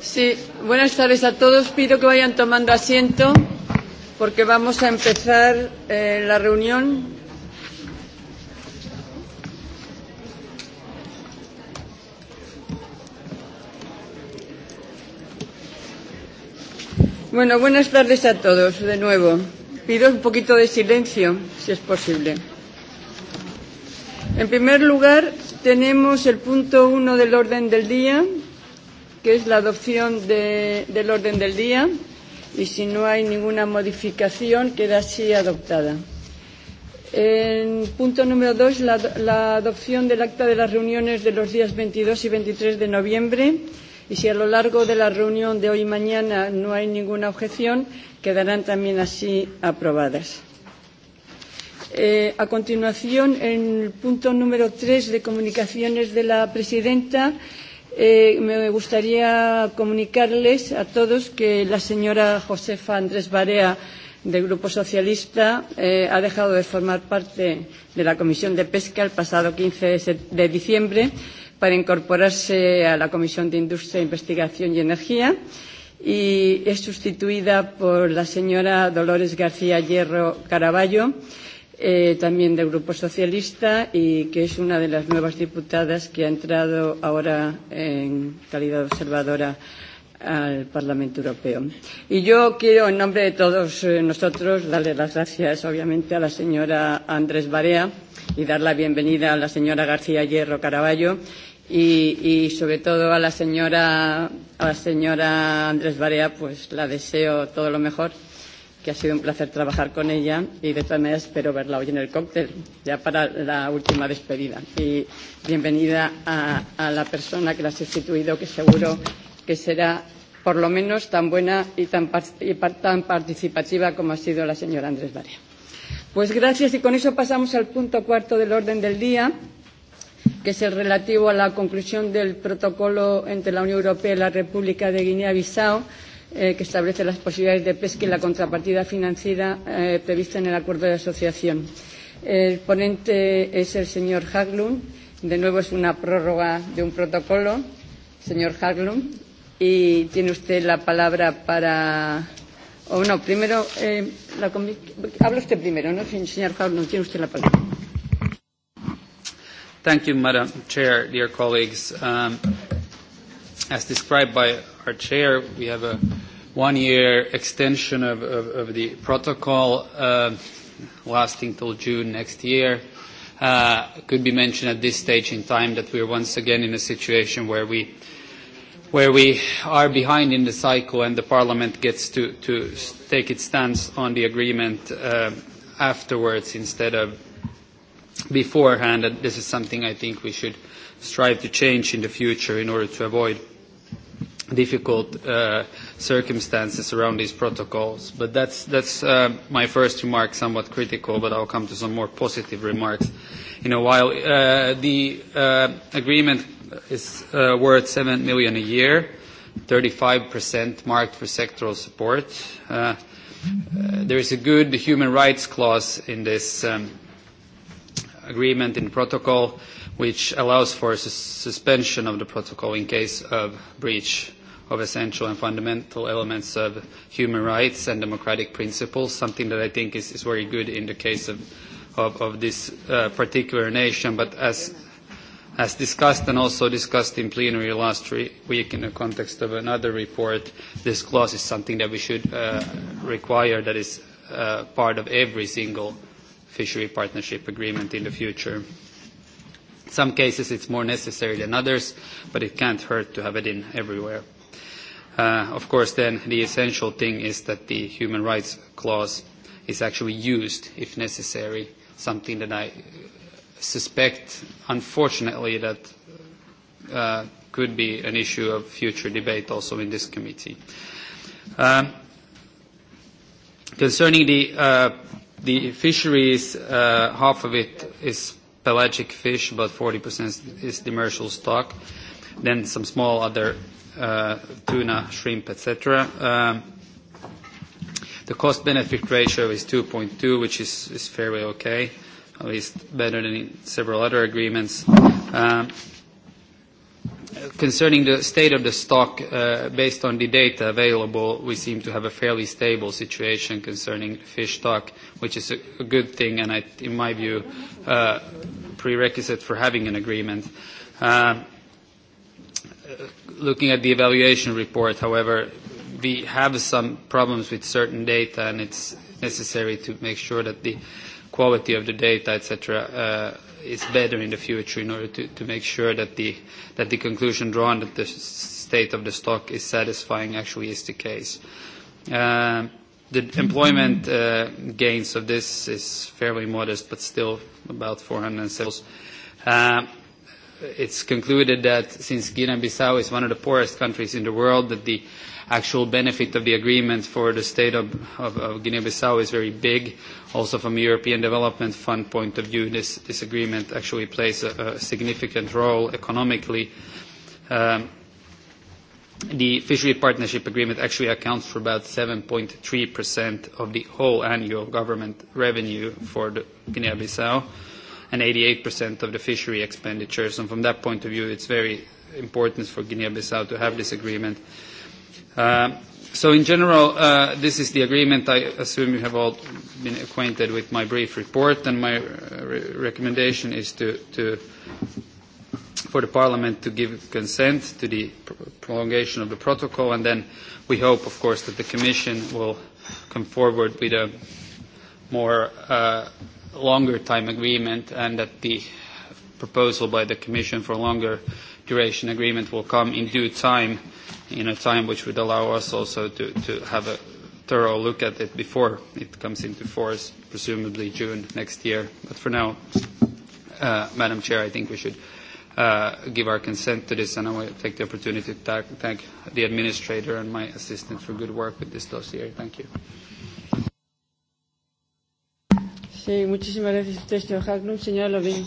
Sí, buenas tardes a todos. Pido que vayan tomando asiento porque vamos a empezar eh, la reunión. Bueno, buenas tardes a todos de nuevo. Pido un poquito de silencio, si es posible. En primer lugar, tenemos el punto uno del orden del día, que es la adopción de, del orden del día y si no hay ninguna modificación queda así adoptada. En punto número dos, la, la adopción del acta de las reuniones de los días 22 y 23 de noviembre. Y si a lo largo de la reunión de hoy y mañana no hay ninguna objeción, quedarán también así aprobadas. Eh, a continuación, en el punto número tres de comunicaciones de la presidenta, Eh, me gustaría comunicarles a todos que la señora Josefa Andrés Barea del Grupo Socialista eh, ha dejado de formar parte de la Comisión de Pesca el pasado 15 de diciembre para incorporarse a la Comisión de Industria, Investigación y Energía y es sustituida por la señora Dolores García Hierro Caraballo eh, también del Grupo Socialista y que es una de las nuevas diputadas que ha entrado ahora en calidad observadora al Parlamento Europeo. Y yo quiero, en nombre de todos nosotros, darle las gracias, obviamente, a la señora Andrés Barea y dar la bienvenida a la señora García Hierro Caraballo y, y sobre todo a la señora a la señora Andrés Barea pues la deseo todo lo mejor que ha sido un placer trabajar con ella y de todas maneras espero verla hoy en el cóctel, ya para la última despedida. Y bienvenida a, a la persona que la ha sustituido, que seguro que será por lo menos tan buena y tan, y tan participativa como ha sido la señora Andrés Barea. Pues gracias y con eso pasamos al punto cuarto del orden del día que es el relativo a la conclusión del protocolo entre la Unión Europea y la República de Guinea-Bissau eh, que establece las posibilidades de pesca y la contrapartida financiera eh, prevista en el acuerdo de asociación. El ponente es el señor Haglund. De nuevo es una prórroga de un protocolo. Señor Haglund, y tiene usted la palabra para. O no, primero, eh, la habla usted primero, ¿no? Señor Haglund, tiene usted la palabra. Thank you, Madam Chair, dear colleagues. Um, as described by our chair. We have a one-year extension of, of, of the protocol uh, lasting till June next year. Uh, could be mentioned at this stage in time that we are once again in a situation where we where we are behind in the cycle and the parliament gets to, to take its stance on the agreement uh, afterwards instead of beforehand. And this is something I think we should strive to change in the future in order to avoid difficult uh, circumstances around these protocols. But that's, that's uh, my first remark, somewhat critical, but I'll come to some more positive remarks in a while. Uh, the uh, agreement is uh, worth 7 million a year, 35% marked for sectoral support. Uh, uh, there is a good human rights clause in this um, agreement in protocol which allows for suspension of the protocol in case of breach of essential and fundamental elements of human rights and democratic principles, something that I think is, is very good in the case of, of, of this uh, particular nation. But as, as discussed and also discussed in plenary last week in the context of another report, this clause is something that we should uh, require that is uh, part of every single fishery partnership agreement in the future. In some cases it's more necessary than others, but it can't hurt to have it in everywhere. Of course, then the essential thing is that the human rights clause is actually used if necessary, something that I suspect, unfortunately, that could be an issue of future debate also in this committee. Concerning the fisheries, half of it is pelagic fish, about 40% is demersal stock, then some small other uh, tuna, shrimp, et cetera. the cost-benefit ratio is 2.2, which is, is fairly okay, at least better than in several other agreements. concerning the state of the stock, uh, based on the data available, we seem to have a fairly stable situation concerning fish stock, which is a, a good thing and, in my view, prerequisite for having an agreement looking at the evaluation report, however, we have some problems with certain data, and it's necessary to make sure that the quality of the data, et cetera, is better in the future in order to make sure that the that the conclusion drawn that the state of the stock is satisfying actually is the case. The employment gains of this is fairly modest, but still about 400 sales it's concluded that since Guinea-Bissau is one of the poorest countries in the world, that the actual benefit of the agreement for the state of, of, of Guinea-Bissau is very big. Also from a European Development Fund point of view, this, this agreement actually plays a, a significant role economically. Um, the fishery partnership agreement actually accounts for about 7.3% of the whole annual government revenue for the Guinea-Bissau and 88% of the fishery expenditures. from that point of view, it's very important for Guinea-Bissau to have this agreement. So in general, this is the agreement. I assume you have all been acquainted with my brief report, and my recommendation is to for the parliament to give consent to the prolongation of the protocol, and then we hope, of course, that the commission will come forward with a more longer time agreement and that the proposal by the Commission for longer duration agreement will come in due time, in a time which would allow us also to, to have a thorough look at it before it comes into force, presumably June next year. But for now, uh, Madam Chair, I think we should uh, give our consent to this, and I want to take the opportunity to thank the administrator and my assistant for good work with this dossier. Thank you. Sí, muchísimas gracias a usted, señor Haglund. Señora Lovín.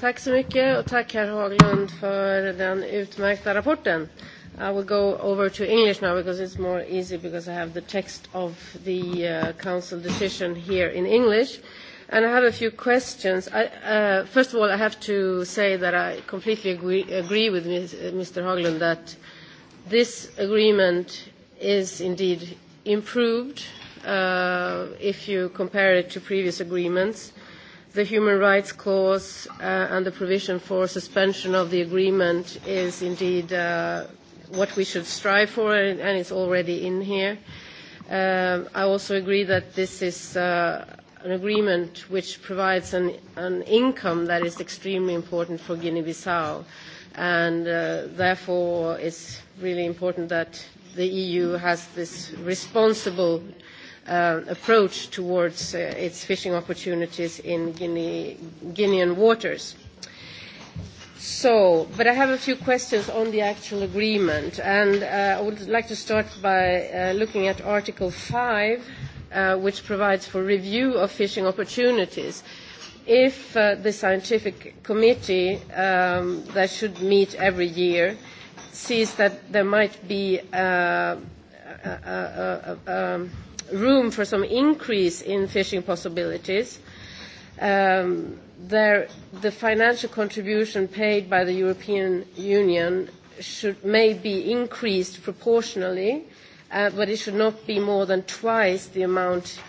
Tack så mycket och tack herr Haglund för den utmärkta rapporten. I will go over to English now because it's more easy because I have the text of the uh, council decision here in English. And I have a few questions. I, uh, first of all, I have to say that I completely agree, agree with Mr. Haglund that this agreement is indeed improved if you compare it to previous agreements. The human rights clause and the provision for suspension of the agreement is indeed what we should strive for, and it's already in here. I also agree that this is an agreement which provides an income that is extremely important for Guinea-Bissau, and therefore it's really important that the EU has this responsible approach towards its fishing opportunities in Guinean waters. So, but I have a few questions on the actual agreement, and I would like to start by looking at Article 5, which provides for review of fishing opportunities. If the scientific committee that should meet every year sees that there might be a a room for some increase in fishing possibilities, um, there, the financial contribution paid by the European Union should, may be increased proportionally, uh, but it should not be more than twice the amount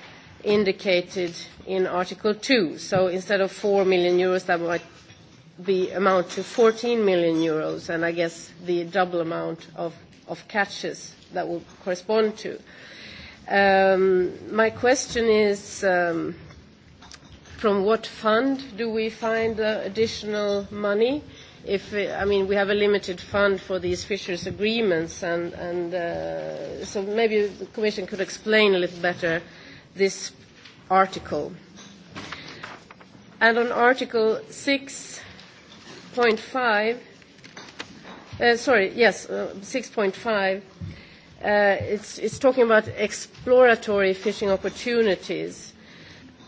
indicated in Article 2. So instead of 4 million euros, that might be amount to 14 million euros, and I guess the double amount of, of catches that will correspond to. Uh, Um, my question is, um, from what fund do we find the additional money? If I mean, we have a limited fund for these fisheries agreements, and, and uh, so maybe the Commission could explain a little better this article. And on Article 6.5, uh, sorry, yes, uh, 6.5 it's, it's talking about exploratory fishing opportunities.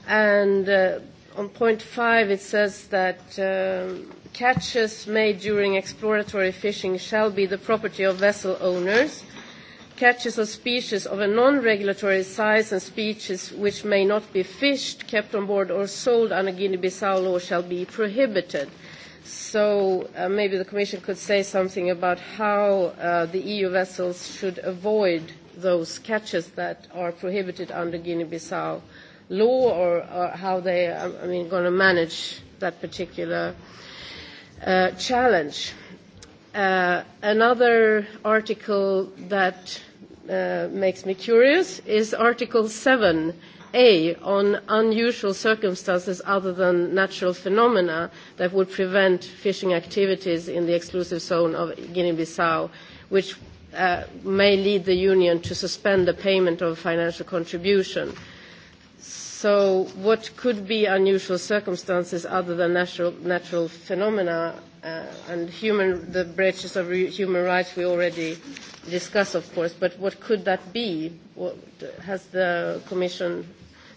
And uh, on point five, it says that uh, catches made during exploratory fishing shall be the property of vessel owners. Catches of species of a non-regulatory size and species which may not be fished, kept on board or sold under Guinea-Bissau law shall be prohibited. So uh, maybe the Commission could say something about how uh, the EU vessels should avoid those catches that are prohibited under Guinea-Bissau law, or, or how they, I mean, going to manage that particular uh, challenge. Uh, another article that uh, makes me curious is Article 7 A, on unusual circumstances other than natural phenomena that would prevent fishing activities in the exclusive zone of Guinea-Bissau, which uh, may lead the Union to suspend the payment of financial contribution. So what could be unusual circumstances other than natural, natural phenomena uh and human, the breaches of human rights we already discussed, of course, but what could that be? What, has the Commission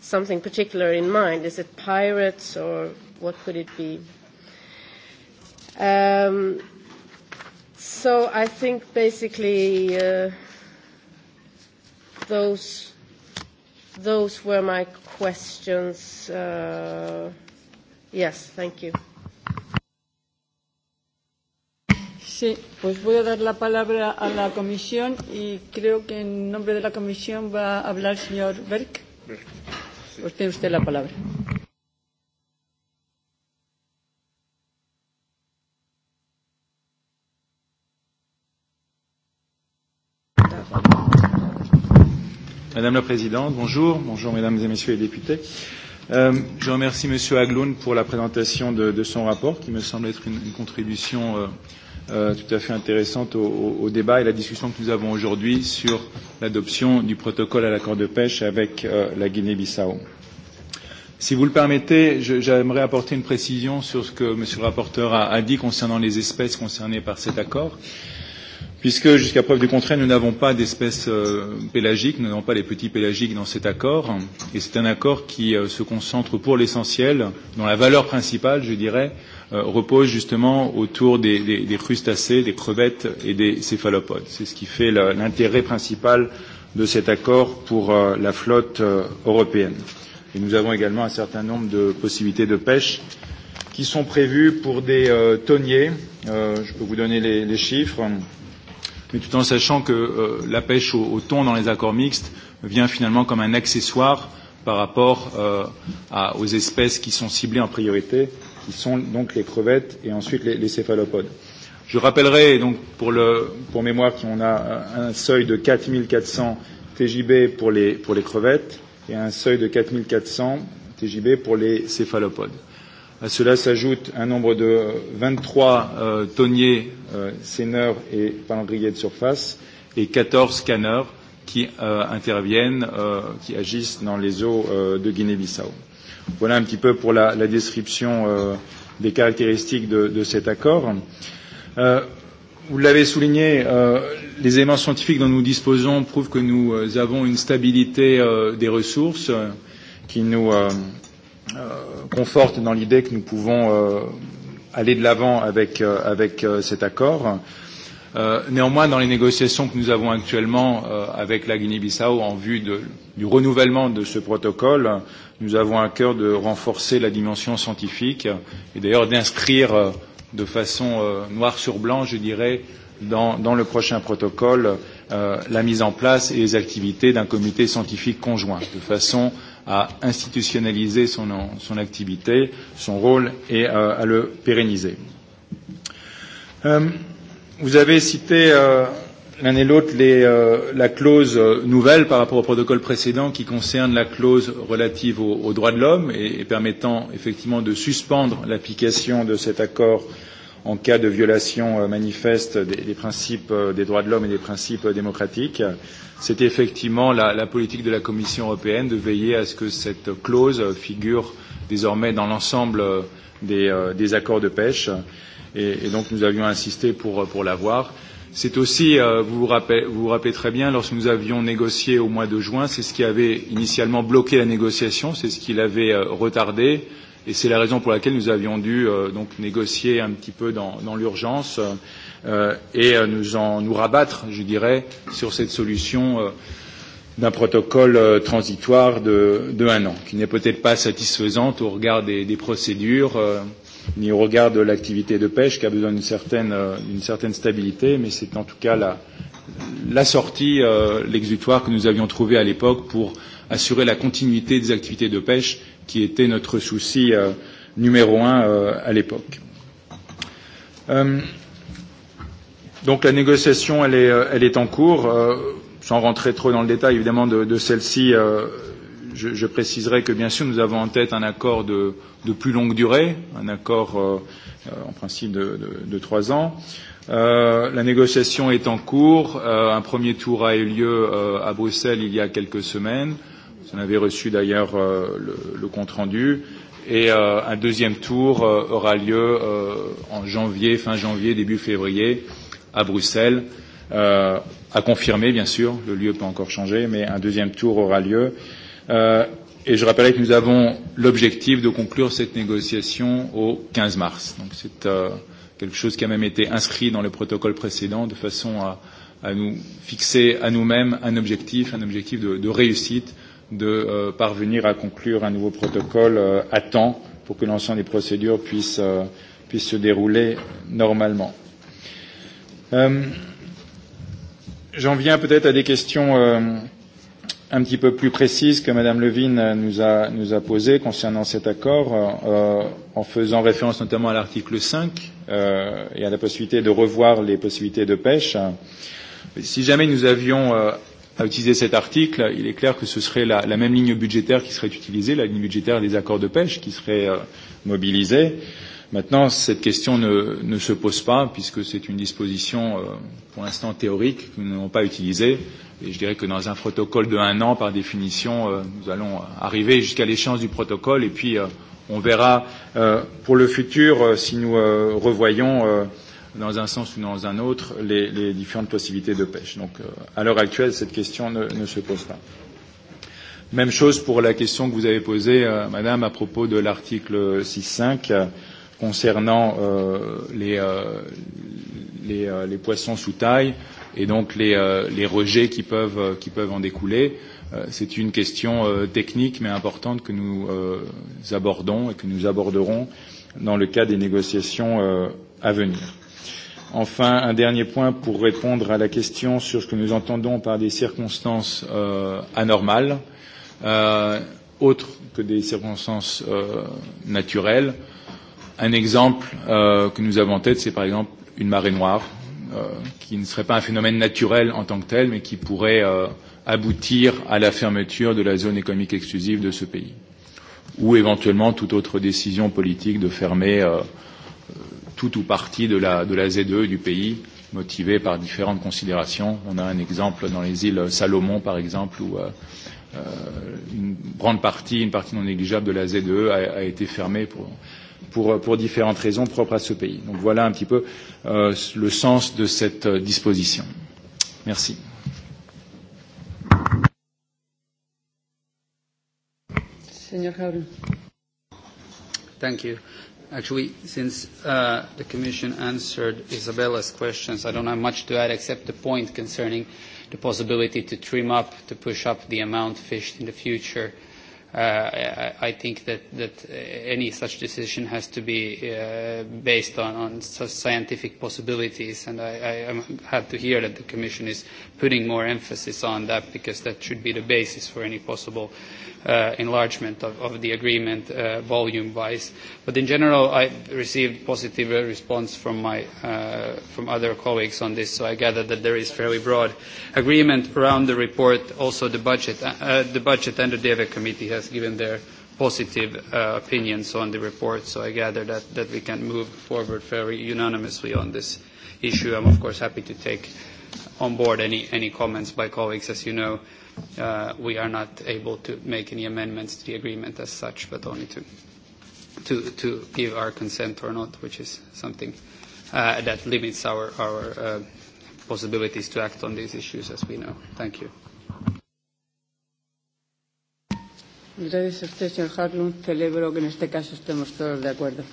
something particular in mind? Is it pirates or what could it be? Um, so I think basically uh, those those were my questions. Uh, yes, thank you. Sí, pues voy a dar la palabra a la comisión y creo que en nombre de la comisión va a hablar el señor Berg. Pues tiene usted la palabra. Madame la Présidente, bonjour. Bonjour, Mesdames et Messieurs les députés. Euh, je remercie Monsieur Agloun pour la présentation de, de son rapport, qui me semble être une, une contribution euh, tout à fait intéressante au, au, au débat et la discussion que nous avons aujourd'hui sur l'adoption du protocole à l'accord de pêche avec euh, la Guinée-Bissau. Si vous le permettez, j'aimerais apporter une précision sur ce que M. le rapporteur a, a dit concernant les espèces concernées par cet accord. Puisque, jusqu'à preuve du contraire, nous n'avons pas d'espèces euh, pélagiques, nous n'avons pas les petits pélagiques dans cet accord, et c'est un accord qui euh, se concentre pour l'essentiel, dont la valeur principale, je dirais, euh, euh, repose justement autour des, des, des crustacés, des crevettes et des céphalopodes. C'est ce qui fait l'intérêt principal de cet accord pour euh, la flotte euh, européenne. Et nous avons également un certain nombre de possibilités de pêche qui sont prévues pour des euh, tonniers. Euh, je peux vous donner les, les chiffres, mais tout en sachant que euh, la pêche au, au thon dans les accords mixtes vient finalement comme un accessoire par rapport euh, à, aux espèces qui sont ciblées en priorité. Euh, qui sont donc les crevettes et ensuite les, les céphalopodes. Je rappellerai donc pour, le, pour mémoire qu'on a un seuil de 4400 TJB pour les, pour les crevettes et un seuil de 4400 TJB pour les céphalopodes. À cela s'ajoute un nombre de 23 euh, tonniers, euh, séneurs et palangriers de surface et 14 canneurs qui euh, interviennent, euh, qui agissent dans les eaux euh, de Guinée-Bissau. Voilà un petit peu pour la, la description euh, des caractéristiques de, de cet accord. Euh, vous l'avez souligné, euh, les éléments scientifiques dont nous disposons prouvent que nous avons une stabilité euh, des ressources euh, qui nous euh, euh, conforte dans l'idée que nous pouvons euh, aller de l'avant avec, euh, avec euh, cet accord. Euh, néanmoins, dans les négociations que nous avons actuellement avec la Guinée-Bissau en vue du renouvellement de ce protocole, nous avons à cœur de renforcer la dimension scientifique et d'ailleurs d'inscrire de façon noire sur blanc, je dirais, dans, le prochain protocole la mise en place et les activités d'un comité scientifique conjoint, de façon à institutionnaliser son, activité, son rôle et à le pérenniser. Vous avez cité euh, l'un et l'autre euh, la clause nouvelle par rapport au protocole précédent qui concerne la clause relative aux, au droits de l'homme et, et permettant effectivement de suspendre l'application de cet accord en cas de violation euh, manifeste des, des principes euh, des droits de l'homme et des principes euh, démocratiques. C'est effectivement la, la politique de la Commission européenne de veiller à ce que cette clause figure désormais dans l'ensemble des, euh, des accords de pêche. Euh, et, et donc nous avions insisté pour, pour l'avoir. C'est aussi, euh, vous, vous rappelez, vous vous rappelez très bien, lorsque nous avions négocié au mois de juin, c'est ce qui avait initialement bloqué la négociation, c'est ce qui l'avait euh, retardé, et c'est la raison pour laquelle nous avions dû euh, donc négocier un petit peu dans, dans l'urgence euh, et euh, nous, en, nous rabattre, je dirais, sur cette solution. Euh, d'un protocole euh, transitoire de, de un an, qui n'est peut-être pas satisfaisante au regard des, des procédures. Euh, ni au regard de l'activité de pêche qui a besoin d'une certaine, euh, certaine stabilité, mais c'est en tout cas la, la sortie, euh, l'exutoire que nous avions trouvé à l'époque pour assurer la continuité des activités de pêche qui était notre souci euh, numéro un euh, à l'époque. Euh, donc la négociation, elle est, elle est en cours. Euh, sans rentrer trop dans le détail évidemment de, de celle-ci, euh, je, je préciserai que bien sûr nous avons en tête un accord de, de plus longue durée, un accord euh, en principe de, de, de trois ans. Euh, la négociation est en cours. Euh, un premier tour a eu lieu euh, à Bruxelles il y a quelques semaines. Vous en avez reçu d'ailleurs euh, le, le compte rendu. Et euh, un deuxième tour euh, aura lieu euh, en janvier, fin janvier, début février, à Bruxelles. Euh, à confirmer, bien sûr, le lieu peut encore changer, mais un deuxième tour aura lieu. Euh, Euh, et je rappellerai que nous avons l'objectif de conclure cette négociation au 15 mars. Donc c'est euh, quelque chose qui a même été inscrit dans le protocole précédent de façon à, à nous fixer à nous-mêmes un objectif, un objectif de, de réussite, de euh, parvenir à conclure un nouveau protocole euh, à temps pour que l'ensemble des procédures puissent, euh, puissent se dérouler normalement. Euh, J'en viens peut-être à des questions. Euh, un petit peu plus précise que Mme Levine nous a, nous a posée concernant cet accord, euh, en faisant référence notamment à l'article 5 euh, et à la possibilité de revoir les possibilités de pêche. Si jamais nous avions euh, à utiliser cet article, il est clair que ce serait la, la même ligne budgétaire qui serait utilisée, la ligne budgétaire des accords de pêche qui serait euh, mobilisée. Euh, Maintenant, cette question ne, ne se pose pas puisque c'est une disposition euh, pour l'instant théorique que nous n'avons pas utilisée. Et je dirais que dans un protocole de un an, par définition, euh, nous allons arriver jusqu'à l'échéance du protocole et puis euh, on verra euh, pour le futur euh, si nous euh, revoyons euh, dans un sens ou dans un autre les, les différentes possibilités de pêche. Donc euh, à l'heure actuelle, cette question ne, ne se pose pas. Même chose pour la question que vous avez posée, euh, Madame, à propos de l'article 6.5 concernant euh, les, euh, les, euh, les poissons sous taille et donc les, euh, les rejets qui peuvent, euh, qui peuvent en découler. Euh, C'est une question euh, technique mais importante que nous euh, abordons et que nous aborderons dans le cadre des négociations euh, à venir. Enfin, un dernier point pour répondre à la question sur ce que nous entendons par des circonstances euh, anormales, euh, autres que des circonstances euh, naturelles. Euh, Un exemple euh, que nous avons en tête, c'est par exemple une marée noire, euh, qui ne serait pas un phénomène naturel en tant que tel, mais qui pourrait euh, aboutir à la fermeture de la zone économique exclusive de ce pays, ou éventuellement toute autre décision politique de fermer euh, tout ou partie de la, de la Z2 du pays, motivée par différentes considérations. On a un exemple dans les îles Salomon, par exemple, où euh, une grande partie, une partie non négligeable de la Z2 a, a été fermée pour pour, pour différentes raisons propres à ce pays. Donc voilà un petit peu euh, le sens de cette disposition. Merci. Senor Raul. Thank you. Actually, since uh, the Commission answered Isabella's questions, I don't have much to add except the point concerning the possibility to trim up, to push up the amount fished in the future I I think that that any such decision has to be uh based on on scientific possibilities, and I I am happy to hear that the commission is putting more emphasis on that because that should be the basis for any possible uh, enlargement of, of the agreement uh, volume-wise. But in general, I received positive response from, my, uh, from other colleagues on this, so I gather that there is fairly broad agreement around the report. Also, the budget, uh, the budget and the DEVE committee has given their positive uh, opinions on the report, so I gather that, that we can move forward fairly unanimously on this issue. I'm, of course, happy to take on board any, any comments by colleagues, as you know uh, we are not able to make any amendments to the agreement as such, but only to, to, to give our consent or not, which is something uh, that limits our, our uh, possibilities to act on these issues as we know. Thank you. Gracias a usted, señor Harlund. Celebro que en este caso estemos todos de acuerdo.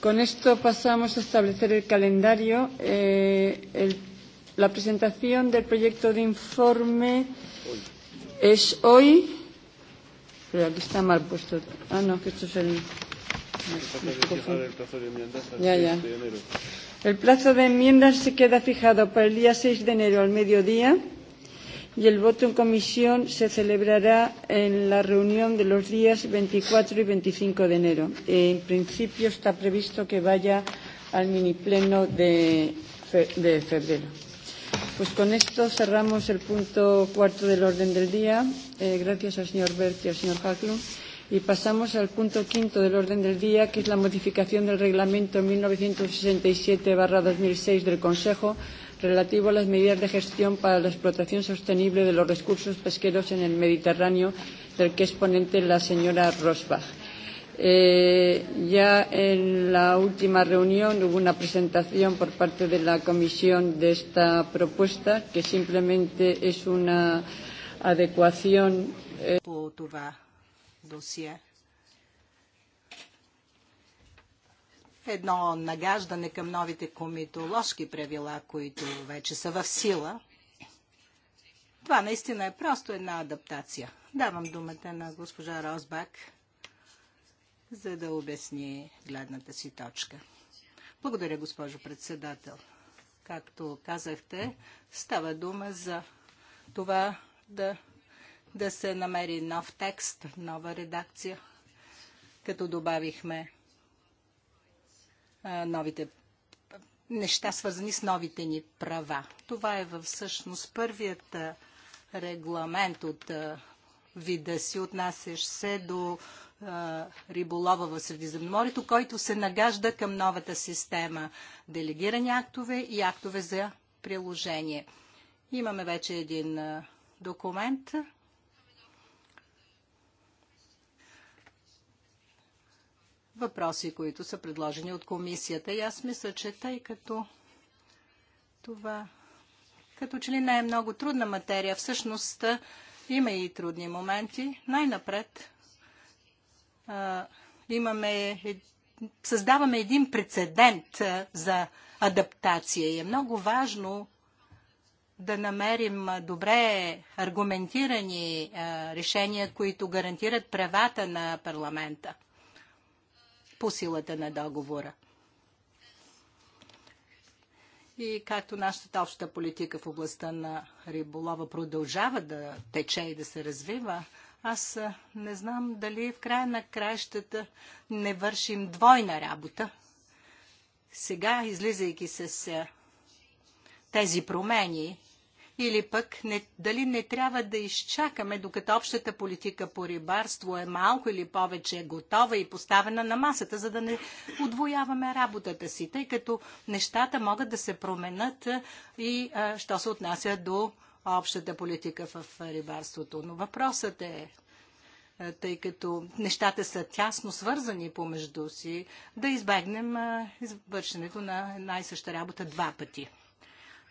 Con esto pasamos a establecer el calendario. Eh, el, la presentación del proyecto de informe. Hoy es hoy. Pero aquí está mal puesto. Ah, no, que esto es el. Ya, ya. El plazo de enmiendas se queda fijado para el día 6 de enero al mediodía y el voto en comisión se celebrará en la reunión de los días 24 y 25 de enero. En principio está previsto que vaya al mini pleno de, fe de febrero. Pues con esto cerramos el punto cuarto del orden del día. Eh, gracias al señor Bert y al señor Hacklund. Y pasamos al punto quinto del orden del día, que es la modificación del reglamento 1967-2006 del Consejo relativo a las medidas de gestión para la explotación sostenible de los recursos pesqueros en el Mediterráneo, del que es ponente la señora Rosbach. Eh, ya en la última reunión hubo una presentación por parte de la Comisión de esta propuesta, que simplemente es una adecuación. Eh, Едно нагаждане към новите комитоложки правила, които вече са в сила. Това наистина е просто една адаптация. Давам думата на госпожа Розбак за да обясни гледната си точка. Благодаря, госпожо председател. Както казахте, става дума за това да, да се намери нов текст, нова редакция, като добавихме а, новите неща, свързани с новите ни права. Това е всъщност първият регламент от вида си, отнасящ се до а, риболова в Средиземноморието, който се нагажда към новата система делегирани актове и актове за приложение. Имаме вече един а, документ. Въпроси, които са предложени от комисията. И аз мисля, че тъй като това като че ли не е много трудна материя. Всъщност има и трудни моменти. Най-напред имаме, създаваме един прецедент за адаптация и е много важно да намерим добре аргументирани решения, които гарантират правата на парламента по силата на договора. И както нашата обща политика в областта на риболова продължава да тече и да се развива, аз не знам дали в края на краищата не вършим двойна работа. Сега, излизайки с тези промени, или пък не, дали не трябва да изчакаме, докато общата политика по рибарство е малко или повече готова и поставена на масата, за да не отвояваме работата си, тъй като нещата могат да се променят и а, що се отнася до общата политика в рибарството. Но въпросът е тъй като нещата са тясно свързани помежду си, да избегнем извършенето на една и съща работа два пъти.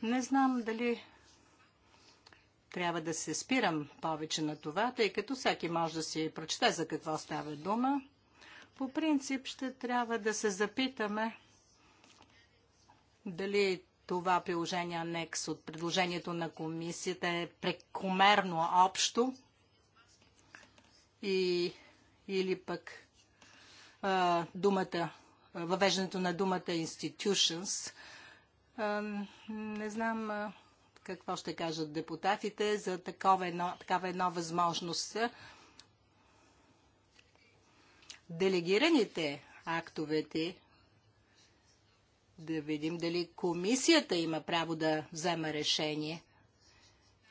Не знам дали трябва да се спирам повече на това, тъй като всеки може да си прочете за какво става дума. По принцип ще трябва да се запитаме дали това приложение анекс от предложението на комисията е прекомерно общо и, или пък а, думата, въвеждането на думата institutions. А, не знам какво ще кажат депутатите за такова едно, такава една възможност. Делегираните актовете, да видим дали комисията има право да взема решение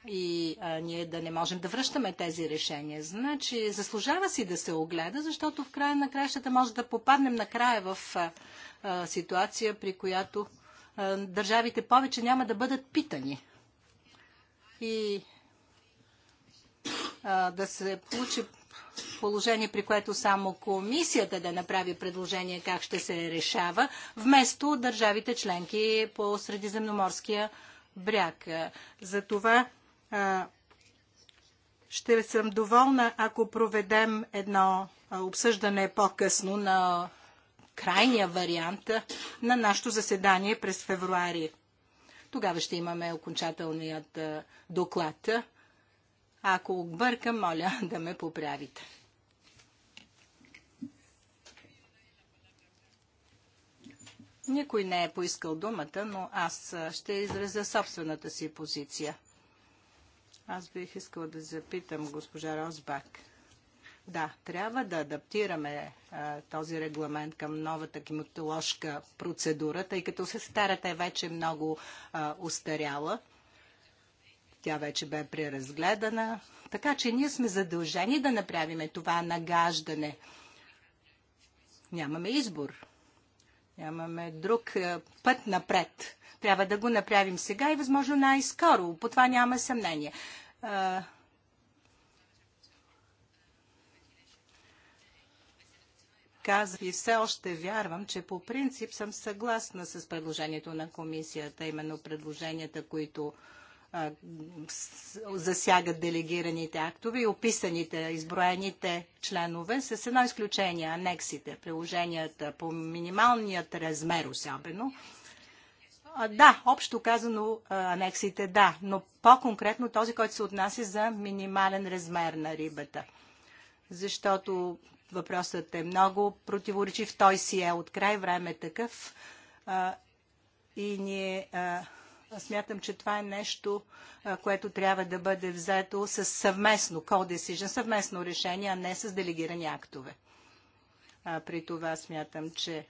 и а, ние да не можем да връщаме тези решения. Значи, заслужава си да се огледа, защото в края на краищата може да попаднем накрая в а, а, ситуация, при която а, държавите повече няма да бъдат питани и а, да се получи положение, при което само комисията да направи предложение как ще се решава, вместо държавите членки по Средиземноморския бряг. За това а, ще съм доволна, ако проведем едно обсъждане по-късно на крайния вариант на нашето заседание през февруари. Тогава ще имаме окончателният доклад. Ако объркам, моля да ме поправите. Никой не е поискал думата, но аз ще изразя собствената си позиция. Аз бих искала да запитам госпожа Розбак. Да, трябва да адаптираме а, този регламент към новата кимотоложка процедура, тъй като се старата е вече много а, устаряла. Тя вече бе преразгледана. Така че ние сме задължени да направим това нагаждане. Нямаме избор. Нямаме друг а, път напред. Трябва да го направим сега и възможно най-скоро. По това няма съмнение. А, казах и все още вярвам, че по принцип съм съгласна с предложението на комисията, именно предложенията, които засягат делегираните актове и описаните, изброените членове, с едно изключение, анексите, приложенията по минималният размер особено. А, да, общо казано анексите, да, но по-конкретно този, който се отнася за минимален размер на рибата. Защото Въпросът е много противоречив. Той си е от край време е такъв. А, и ние а, смятам, че това е нещо, а, което трябва да бъде взето с съвместно co-decision, съвместно решение, а не с делегирани актове. А, при това смятам, че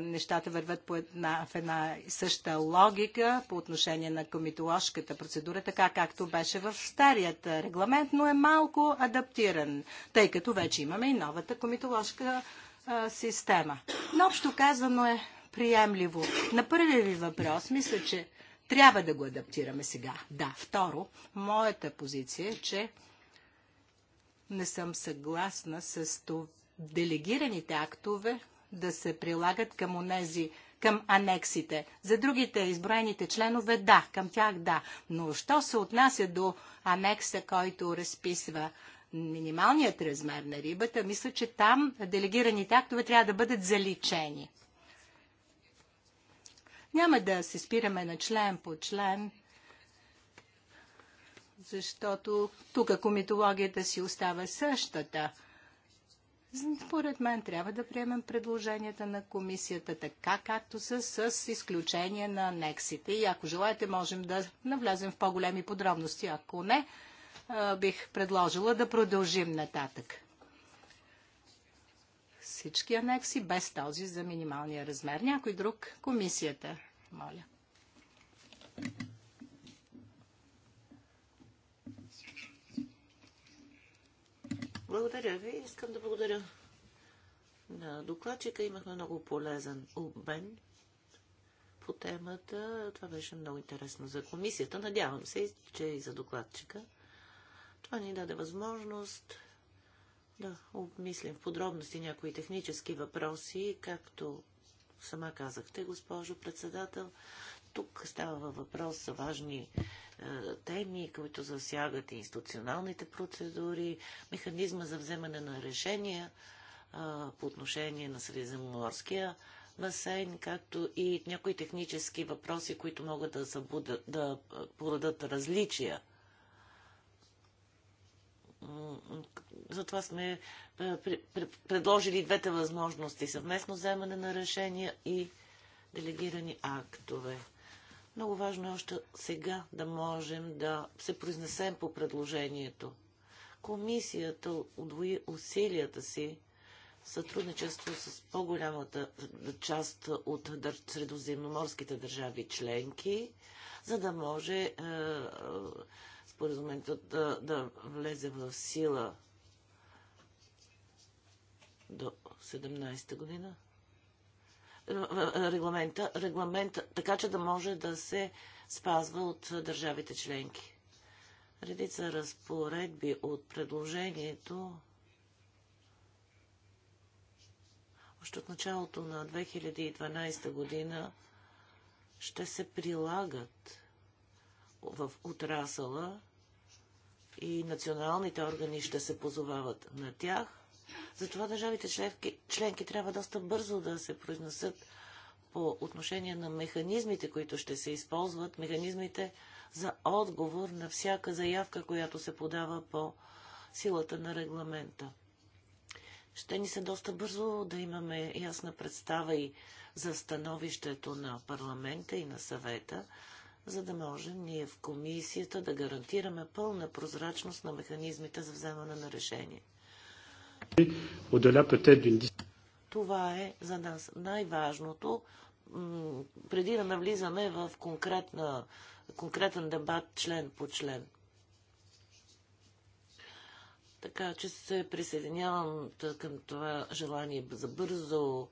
нещата върват по една, в една и съща логика по отношение на комитоложката процедура, така както беше в старият регламент, но е малко адаптиран, тъй като вече имаме и новата комитоложка а, система. Но общо казано е приемливо. На първия ви въпрос, мисля, че трябва да го адаптираме сега. Да, второ, моята позиция е, че не съм съгласна с това делегираните актове, да се прилагат към онези към анексите. За другите изброените членове да, към тях да. Но що се отнася до анекса, който разписва минималният размер на рибата, мисля, че там делегираните актове трябва да бъдат заличени. Няма да се спираме на член по член, защото тук комитологията си остава същата – според мен трябва да приемем предложенията на комисията така, както са, с изключение на анексите. И ако желаете, можем да навлезем в по-големи подробности. Ако не, бих предложила да продължим нататък. Всички анекси без този за минималния размер. Някой друг? Комисията. Моля. Благодаря ви. Искам да благодаря на докладчика. Имахме много полезен обмен по темата. Това беше много интересно за комисията. Надявам се, че и за докладчика. Това ни даде възможност да обмислим в подробности някои технически въпроси, както сама казахте, госпожо председател. Тук става въпрос за важни е, теми, които засягат институционалните процедури, механизма за вземане на решения е, по отношение на Средиземноморския басейн, както и някои технически въпроси, които могат да, забудат, да е, породат различия. Затова сме предложили двете възможности съвместно вземане на решения и делегирани актове. Много важно е още сега да можем да се произнесем по предложението. Комисията удвои усилията си в сътрудничество с по-голямата част от средоземноморските държави членки, за да може е, споразумението да, да влезе в сила до 17-та година регламента, регламента, така че да може да се спазва от държавите членки. Редица разпоредби от предложението още от началото на 2012 година ще се прилагат в отрасъла и националните органи ще се позовават на тях – затова държавите членки, членки трябва доста бързо да се произнесат по отношение на механизмите, които ще се използват, механизмите за отговор на всяка заявка, която се подава по силата на регламента. Ще ни се доста бързо да имаме ясна представа и за становището на парламента и на съвета, за да можем ние в комисията да гарантираме пълна прозрачност на механизмите за вземане на решение. Това е за нас най-важното. Преди да навлизаме в конкретна, конкретен дебат член по член. Така че се присъединявам към това желание за бързо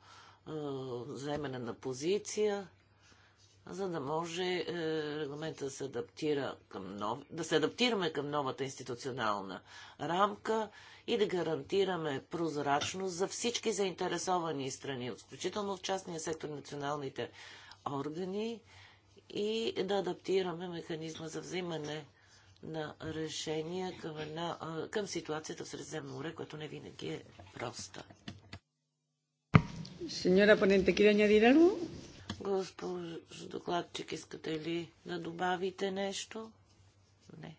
вземане на позиция за да може е, регламента да се, адаптира към нов... да се адаптираме към новата институционална рамка и да гарантираме прозрачност за всички заинтересовани страни, включително в частния сектор националните органи и да адаптираме механизма за взимане на решения към, една, е, към ситуацията в Средиземно море, което не винаги е проста. Сеньора ponente, ¿quiere Госпожо докладчик, искате ли да добавите нещо? Не.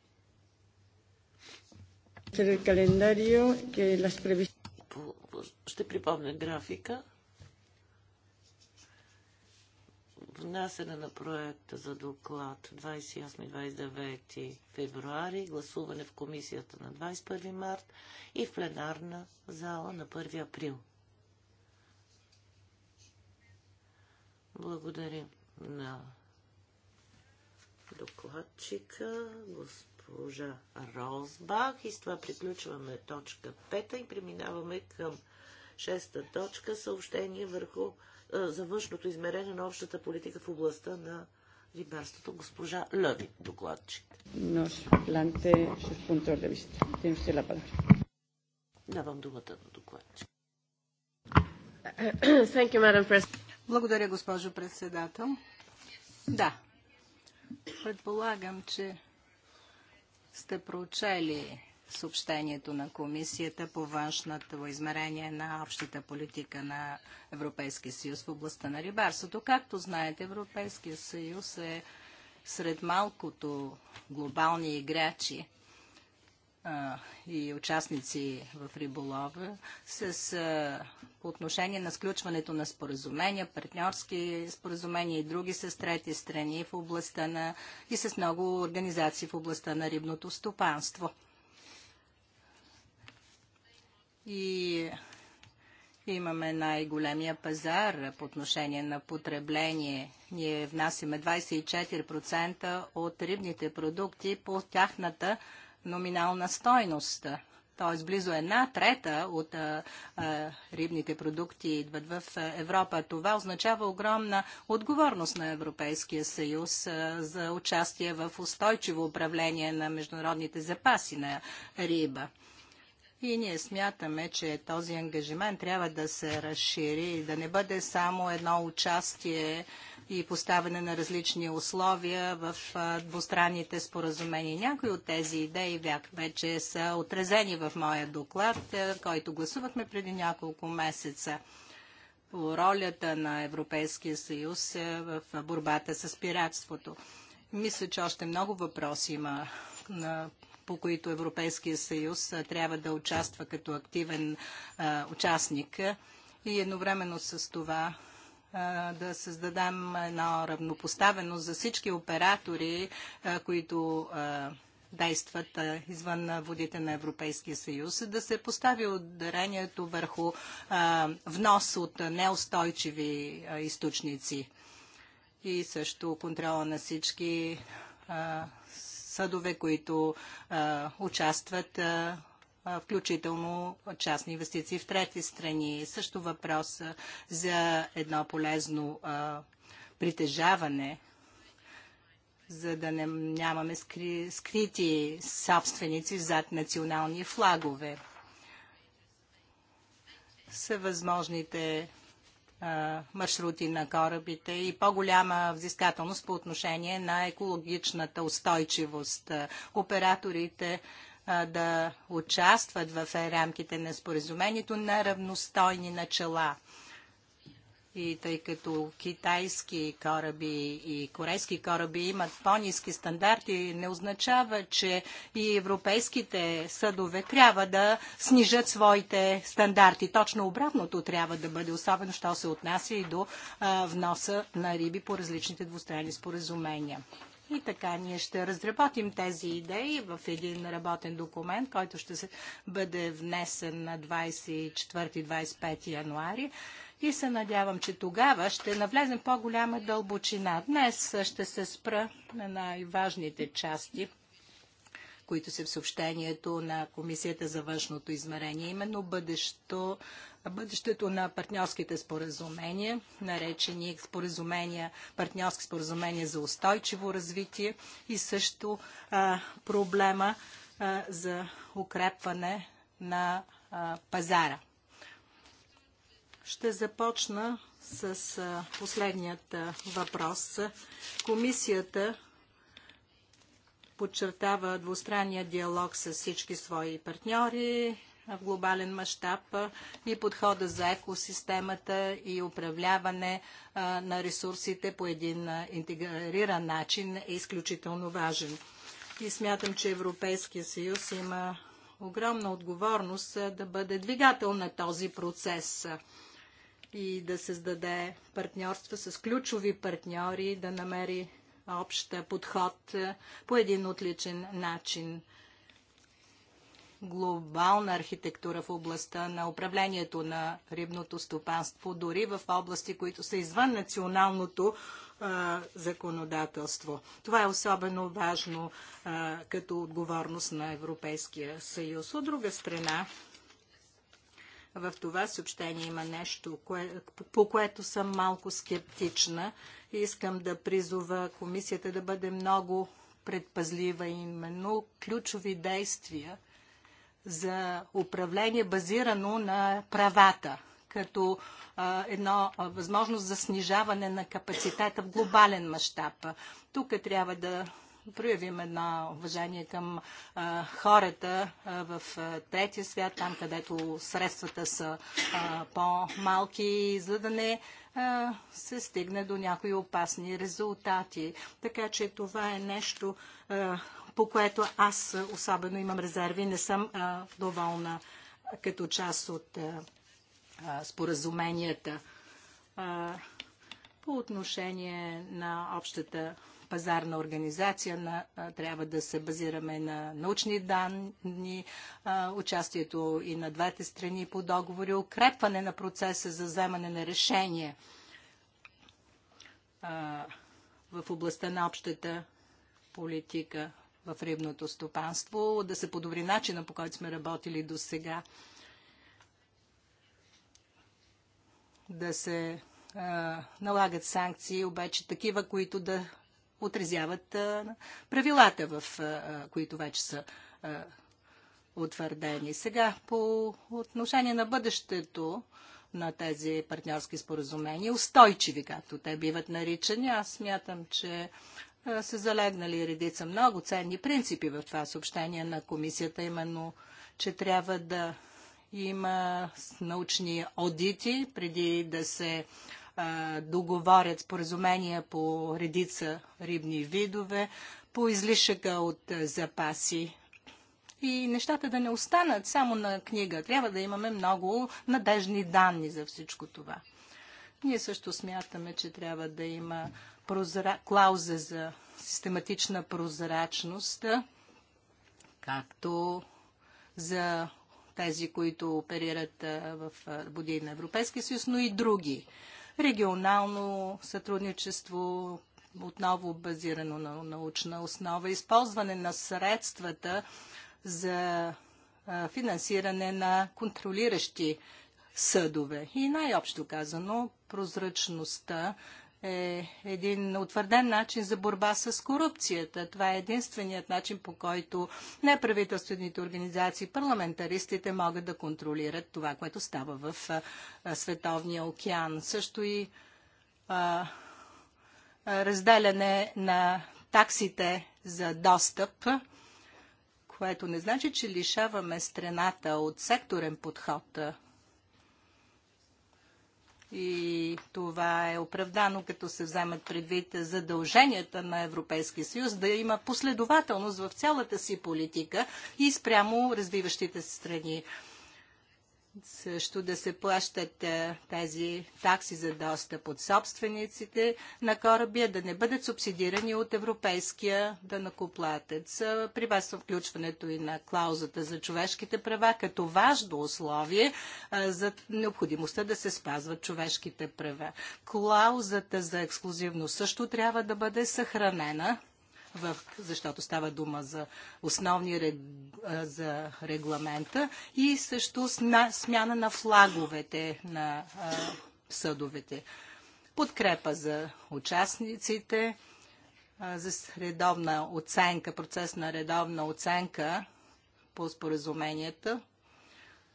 Ще припомня графика. Внасяне на проекта за доклад 28-29 февруари, гласуване в комисията на 21 март и в пленарна зала на 1 април. Благодаря на докладчика, госпожа Розбах. И с това приключваме точка 5 и преминаваме към шеста точка съобщение върху за външното измерение на общата политика в областта на рибарството. Госпожа Лъви, докладчик. Нос планте с пунктор да виста. Давам думата на докладчик. Thank you, Madam President. Благодаря, госпожо председател. Да, предполагам, че сте проучели съобщението на Комисията по външното измерение на общата политика на Европейския съюз в областта на рибарството. Както знаете, Европейския съюз е сред малкото глобални играчи, и участници в риболова с а, по отношение на сключването на споразумения, партньорски споразумения и други с трети страни в областта на и с много организации в областта на рибното стопанство. И имаме най-големия пазар по отношение на потребление. Ние внасяме 24% от рибните продукти по тяхната номинална стойност. Т.е. близо една трета от а, а, рибните продукти идват в Европа. Това означава огромна отговорност на Европейския съюз а, за участие в устойчиво управление на международните запаси на риба. И ние смятаме, че този ангажимент трябва да се разшири и да не бъде само едно участие и поставяне на различни условия в двустранните споразумения. Някои от тези идеи вече са отразени в моя доклад, който гласувахме преди няколко месеца по ролята на Европейския съюз в борбата с пиратството. Мисля, че още много въпроси има на по които Европейския съюз трябва да участва като активен участник и едновременно с това да създадем една равнопоставеност за всички оператори, които действат извън водите на Европейския съюз, да се постави ударението върху внос от неустойчиви източници и също контрола на всички съдове, които а, участват а, включително частни инвестиции в трети страни. Също въпрос за едно полезно а, притежаване, за да не, нямаме скри, скрити собственици зад национални флагове. Са възможните маршрути на корабите и по-голяма взискателност по отношение на екологичната устойчивост. Операторите да участват в рамките на споразумението на равностойни начала. И тъй като китайски кораби и корейски кораби имат по-низки стандарти, не означава, че и европейските съдове трябва да снижат своите стандарти. Точно обратното трябва да бъде, особено що се отнася и до а, вноса на риби по различните двустранни споразумения. И така ние ще разработим тези идеи в един работен документ, който ще бъде внесен на 24-25 януари и се надявам, че тогава ще навлезем по-голяма дълбочина. Днес ще се спра на най-важните части, които са в съобщението на Комисията за външното измерение, именно бъдещето, бъдещето на партньорските споразумения, наречени споразумения, партньорски споразумения за устойчиво развитие и също а, проблема а, за укрепване на а, пазара ще започна с последният въпрос. Комисията подчертава двустранния диалог с всички свои партньори в глобален мащаб и подхода за екосистемата и управляване на ресурсите по един интегриран начин е изключително важен. И смятам, че Европейския съюз има огромна отговорност да бъде двигател на този процес и да създаде партньорства с ключови партньори, да намери общ подход е, по един отличен начин. Глобална архитектура в областта на управлението на рибното стопанство, дори в области, които са извън националното а, е, законодателство. Това е особено важно а, е, като отговорност на Европейския съюз. От друга страна, в това съобщение има нещо, кое, по което съм малко скептична. Искам да призова комисията да бъде много предпазлива, именно ключови действия за управление базирано на правата, като а, едно а, възможност за снижаване на капацитета в глобален мащаб. Тук трябва да проявим едно уважение към хората в третия свят, там където средствата са по-малки, за да не се стигне до някои опасни резултати. Така че това е нещо, по което аз особено имам резерви. Не съм доволна като част от споразуменията по отношение на общата пазарна организация на, а, трябва да се базираме на научни данни, а, участието и на двете страни по договори, укрепване на процеса за вземане на решение а, в областта на общата политика в рибното стопанство, да се подобри начина по който сме работили до сега, да се налагат санкции, обаче такива, които да отрезяват правилата, в които вече са утвърдени. Сега по отношение на бъдещето на тези партньорски споразумения, устойчиви, както те биват наричани, аз смятам, че са залегнали редица много ценни принципи в това съобщение на комисията, именно, че трябва да има научни одити преди да се а, договорят споразумения по редица рибни видове, по излишъка от запаси. И нещата да не останат само на книга. Трябва да имаме много надежни данни за всичко това. Ние също смятаме, че трябва да има прозра... клауза за систематична прозрачност, както за тези, които оперират в води на Европейския съюз, но и други регионално сътрудничество, отново базирано на научна основа, използване на средствата за финансиране на контролиращи съдове. И най-общо казано, прозрачността е един утвърден начин за борба с корупцията. Това е единственият начин, по който неправителствените организации, парламентаристите могат да контролират това, което става в Световния океан. Също и а, разделяне на таксите за достъп, което не значи, че лишаваме страната от секторен подход и това е оправдано, като се вземат предвид задълженията на Европейския съюз да има последователност в цялата си политика и спрямо развиващите се страни също да се плащат тези такси за достъп от собствениците на корабия, да не бъдат субсидирани от европейския данакоплатец. Приветствам включването и на клаузата за човешките права като важно условие за необходимостта да се спазват човешките права. Клаузата за ексклюзивност също трябва да бъде съхранена в, защото става дума за основни рег, за регламента и също смяна на флаговете на а, съдовете. Подкрепа за участниците, а, за редовна оценка, процес на редовна оценка по споразуменията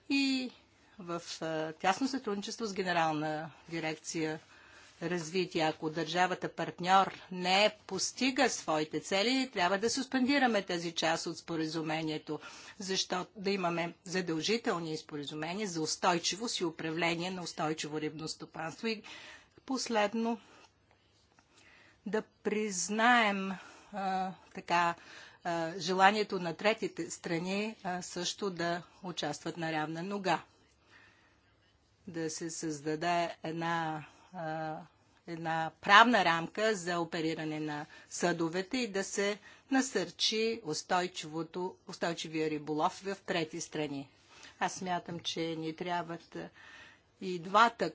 и в а, тясно сътрудничество с Генерална дирекция развитие. Ако държавата партньор не постига своите цели, трябва да суспендираме тази част от споразумението, защото да имаме задължителни споразумения за устойчивост и управление на устойчиво рибно стопанство. И последно, да признаем а, така желанието на третите страни също да участват на равна нога. Да се създаде една една правна рамка за опериране на съдовете и да се насърчи устойчивия риболов в трети страни. Аз смятам, че ни трябват и, двата,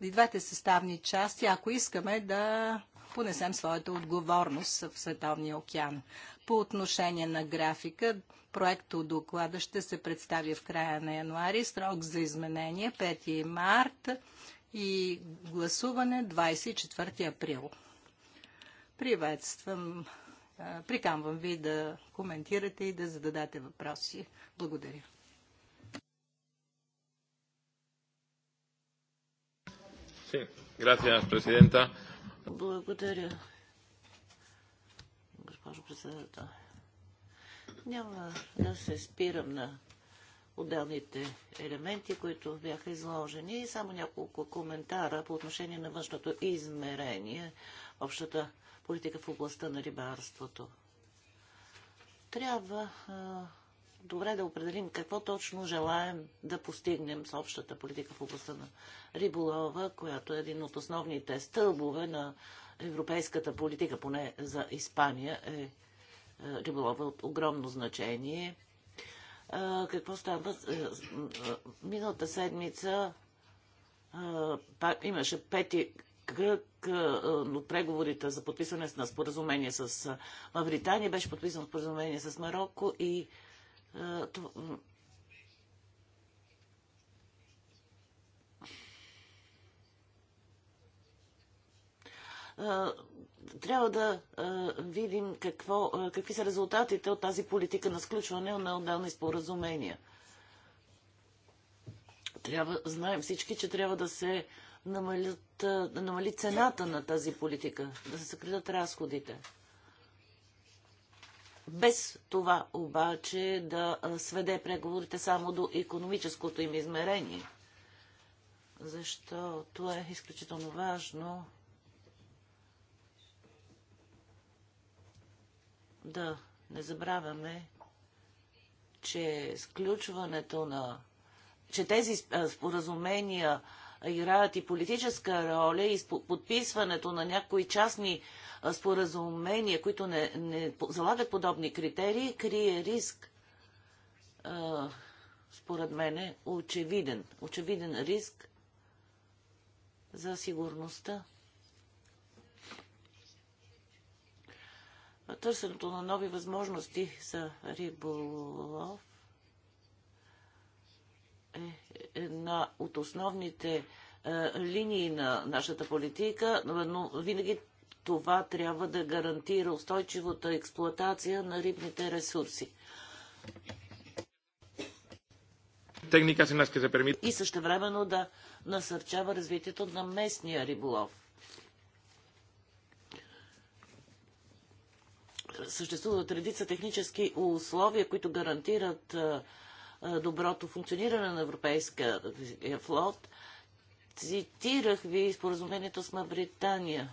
и двете съставни части, ако искаме да понесем своята отговорност в Световния океан. По отношение на графика, проекто доклада ще се представи в края на януари, срок за изменение 5 март и гласуване 24 април. Приветствам, приканвам ви да коментирате и да зададете въпроси. Благодаря. Sí, gracias, presidenta. Благодаря, госпожо председател. Няма да се спирам на отделните елементи, които бяха изложени. И само няколко коментара по отношение на външното измерение, общата политика в областта на рибарството. Трябва а, добре да определим какво точно желаем да постигнем с общата политика в областта на риболова, която е един от основните стълбове на европейската политика, поне за Испания е, е риболова от огромно значение какво става? Миналата седмица имаше пети кръг от преговорите за подписване на споразумение с Мавритания. Беше подписано споразумение с Марокко и трябва да а, видим какво, а, какви са резултатите от тази политика на сключване на отделни споразумения. Трябва, знаем всички, че трябва да се намалят, да намали цената на тази политика, да се съкратят разходите. Без това обаче да сведе преговорите само до економическото им измерение, защото е изключително важно да не забравяме, че сключването на че тези споразумения играят и политическа роля и подписването на някои частни споразумения, които не, не залагат подобни критерии, крие риск, според мен, е очевиден. Очевиден риск за сигурността търсенето на нови възможности за риболов е една от основните е, линии на нашата политика, но винаги това трябва да гарантира устойчивата експлоатация на рибните ресурси. И също времено да насърчава развитието на местния риболов. съществуват редица технически условия, които гарантират доброто функциониране на европейския е, флот. Цитирах ви споразумението с Мавритания.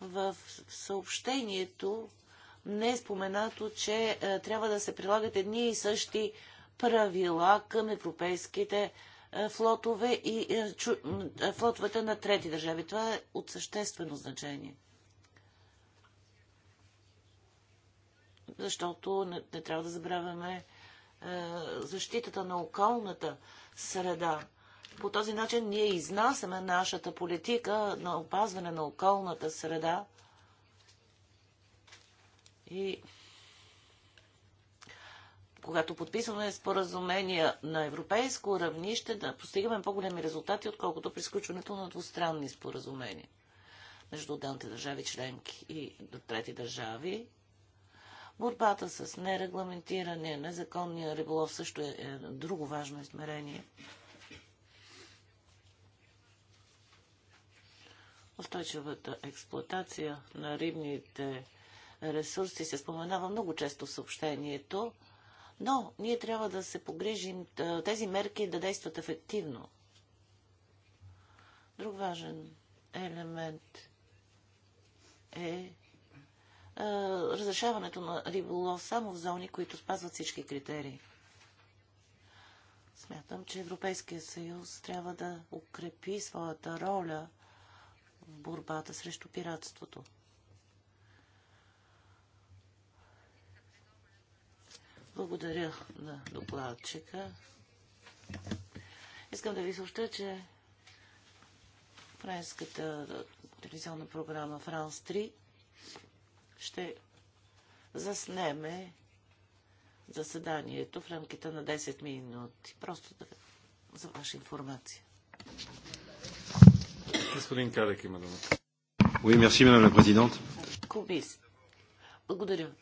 в съобщението не е споменато, че е, трябва да се прилагат едни и същи правила към европейските е, флотове и е, е, флотовете на трети държави. Това е от съществено значение. Защото не, не трябва да забравяме защитата на околната среда. По този начин ние изнасяме нашата политика на опазване на околната среда и когато подписваме споразумения на европейско равнище, да постигаме по-големи резултати, отколкото при сключването на двустранни споразумения между отделните държави членки и до трети държави. Борбата с нерегламентиране, незаконния риболов също е, е друго важно измерение. Устойчивата експлоатация на рибните ресурси се споменава много често в съобщението. Но ние трябва да се погрижим тези мерки да действат ефективно. Друг важен елемент е разрешаването на риболов само в зони, които спазват всички критерии. Смятам, че Европейския съюз трябва да укрепи своята роля в борбата срещу пиратството. Благодаря на докладчика. Искам да ви съобща, че френската телевизионна програма Франс 3 ще заснеме заседанието в рамките на 10 минути. Просто да, за ваша информация. Господин Кадек има думата. Oui, merci, madame la présidente. Благодаря.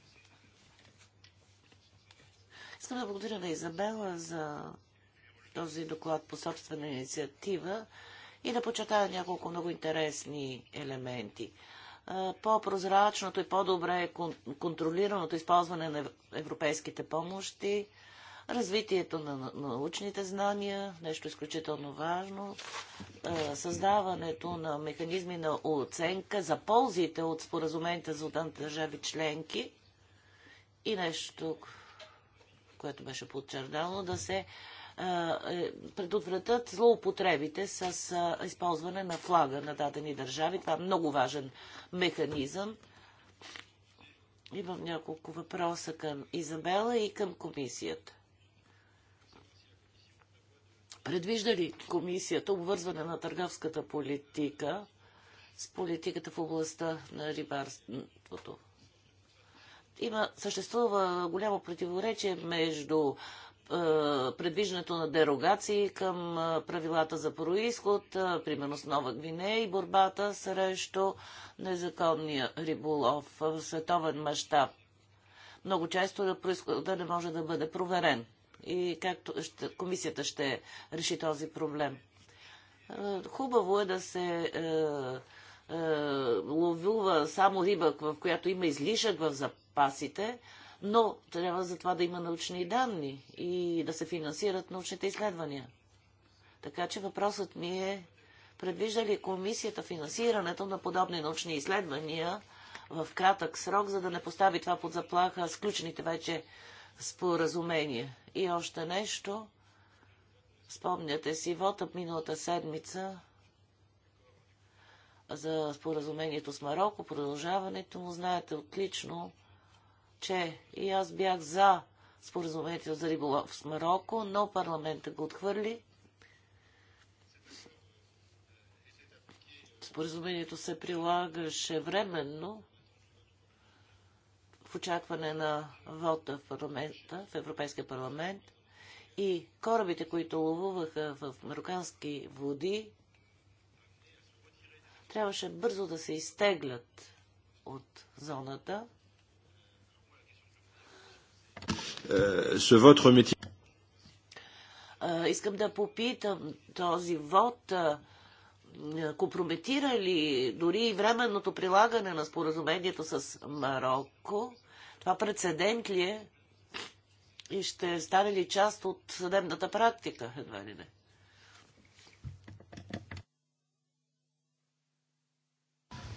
Искам да благодаря на Изабела за този доклад по собствена инициатива и да почетая няколко много интересни елементи. По-прозрачното и по-добре контролираното използване на европейските помощи, развитието на научните знания, нещо изключително важно, създаването на механизми на оценка за ползите от споразумените за отдан държави членки и нещо, което беше подчертано, да се е, предотвратят злоупотребите с използване на флага на дадени държави. Това е много важен механизъм. Имам няколко въпроса към Изабела и към комисията. Предвижда ли комисията обвързване на търговската политика с политиката в областта на рибарството? Има, съществува голямо противоречие между е, предвиждането на дерогации към е, правилата за происход, е, примерно с Нова Гвинея и борбата срещу незаконния риболов в световен мащаб. Много често да да не може да бъде проверен. И както ще, комисията ще реши този проблем. Хубаво е да се е, е, ловува само риба, в която има излишък в запас запасите, но трябва за това да има научни данни и да се финансират научните изследвания. Така че въпросът ми е, предвижда ли комисията финансирането на подобни научни изследвания в кратък срок, за да не постави това под заплаха сключените вече споразумения? И още нещо, спомняте си, вота миналата седмица за споразумението с Марокко, продължаването му, знаете отлично, че и аз бях за споразумението за риболов с Марокко, но парламента го отхвърли. Споразумението се прилагаше временно в очакване на вода в парламента, в Европейския парламент и корабите, които ловуваха в марокански води, трябваше бързо да се изтеглят от зоната. ce е, vote remettit. Искам да попитам този вод компрометира ли дори и временното прилагане на споразумението с Марокко? Това прецедент ли е? И ще стане ли част от съдебната практика, едва ли не?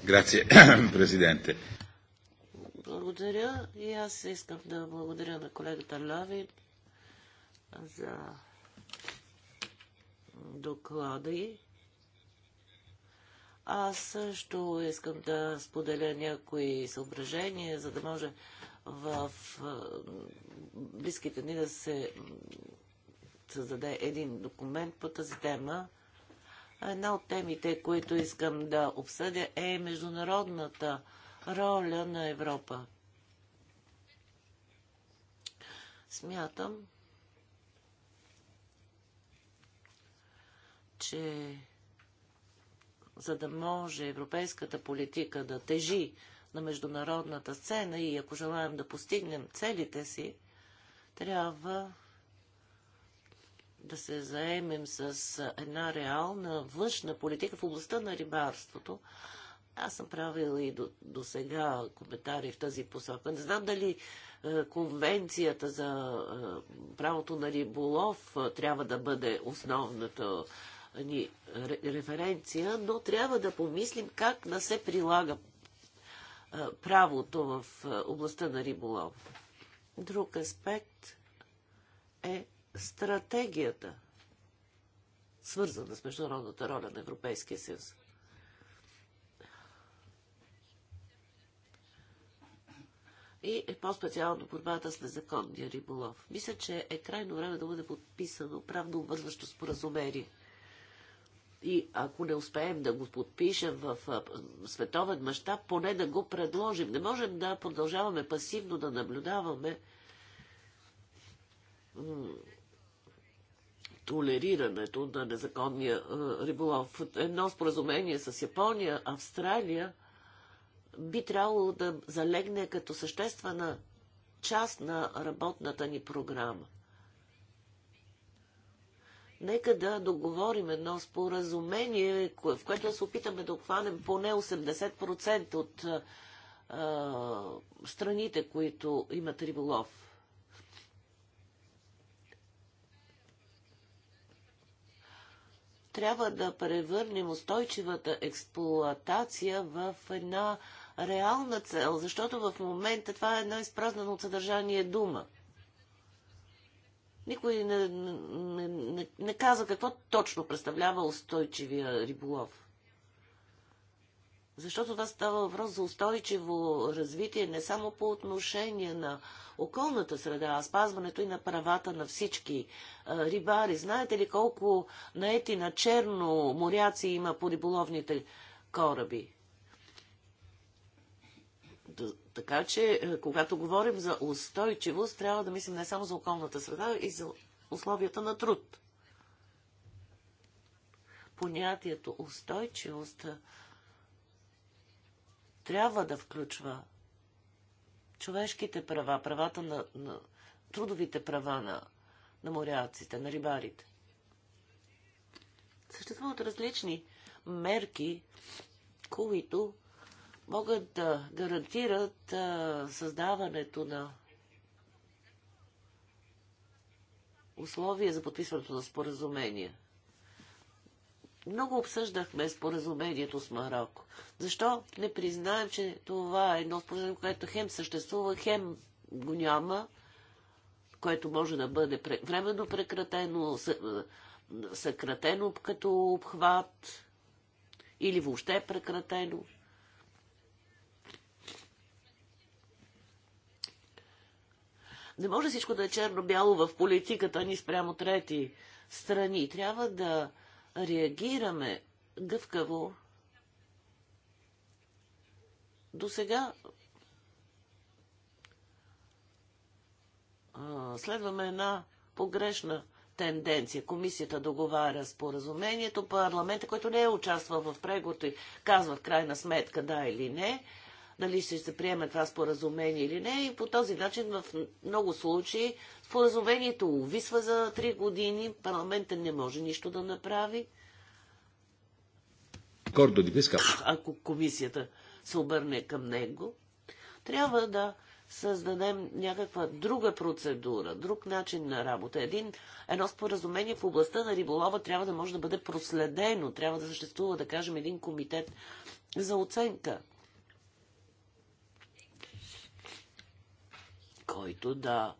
Grazie Presidente. Благодаря и аз искам да благодаря на колегата Лавин за доклада й. Аз също искам да споделя някои съображения, за да може в близките дни да се създаде един документ по тази тема. Една от темите, които искам да обсъдя е международната роля на Европа. Смятам, че за да може европейската политика да тежи на международната сцена и ако желаем да постигнем целите си, трябва да се заемем с една реална външна политика в областта на рибарството, аз съм правила и до, до сега коментари в тази посока. Не знам дали е, конвенцията за е, правото на риболов е, трябва да бъде основната е, ни референция, но трябва да помислим как да се прилага е, правото в е, областта на риболов. Друг аспект е стратегията, свързана с международната роля на Европейския съюз. и е по-специално борбата с незаконния риболов. Мисля, че е крайно време да бъде подписано правно обвързващо споразумение. И ако не успеем да го подпишем в световен мащаб, поне да го предложим. Не можем да продължаваме пасивно да наблюдаваме толерирането на незаконния риболов. Едно споразумение с Япония, Австралия – би трябвало да залегне като съществена част на работната ни програма. Нека да договорим едно споразумение, в което се опитаме да обхванем поне 80% от а, страните, които имат риболов. трябва да превърнем устойчивата експлоатация в една реална цел, защото в момента това е една изпразнена от съдържание дума. Никой не, не, не, не каза какво точно представлява устойчивия риболов. Защото това става въпрос за устойчиво развитие не само по отношение на околната среда, а спазването и на правата на всички а, рибари. Знаете ли колко наети на черно моряци има по риболовните кораби? Така че, е, когато говорим за устойчивост, трябва да мислим не само за околната среда и за условията на труд. Понятието устойчивост е, трябва да включва човешките права, правата на, на трудовите права на, на моряците, на рибарите. Съществуват различни мерки, които могат да гарантират създаването на условия за подписването на споразумения. Много обсъждахме споразумението с Марокко. Защо не признаем, че това е едно споразумение, което хем съществува, хем го няма, което може да бъде временно прекратено, съкратено като обхват или въобще прекратено. Не може всичко да е черно-бяло в политиката ни спрямо трети страни. Трябва да реагираме гъвкаво. До сега следваме една погрешна тенденция. Комисията договаря споразумението, парламента, който не е участвал в преговорите, казва в крайна сметка да или не. Нали ще се приеме това споразумение или не. И по този начин в много случаи споразумението увисва за 3 години, парламентът не може нищо да направи. Кордо Ако комисията се обърне към него, трябва да създадем някаква друга процедура, друг начин на работа. Един, едно споразумение в областта на риболова трябва да може да бъде проследено, трябва да съществува, да кажем, един комитет за оценка. който да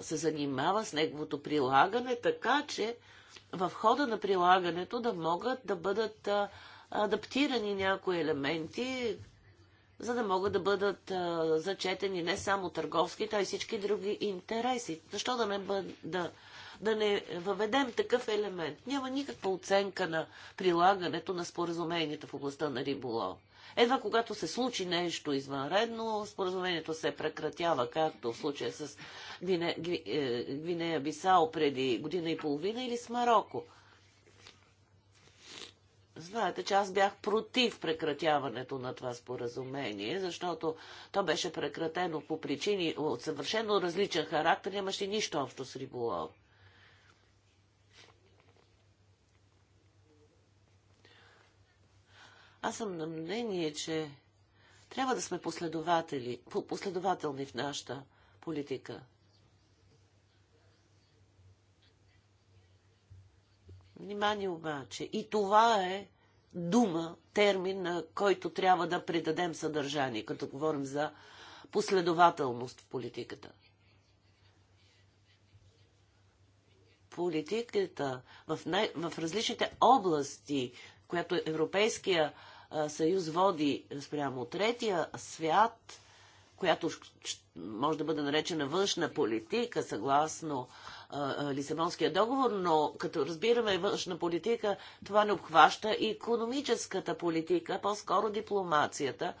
се занимава с неговото прилагане, така че в хода на прилагането да могат да бъдат адаптирани някои елементи, за да могат да бъдат зачетени не само търговските, а и всички други интереси. Защо да не, бъд, да, да не въведем такъв елемент? Няма никаква оценка на прилагането на споразуменията в областта на риболов. Едва когато се случи нещо извънредно, споразумението се прекратява, както в случая с е, Гвинея Бисао преди година и половина или с Марокко. Знаете, че аз бях против прекратяването на това споразумение, защото то беше прекратено по причини от съвършено различен характер, нямаше нищо общо с риболов. Аз съм на мнение, че трябва да сме последователи, последователни в нашата политика. Внимание обаче. И това е дума, термин, на който трябва да придадем съдържание, като говорим за последователност в политиката. Политиката в, най... в различните области, която Европейския съюз води спрямо третия свят, която може да бъде наречена външна политика, съгласно Лисабонския договор, но като разбираме външна политика, това не обхваща и економическата политика, по-скоро дипломацията,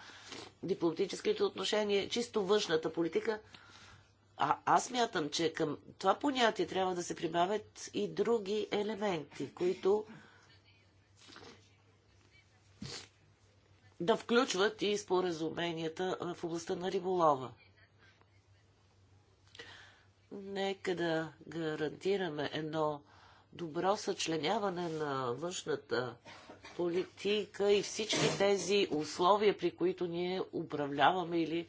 дипломатическите отношения, чисто външната политика. А аз мятам, че към това понятие трябва да се прибавят и други елементи, които да включват и споразуменията в областта на риболова. Нека да гарантираме едно добро съчленяване на външната политика и всички тези условия, при които ние управляваме или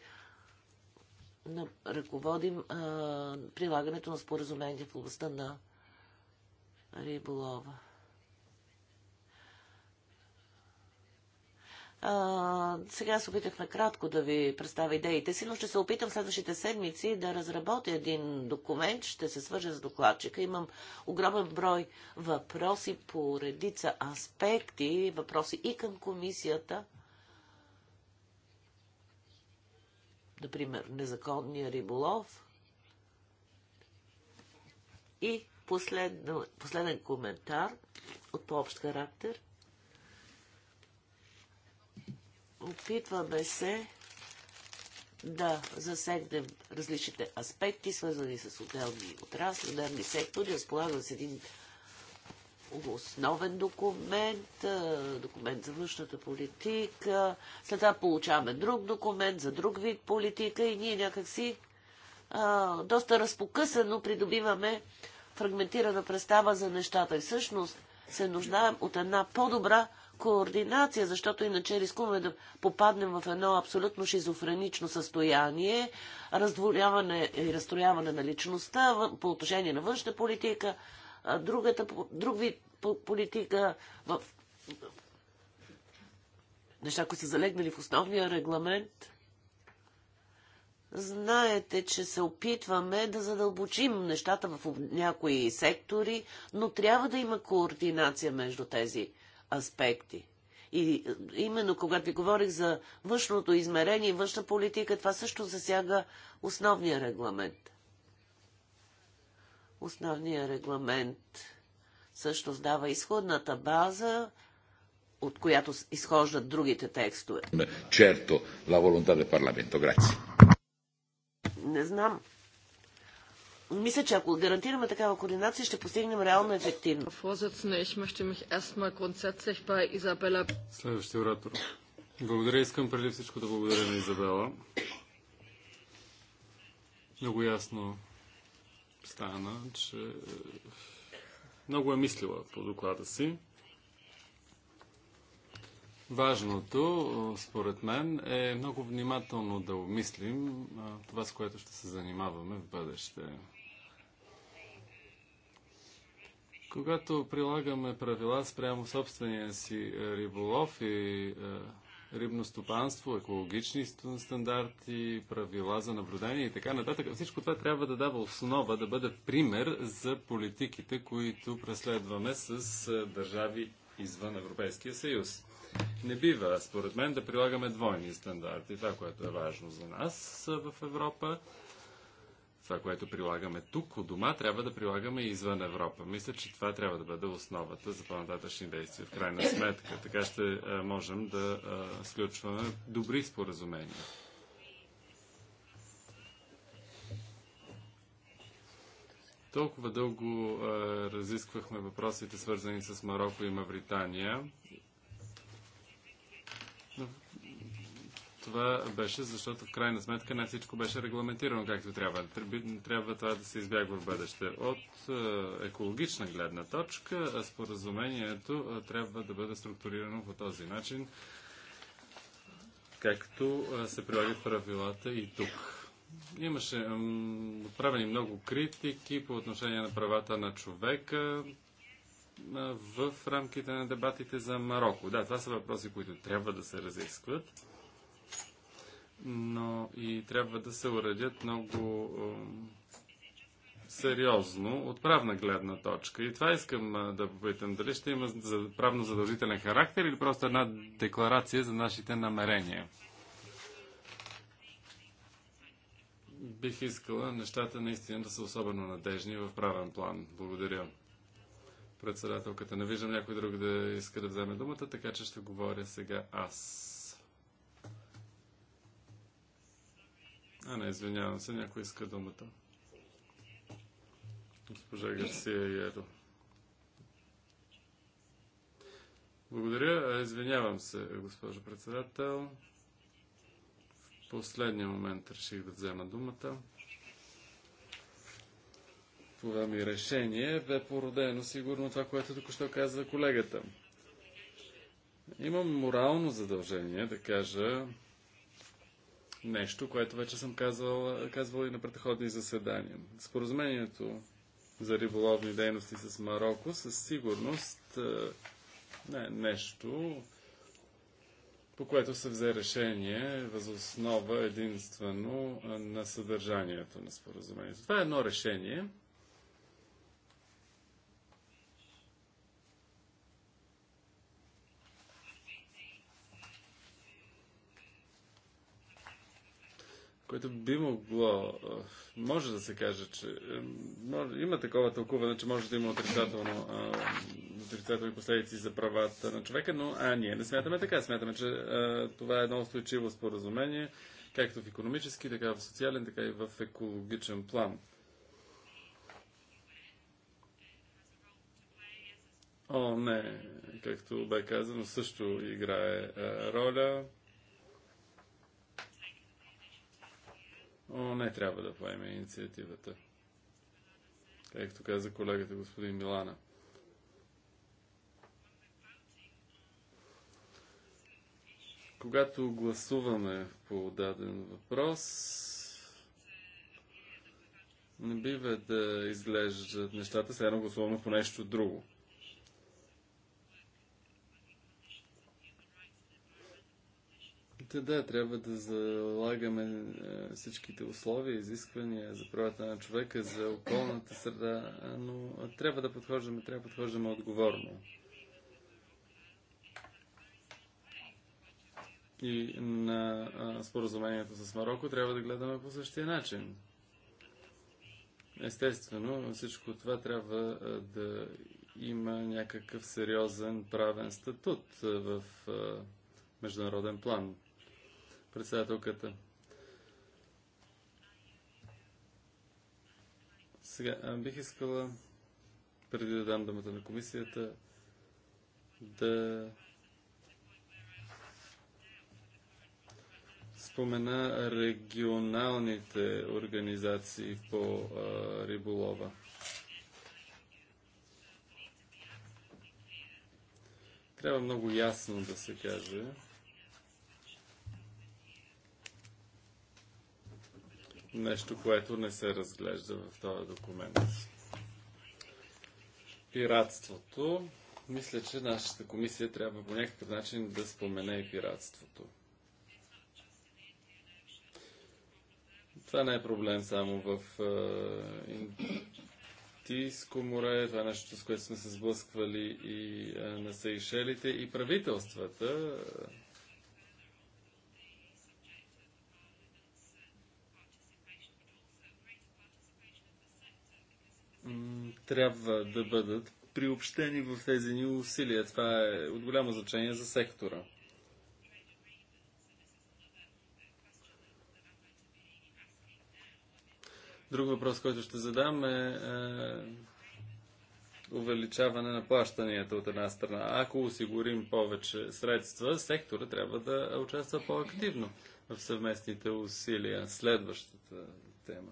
ръководим а, прилагането на споразумение в областта на риболова. А, сега се опитах накратко да ви представя идеите си, но ще се опитам следващите седмици да разработя един документ, ще се свържа с докладчика. Имам огромен брой въпроси по редица аспекти, въпроси и към комисията. Например, незаконния риболов. И последен, последен коментар от по-общ характер – Опитваме се да засегнем различните аспекти, свързани с отделни отрасли, отделни сектори. Разполагаме с един основен документ, документ за външната политика. След това получаваме друг документ за друг вид политика и ние някакси а, доста разпокъсано придобиваме фрагментирана представа за нещата. И всъщност се нуждаем от една по-добра координация, защото иначе рискуваме да попаднем в едно абсолютно шизофренично състояние, раздвояване и разстрояване на личността по отношение на външна политика, другата, друг вид политика в неща, които са залегнали в основния регламент. Знаете, че се опитваме да задълбочим нещата в някои сектори, но трябва да има координация между тези аспекти. И именно когато ви говорих за външното измерение и външна политика, това също засяга основния регламент. Основния регламент също дава изходната база, от която изхождат другите текстове. Черто, ла волонта del Parlamento. Не знам мисля, че ако гарантираме такава координация, ще постигнем реално ефективно. Следващия оратор. Благодаря. Искам преди всичко да благодаря на Изабела. Много ясно стана, че е, много е мислила по доклада си. Важното, е, според мен, е много внимателно да обмислим е, това, с което ще се занимаваме в бъдеще. Когато прилагаме правила спрямо собствения си е, риболов и е, рибно стопанство, екологични стандарти, правила за наблюдение и така нататък. Всичко това трябва да дава основа, да бъде пример за политиките, които преследваме с е, държави извън Европейския съюз. Не бива, според мен, да прилагаме двойни стандарти. Това, което е важно за нас в Европа, това, което прилагаме тук, у дома, трябва да прилагаме и извън Европа. Мисля, че това трябва да бъде основата за по-нататъчни действия. В крайна сметка, така ще е, можем да е, сключваме добри споразумения. Толкова дълго е, разисквахме въпросите, свързани с Марокко и Мавритания. Това беше защото в крайна сметка не всичко беше регламентирано както трябва. Трябва това да се избягва в бъдеще. От е, екологична гледна точка е, споразумението е, трябва да бъде структурирано по този начин, както се прилагат правилата и тук. Имаше отправени много критики по отношение на правата на човека в рамките на дебатите за Марокко. Да, това са въпроси, които трябва да се разискват но и трябва да се уредят много сериозно от правна гледна точка. И това искам да попитам. Дали ще има правно задължителен характер или просто една декларация за нашите намерения? Бих искала нещата наистина да са особено надежни в правен план. Благодаря. Председателката, не виждам някой друг да иска да вземе думата, така че ще говоря сега аз. А, не, извинявам се, някой иска думата. Госпожа Гарсия ето. Благодаря. Извинявам се, госпожо председател. В последния момент реших да взема думата. Това ми решение бе породено сигурно това, което току-що каза колегата. Имам морално задължение да кажа, Нещо, което вече съм казвал, казвал и на предходни заседания. Споразумението за риболовни дейности с Марокко със сигурност е, не е нещо, по което се взе решение възоснова единствено на съдържанието на споразумението. Това е едно решение – което би могло, може да се каже, че може, има такова тълкуване, че може да има отрицателно, отрицателни последици за правата на човека, но а, ние не смятаме така. Смятаме, че а, това е едно устойчиво споразумение, както в економически, така в социален, така и в екологичен план. О, не, както бе казано, също играе а, роля. не трябва да поеме инициативата. Както каза колегата господин Милана. Когато гласуваме по даден въпрос, не бива да изглеждат нещата, следно гласуваме по нещо друго. Та да, трябва да залагаме е, всичките условия, изисквания за правата на човека, за околната среда, е, но трябва да подхождаме, трябва да подхождаме отговорно. И на е, споразумението с Марокко трябва да гледаме по същия начин. Естествено, всичко това трябва да има някакъв сериозен правен статут в международен план председателката. Сега бих искала, преди да дам думата на комисията, да спомена регионалните организации по а, риболова. Трябва много ясно да се каже, нещо, което не се разглежда в този документ. Пиратството. Мисля, че нашата комисия трябва по някакъв начин да спомене и пиратството. Това не е проблем само в Интийско е, Индийско море, това е нещо, с което сме се сблъсквали и е, на Сейшелите. И правителствата, трябва да бъдат приобщени в тези ни усилия. Това е от голямо значение за сектора. Друг въпрос, който ще задам е, е увеличаване на плащанията от една страна. Ако осигурим повече средства, сектора трябва да участва по-активно в съвместните усилия. Следващата тема.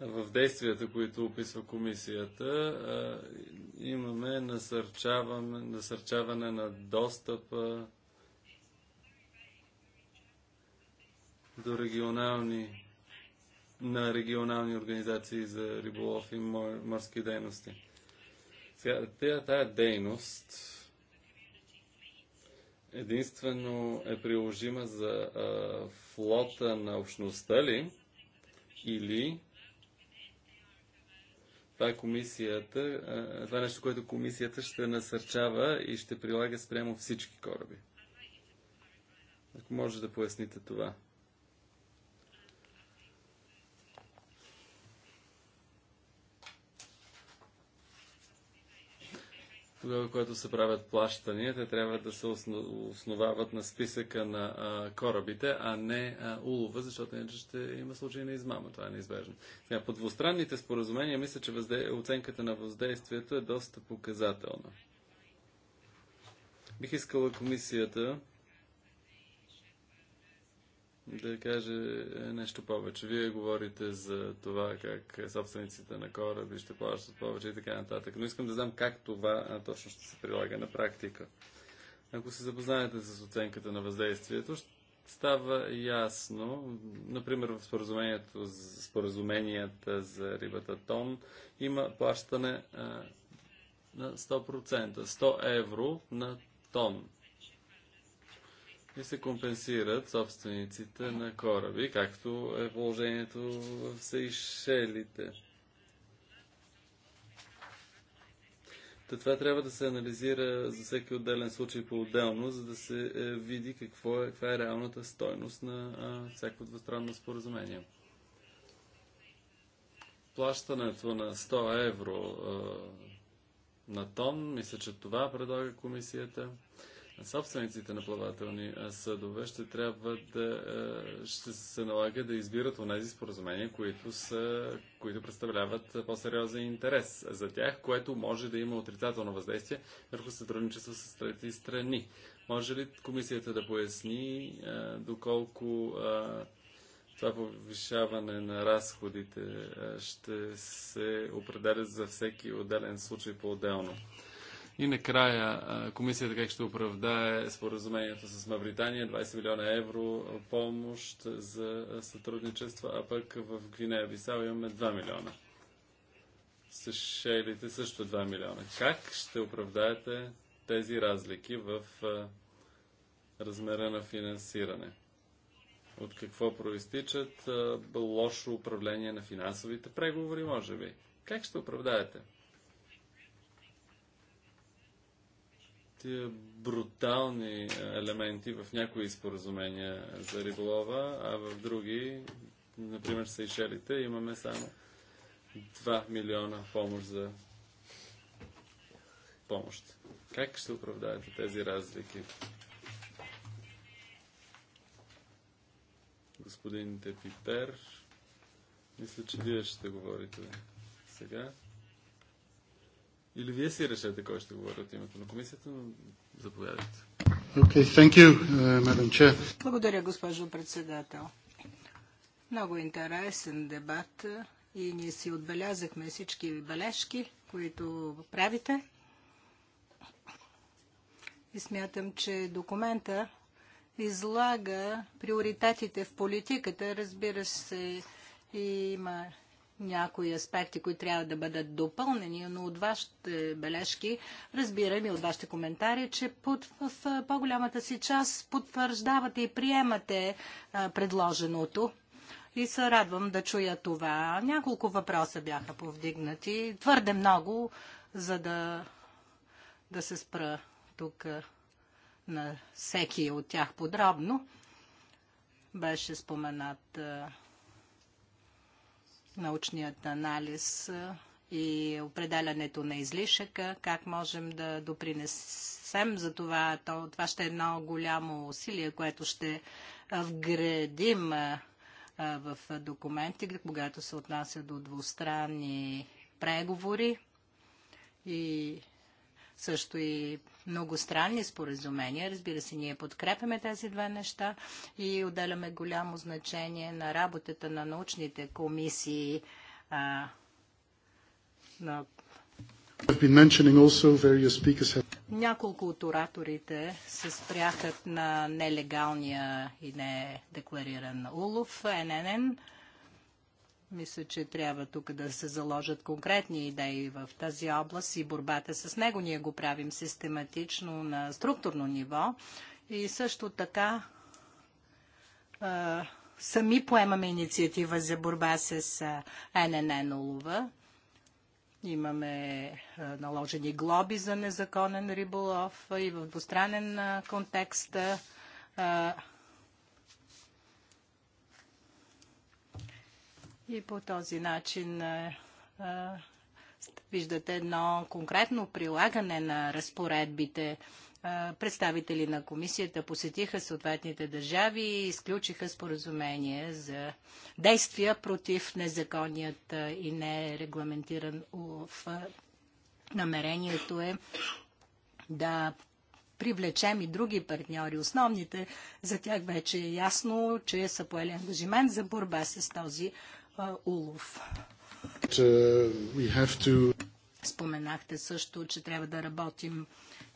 в действията, които описва комисията, имаме насърчаване, насърчаване на достъпа до регионални на регионални организации за риболов и морски дейности. Сега, тая дейност единствено е приложима за а, флота на общността ли или това е комисията, това е нещо, което комисията ще насърчава и ще прилага спрямо всички кораби. Ако може да поясните това. тогава, когато се правят плащания, те трябва да се основават на списъка на а, корабите, а не а, улова, защото иначе ще има случай на измама. Това е неизбежно. Сега, по двустранните споразумения, мисля, че възде... оценката на въздействието е доста показателна. Бих искала комисията да каже е, нещо повече. Вие говорите за това как е, собствениците на кораби ще плащат повече и така нататък. Но искам да знам как това точно ще се прилага на практика. Ако се запознаете с оценката на въздействието, става ясно. Например, в споразумението, споразуменията за рибата Тон има плащане а, е, на 100%. 100 евро на тон и се компенсират собствениците на кораби, както е положението в Сейшелите. Та това трябва да се анализира за всеки отделен случай по-отделно, за да се е, види какво е, каква е реалната стойност на всяко двустранно споразумение. Плащането на 100 евро а, на тон, мисля, че това предлага комисията собствениците на плавателни съдове ще трябва да ще се налага да избират онези споразумения, които, са, които представляват по-сериозен интерес за тях, което може да има отрицателно въздействие върху сътрудничество с трети страни. Може ли комисията да поясни доколко това повишаване на разходите ще се определя за всеки отделен случай по-отделно? И накрая комисията как ще оправдае споразумението с Мавритания, 20 милиона евро помощ за сътрудничество, а пък в Гвинея Бисал имаме 2 милиона. Съшелите също 2 милиона. Как ще оправдаете тези разлики в размера на финансиране? От какво проистичат лошо управление на финансовите преговори, може би? Как ще оправдаете? тия брутални е, елементи в някои споразумения за риболова, а в други, например Сейшелите, имаме само 2 милиона помощ за помощ. Как ще оправдаете тези разлики? Господин Тепипер, мисля, че вие ще говорите сега. Или вие си решете кой ще говори от името на комисията, но заповядайте. Okay, thank you, uh, Chair. Благодаря, госпожо председател. Много интересен дебат и ние си отбелязахме всички бележки, които правите. И смятам, че документа излага приоритетите в политиката. Разбира се, и има някои аспекти, които трябва да бъдат допълнени, но от вашите бележки разбирам и от вашите коментари, че под, в, в по-голямата си част потвърждавате и приемате а, предложеното. И се радвам да чуя това. Няколко въпроса бяха повдигнати. Твърде много, за да, да се спра тук на всеки от тях подробно. Беше споменат а, научният анализ и определянето на излишъка, как можем да допринесем за това. това ще е едно голямо усилие, което ще вградим в документи, когато се отнася до двустранни преговори и също и многостранни споразумения. Разбира се, ние подкрепяме тези две неща и отделяме голямо значение на работата на научните комисии а, на няколко от ораторите се спряхат на нелегалния и недеклариран улов, ННН. Мисля, че трябва тук да се заложат конкретни идеи в тази област и борбата с него. Ние го правим систематично на структурно ниво и също така а, сами поемаме инициатива за борба с ННН улова. Имаме наложени глоби за незаконен риболов и в двустранен контекст И по този начин е, е, виждате едно конкретно прилагане на разпоредбите. Е, представители на комисията посетиха съответните държави и изключиха споразумение за действия против незаконният и нерегламентиран улов. Намерението е да привлечем и други партньори. Основните за тях вече е ясно, че са поели ангажимент за борба с този е, улов. Споменахте също, че трябва да работим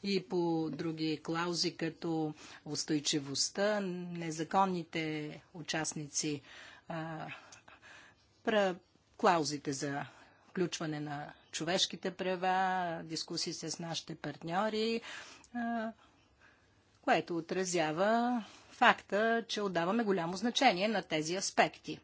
и по други клаузи, като устойчивостта, незаконните участници, клаузите за включване на човешките права, дискусии с нашите партньори, което отразява факта, че отдаваме голямо значение на тези аспекти.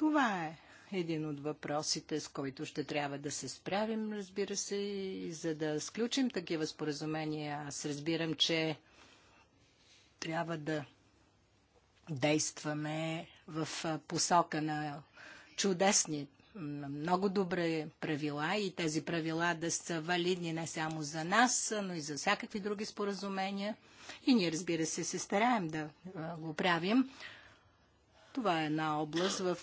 Това е един от въпросите, с който ще трябва да се справим, разбира се, и за да сключим такива споразумения. Аз разбирам, че трябва да действаме в посока на чудесни, много добре правила и тези правила да са валидни не само за нас, но и за всякакви други споразумения. И ние, разбира се, се стараем да го правим. Това е една област, в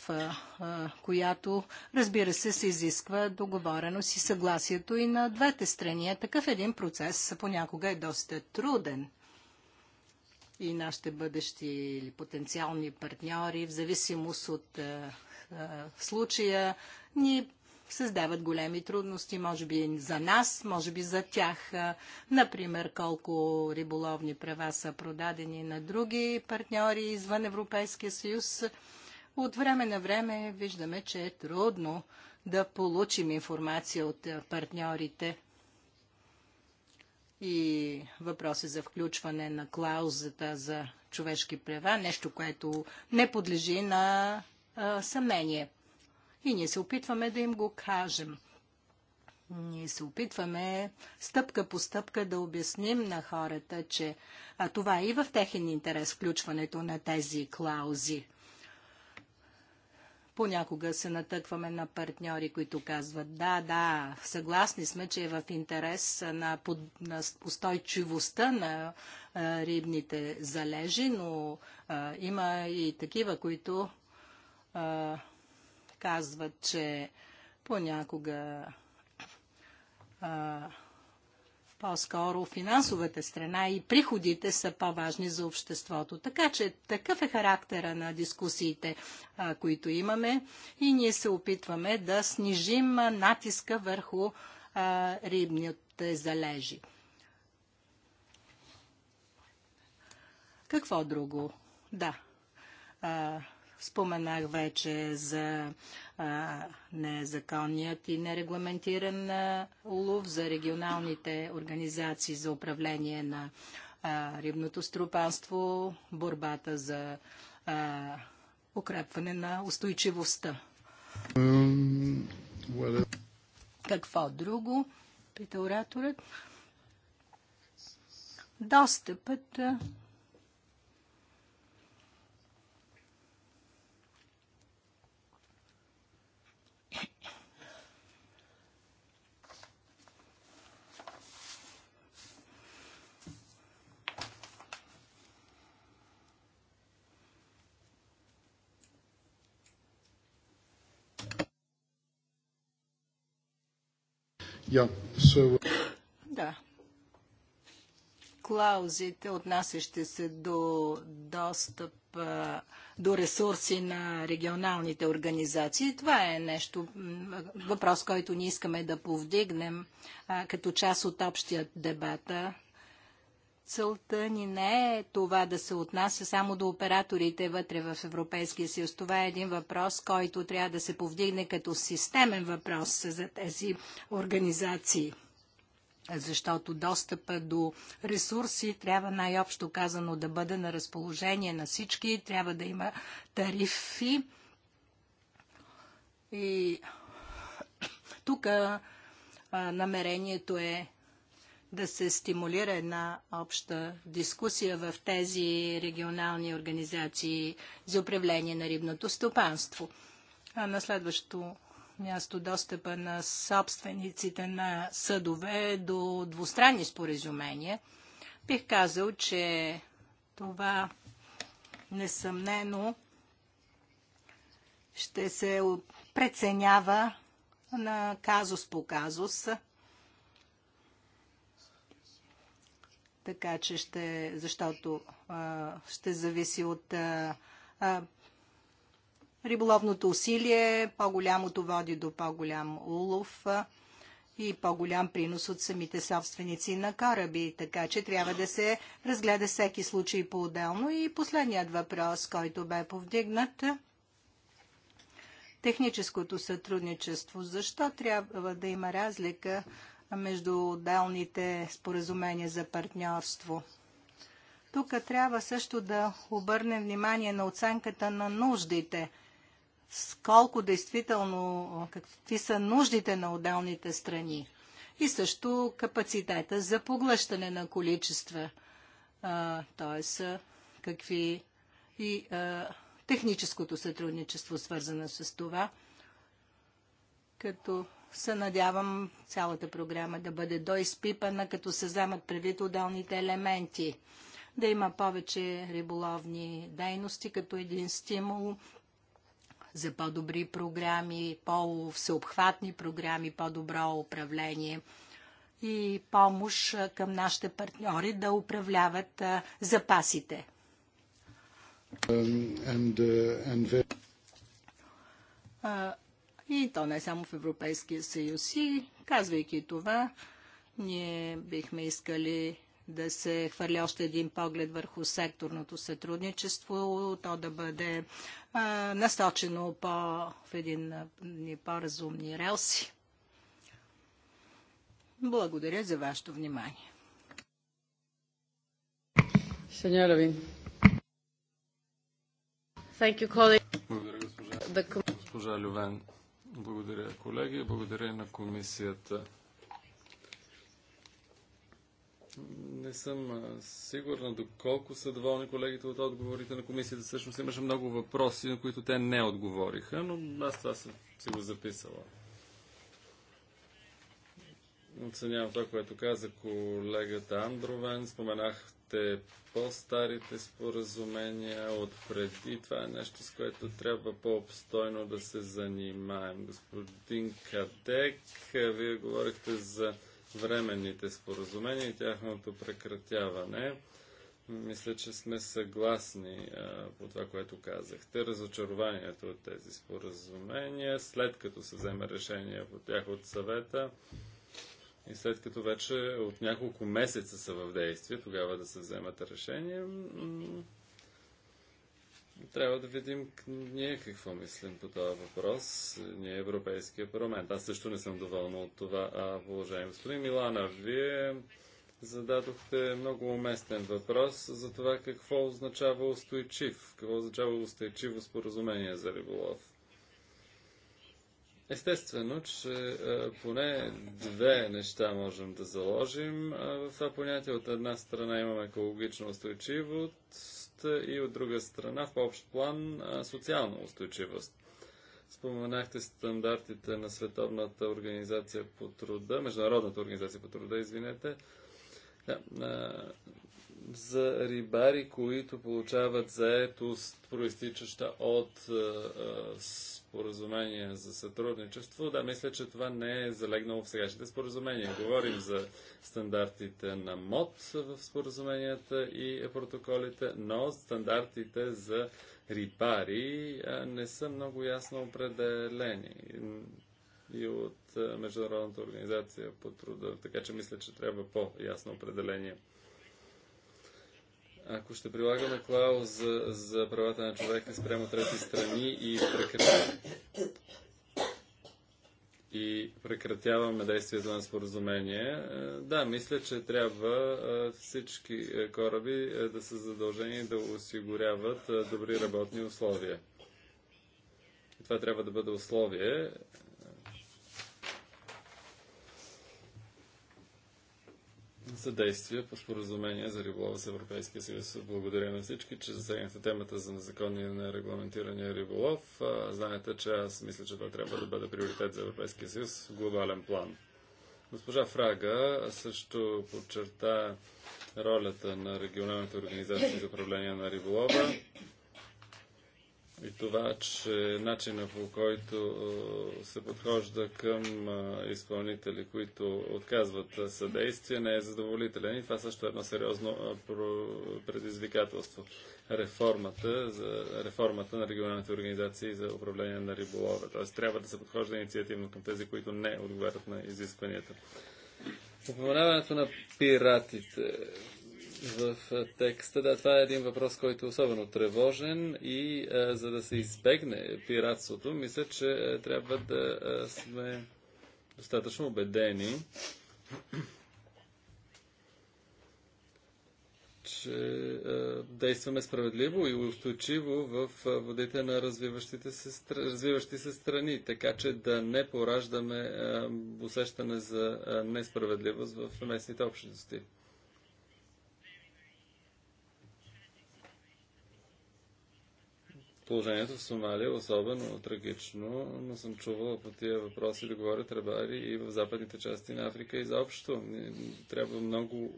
която, разбира се, се изисква договореност и съгласието и на двете страни. Е, такъв един процес понякога е доста труден и нашите бъдещи или потенциални партньори, в зависимост от случая, ни създават големи трудности, може би за нас, може би за тях. Например, колко риболовни права са продадени на други партньори извън Европейския съюз. От време на време виждаме, че е трудно да получим информация от партньорите. И въпроси за включване на клаузата за човешки права, нещо, което не подлежи на а, съмнение и ние се опитваме да им го кажем. Ние се опитваме стъпка по стъпка да обясним на хората, че а това е и в техен интерес включването на тези клаузи. Понякога се натъкваме на партньори, които казват, да, да, съгласни сме, че е в интерес на, под, на устойчивостта на а, рибните залежи, но а, има и такива, които а, казват, че понякога по-скоро финансовата страна и приходите са по-важни за обществото. Така че такъв е характера на дискусиите, а, които имаме и ние се опитваме да снижим натиска върху а, рибните залежи. Какво друго? Да. А, Споменах вече за а, незаконният и нерегламентиран а, улов, за регионалните организации за управление на а, рибното струпанство, борбата за а, укрепване на устойчивостта. Um, Какво друго? Пита ораторът. Достъпът Yeah, so... Uh, да. Клаузите, отнасящи се до достъп до ресурси на регионалните организации. Това е нещо, въпрос, който ние искаме да повдигнем като част от общия дебата целта ни не е това да се отнася само до операторите вътре в Европейския съюз. Това е един въпрос, който трябва да се повдигне като системен въпрос за тези организации. Защото достъпа до ресурси трябва най-общо казано да бъде на разположение на всички, трябва да има тарифи. И тук намерението е да се стимулира една обща дискусия в тези регионални организации за управление на рибното стопанство. А на следващото място достъпа на собствениците на съдове до двустранни споразумения. Бих казал, че това несъмнено ще се преценява на казус по казус така че ще, защото а, ще зависи от а, а, риболовното усилие, по-голямото води до по-голям улов а, и по-голям принос от самите собственици на кораби, така че трябва да се разгледа всеки случай по-отделно. И последният въпрос, който бе повдигнат техническото сътрудничество. Защо трябва да има разлика между отделните споразумения за партньорство. Тук трябва също да обърнем внимание на оценката на нуждите. Сколко действително, какви са нуждите на отделните страни. И също капацитета за поглъщане на количества. Т.е. какви и а, техническото сътрудничество, свързано с това, като се надявам цялата програма да бъде доизпипана, като се вземат предвид отделните елементи. Да има повече риболовни дейности, като един стимул за по-добри програми, по-всеобхватни програми, по-добро управление и помощ към нашите партньори да управляват запасите. Um, and, uh, and... Uh, и то не само в Европейския съюз. И казвайки това, ние бихме искали да се хвърли още един поглед върху секторното сътрудничество, то да бъде а, насочено по, в един по-разумни релси. Благодаря за вашето внимание. Сеньора Вин. Благодаря, госпожа, госпожа Лювен. Благодаря, колеги. Благодаря на комисията. Не съм сигурна доколко са доволни колегите от отговорите на комисията. Всъщност имаше много въпроси, на които те не отговориха, но аз това съм си го записала. Оценявам това, което каза колегата Андровен. Споменах те по-старите споразумения от преди. Това е нещо, с което трябва по-обстойно да се занимаем. Господин Кадек, вие говорихте за временните споразумения и тяхното прекратяване. Мисля, че сме съгласни а, по това, което казахте. Разочарованието от тези споразумения, след като се вземе решение по тях от съвета, и след като вече от няколко месеца са в действие, тогава да се вземат решения, трябва да видим ние какво мислим по този въпрос, ние Европейския парламент. Аз също не съм доволна от това а, положение. Господин Милана, вие зададохте много уместен въпрос за това какво означава устойчив, какво означава устойчиво споразумение за риболов. Естествено, че е, поне две неща можем да заложим е, в това понятие. От една страна имаме екологична устойчивост и от друга страна в общ план е, социална устойчивост. Споменахте стандартите на Световната организация по труда, Международната организация по труда, извинете, да, за рибари, които получават заетост, проистичаща от споразумение за сътрудничество, да, мисля, че това не е залегнало в сегашните споразумения. Говорим за стандартите на МОД в споразуменията и протоколите, но стандартите за рипари не са много ясно определени и от Международната организация по труда. Така че мисля, че трябва по-ясно определение. Ако ще прилагаме клауза за правата на човека спрямо трети страни и, прекрат... и прекратяваме действието на споразумение, е, да, мисля, че трябва е, всички е, кораби да са задължени да осигуряват добри работни условия. И това трябва да бъде условие за действия по споразумение за риболова с Европейския съюз. Благодаря на всички, че засегнахте темата за незаконния и нерегламентирания риболов. Знаете, че аз мисля, че това трябва да бъде приоритет за Европейския съюз в глобален план. Госпожа Фрага също подчерта ролята на регионалните организации за управление на риболова и това, че начина по който се подхожда към изпълнители, които отказват съдействие, не е задоволителен и това също е едно сериозно предизвикателство. Реформата, за, реформата на регионалните организации за управление на риболова. Тоест трябва да се подхожда инициативно към тези, които не отговарят на изискванията. Упоменаването на пиратите в текста. Да, това е един въпрос, който е особено тревожен и а, за да се избегне пиратството, мисля, че а, трябва да а, сме достатъчно убедени, че а, действаме справедливо и устойчиво в а, водите на развиващите се, развиващи се страни, така че да не пораждаме а, усещане за а, несправедливост в местните общности. Положението в Сомалия е особено трагично, но съм чувал по тия въпроси да говорят рибари и в западните части на Африка изобщо. Трябва много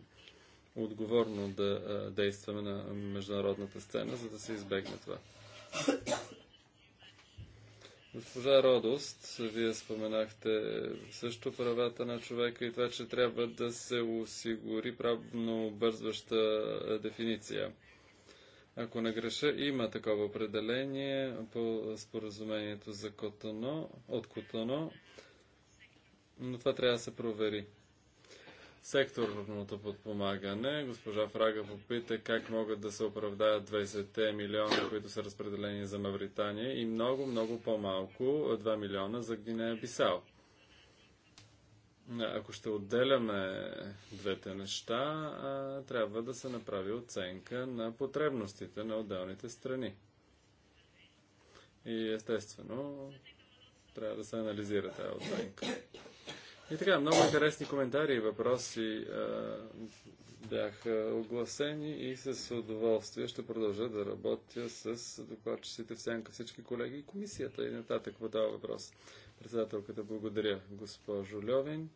отговорно да действаме на международната сцена, за да се избегне това. Госпожа Родост, вие споменахте също правата на човека и това, че трябва да се осигури правно обързваща дефиниция. Ако не греша, има такова определение по споразумението за Котоно, от Котоно, но това трябва да се провери. Секторното подпомагане. Госпожа Фрага попита как могат да се оправдаят 20 те милиона, които са разпределени за Мавритания и много, много по-малко 2 милиона за Гвинея Бисал. Ако ще отделяме двете неща, трябва да се направи оценка на потребностите на отделните страни. И естествено, трябва да се анализира тази оценка. И така, много интересни коментари и въпроси бяха огласени и с удоволствие ще продължа да работя с докладчиците в сянка всички колеги и комисията и нататък по този въпрос. Председателката, благодаря, госпожо Льовин.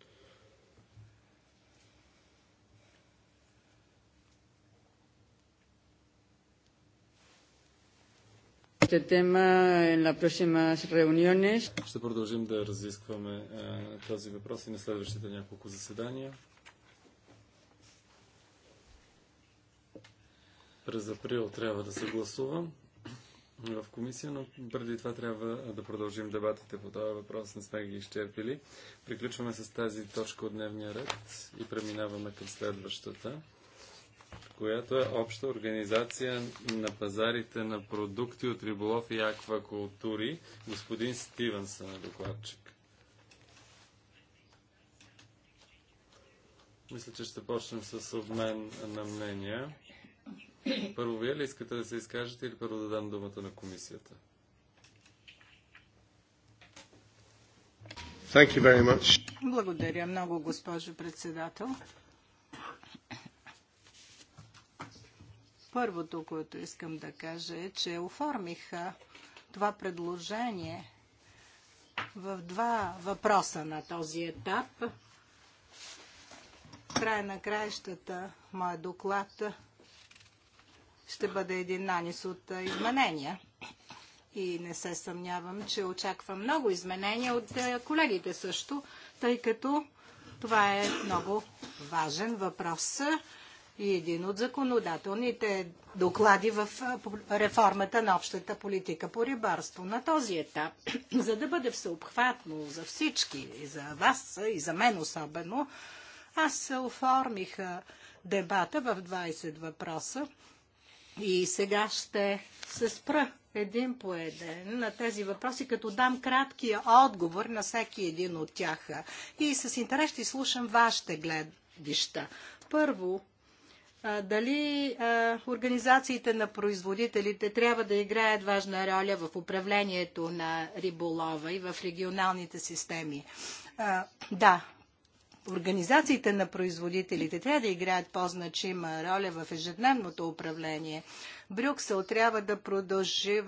Ще продължим да разискваме е, този въпрос и на следващите няколко заседания. През април трябва да се гласувам в комисия, но преди това трябва да продължим дебатите по този въпрос. Не сме ги изчерпили. Приключваме с тази точка от дневния ред и преминаваме към следващата, която е обща организация на пазарите на продукти от риболов и аквакултури. Господин Стивенсън е докладчик. Мисля, че ще почнем с обмен на мнения. Първо вие ли искате да се изкажете или първо да дам думата на комисията? Thank you very much. Благодаря много, госпожо председател. Първото, което искам да кажа е, че оформих това предложение в два въпроса на този етап. В края на краищата, моят доклад ще бъде един нанис от изменения. И не се съмнявам, че очаквам много изменения от колегите също, тъй като това е много важен въпрос и един от законодателните доклади в реформата на общата политика по рибарство. На този етап, за да бъде всеобхватно за всички, и за вас, и за мен особено, аз се оформих дебата в 20 въпроса и сега ще се спра един по един на тези въпроси, като дам краткия отговор на всеки един от тях. И с интерес ще слушам вашите гледища. Първо, дали организациите на производителите трябва да играят важна роля в управлението на риболова и в регионалните системи. Да, Организациите на производителите трябва да играят по-значима роля в ежедневното управление Брюксел трябва да продължи,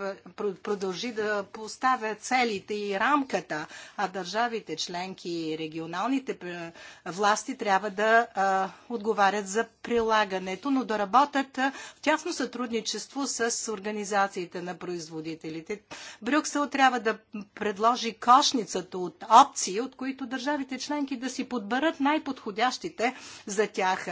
продължи да поставя целите и рамката, а държавите членки и регионалните е, власти трябва да а, е, отговарят за прилагането, но да работят е, в тясно сътрудничество с организациите на производителите. Брюксел трябва да предложи кошницата от опции, от които държавите членки да си подберат най-подходящите за тях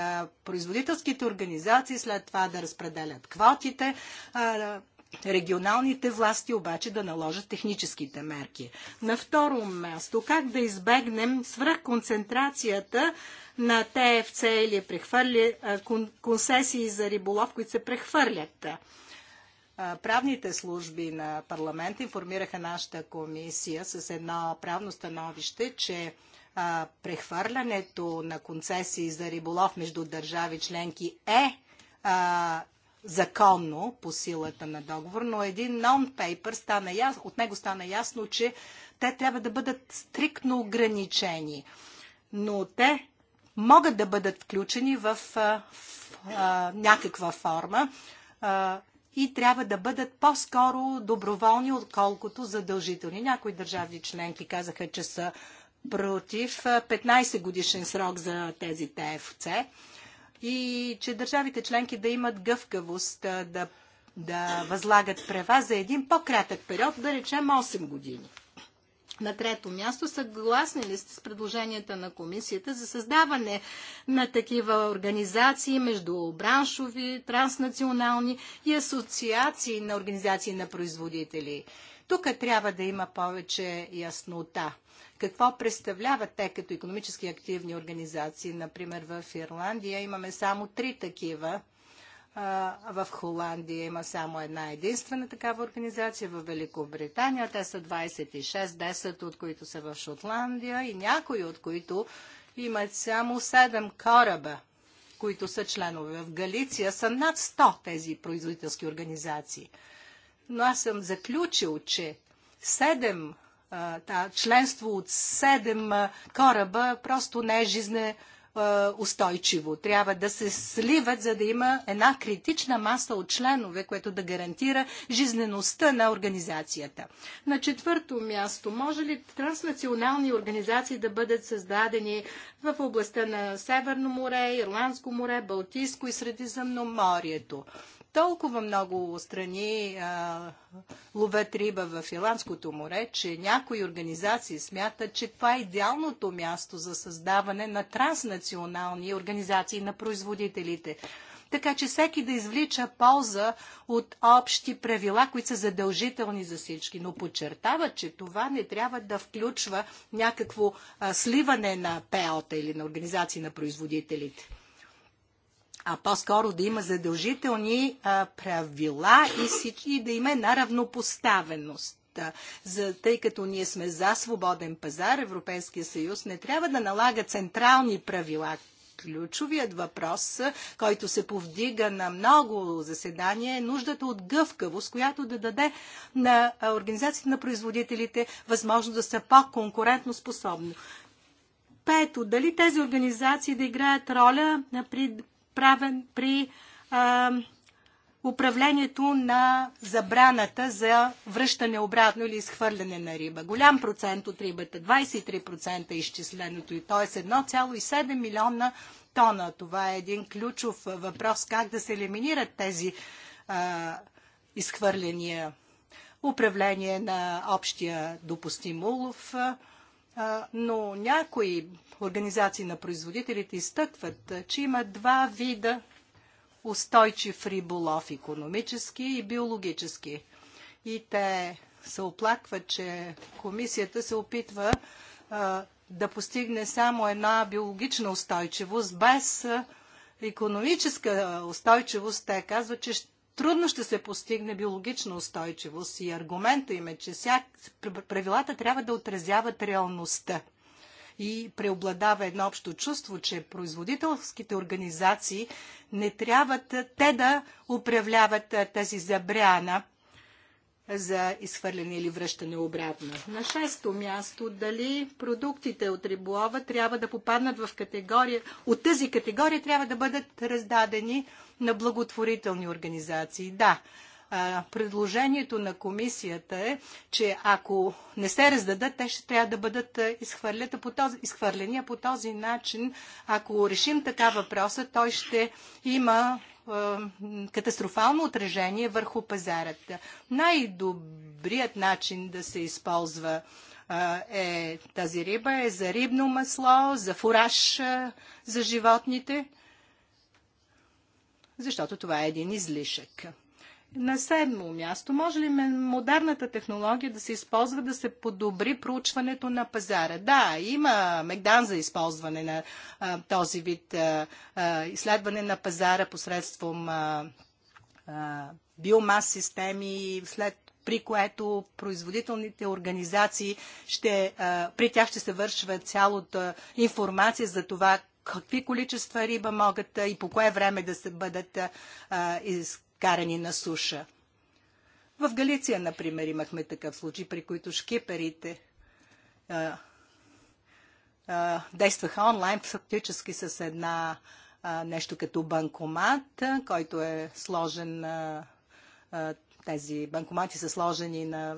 производителските организации, след това да разпределят квотите, мерките, а, регионалните власти обаче да наложат техническите мерки. На второ място, как да избегнем свръхконцентрацията на ТФЦ или прехвърли, концесии за риболов, които се прехвърлят. Правните служби на парламента информираха нашата комисия с едно правно становище, че прехвърлянето на концесии за риболов между държави членки е законно по силата на договор, но един нон-пейпер стана ясно, от него стана ясно, че те трябва да бъдат стриктно ограничени. Но те могат да бъдат включени в, в, в в някаква форма а, и трябва да бъдат по-скоро доброволни, отколкото задължителни. Някои държави членки казаха, че са против 15 годишен срок за тези ТФЦ и че държавите членки да имат гъвкавост да, да възлагат права за един по-кратък период, да речем 8 години. На трето място, съгласни ли сте с предложенията на комисията за създаване на такива организации, междубраншови, транснационални и асоциации на организации на производители? Тук трябва да има повече яснота какво представляват те като економически активни организации. Например, в Ирландия имаме само три такива. В Холандия има само една единствена такава организация, в Великобритания те са 26, 10 от които са в Шотландия и някои от които имат само 7 кораба, които са членове. В Галиция са над 100 тези производителски организации. Но аз съм заключил, че 7 та, членство от 7 кораба просто не е жизне устойчиво. Трябва да се сливат, за да има една критична маса от членове, което да гарантира жизнеността на организацията. На четвърто място, може ли транснационални организации да бъдат създадени в областта на Северно море, Ирландско море, Балтийско и Средиземноморието? толкова много страни а, ловят риба в Ирландското море, че някои организации смятат, че това е идеалното място за създаване на транснационални организации на производителите. Така че всеки да извлича полза от общи правила, които са задължителни за всички. Но подчертава, че това не трябва да включва някакво а, сливане на ПЕОТа или на организации на производителите а по-скоро да има задължителни а, правила и, си, и да има една равнопоставеност. За, тъй като ние сме за свободен пазар, Европейския съюз не трябва да налага централни правила. Ключовият въпрос, който се повдига на много заседания, е нуждата от гъвкавост, която да даде на организацията на производителите възможност да са по-конкурентно способни. Пето, дали тези организации да играят роля при правен при а, управлението на забраната за връщане обратно или изхвърляне на риба. Голям процент от рибата, 23% е изчисленото и т.е. 1,7 милиона тона. Това е един ключов въпрос как да се елиминират тези а, изхвърления. Управление на общия допустим улов – но някои организации на производителите изтъкват, че има два вида устойчив риболов – економически и биологически. И те се оплакват, че комисията се опитва да постигне само една биологична устойчивост, без економическа устойчивост. Те казват, че трудно ще се постигне биологична устойчивост и аргумента им е, че всяк... правилата трябва да отразяват реалността. И преобладава едно общо чувство, че производителските организации не трябва те да управляват тази забряна за изхвърляне или връщане обратно. На шесто място, дали продуктите от риболова трябва да попаднат в категория, от тази категория трябва да бъдат раздадени на благотворителни организации. Да, предложението на комисията е, че ако не се раздадат, те ще трябва да бъдат изхвърлени. По този начин, ако решим така въпроса, той ще има катастрофално отражение върху пазарата. Най-добрият начин да се използва е тази риба е за рибно масло, за фураж за животните – защото това е един излишък. На седмо място, може ли модерната технология да се използва да се подобри проучването на пазара? Да, има мегдан за използване на а, този вид а, а, изследване на пазара посредством а, а, биомас системи, след при което производителните организации ще, а, при тях ще се вършва цялата информация за това какви количества риба могат и по кое време да се бъдат а, изкарани на суша. В Галиция, например, имахме такъв случай, при които шкиперите а, а, действаха онлайн, фактически с една а, нещо като банкомат, който е сложен а, а, тези банкомати са сложени на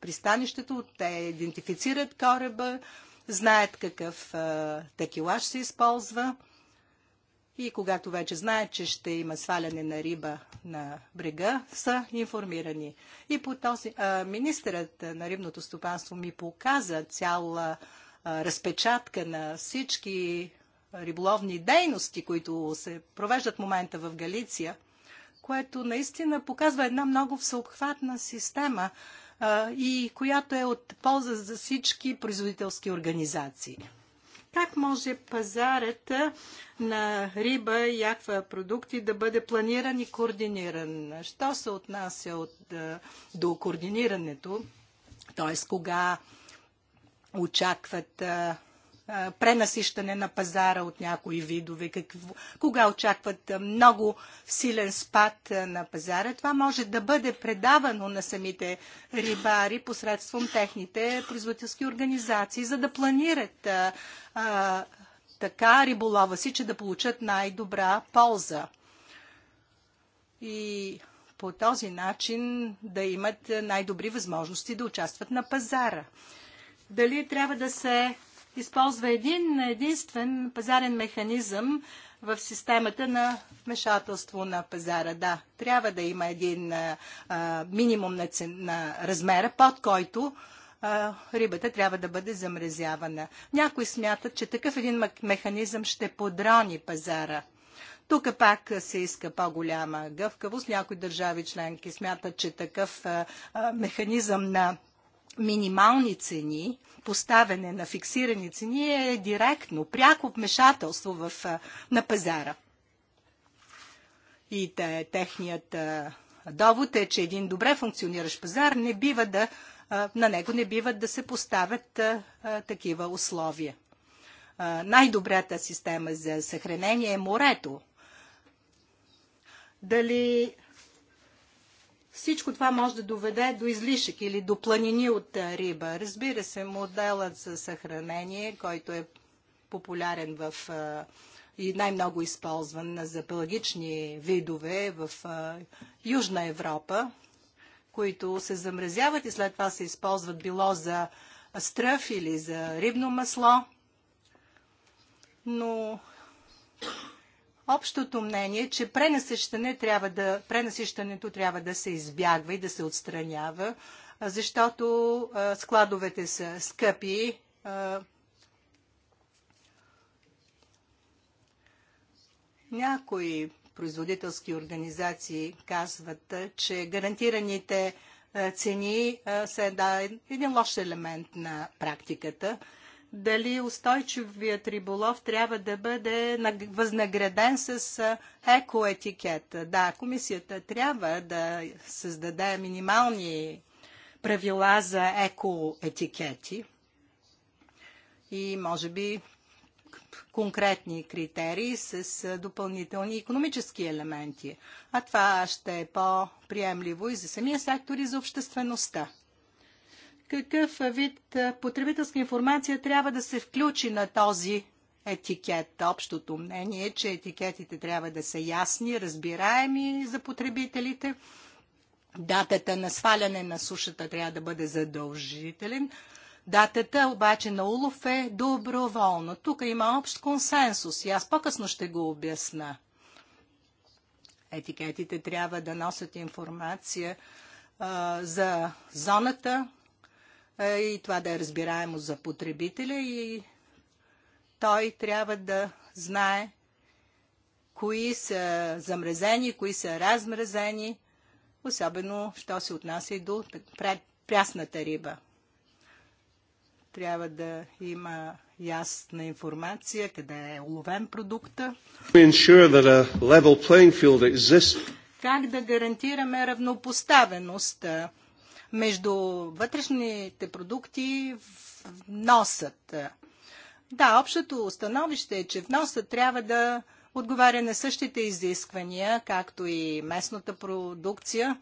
пристанището, те идентифицират кораба, знаят какъв а, текилаж се използва и когато вече знаят, че ще има сваляне на риба на брега, са информирани. И по този а, министърът на рибното стопанство ми показа цяла а, разпечатка на всички риболовни дейности, които се провеждат в момента в Галиция, което наистина показва една много всеобхватна система – и която е от полза за всички производителски организации. Как може пазарът на риба и продукти да бъде планиран и координиран? Що се отнася от, до координирането? Т.е. кога очакват пренасищане на пазара от някои видове, какво, кога очакват много силен спад на пазара. Това може да бъде предавано на самите рибари посредством техните производителски организации, за да планират а, а, така риболова си, че да получат най-добра полза. И по този начин да имат най-добри възможности да участват на пазара. Дали трябва да се използва един единствен пазарен механизъм в системата на вмешателство на пазара. Да, трябва да има един а, минимум на, цен, на размера, под който а, рибата трябва да бъде замрезявана. Някои смятат, че такъв един механизъм ще подрони пазара. Тук пак се иска по-голяма гъвкавост. Някои държави членки смятат, че такъв а, механизъм на минимални цени, поставяне на фиксирани цени е директно, пряко вмешателство в, на пазара. И те, техният довод е, че един добре функциониращ пазар не бива да, на него не бива да се поставят а, а, такива условия. Най-добрата система за съхранение е морето. Дали всичко това може да доведе до излишък или до планини от риба. Разбира се, моделът за съхранение, който е популярен в и най-много използван за пелагични видове в Южна Европа, които се замразяват и след това се използват било за стръв или за рибно масло. Но общото мнение, че пренасещане трябва да, пренасещането трябва да се избягва и да се отстранява, защото складовете са скъпи. Някои производителски организации казват, че гарантираните цени са един лош елемент на практиката – дали устойчивият риболов трябва да бъде възнаграден с екоетикет. Да, комисията трябва да създаде минимални правила за екоетикети и може би конкретни критерии с допълнителни економически елементи. А това ще е по-приемливо и за самия сектор и за обществеността какъв вид потребителска информация трябва да се включи на този етикет. Общото мнение е, че етикетите трябва да са ясни, разбираеми за потребителите. Датата на сваляне на сушата трябва да бъде задължителен. Датата обаче на улов е доброволно. Тук има общ консенсус и аз по-късно ще го обясна. Етикетите трябва да носят информация а, за зоната, е, и това да е разбираемо за потребителя и той трябва да знае кои са замразени, кои са размразени, особено, що се отнася и до прясната риба. Трябва да има ясна информация къде е уловен продукта. Как да гарантираме равнопоставеност между вътрешните продукти в носът. Да, общото установище е, че вносът трябва да отговаря на същите изисквания, както и местната продукция,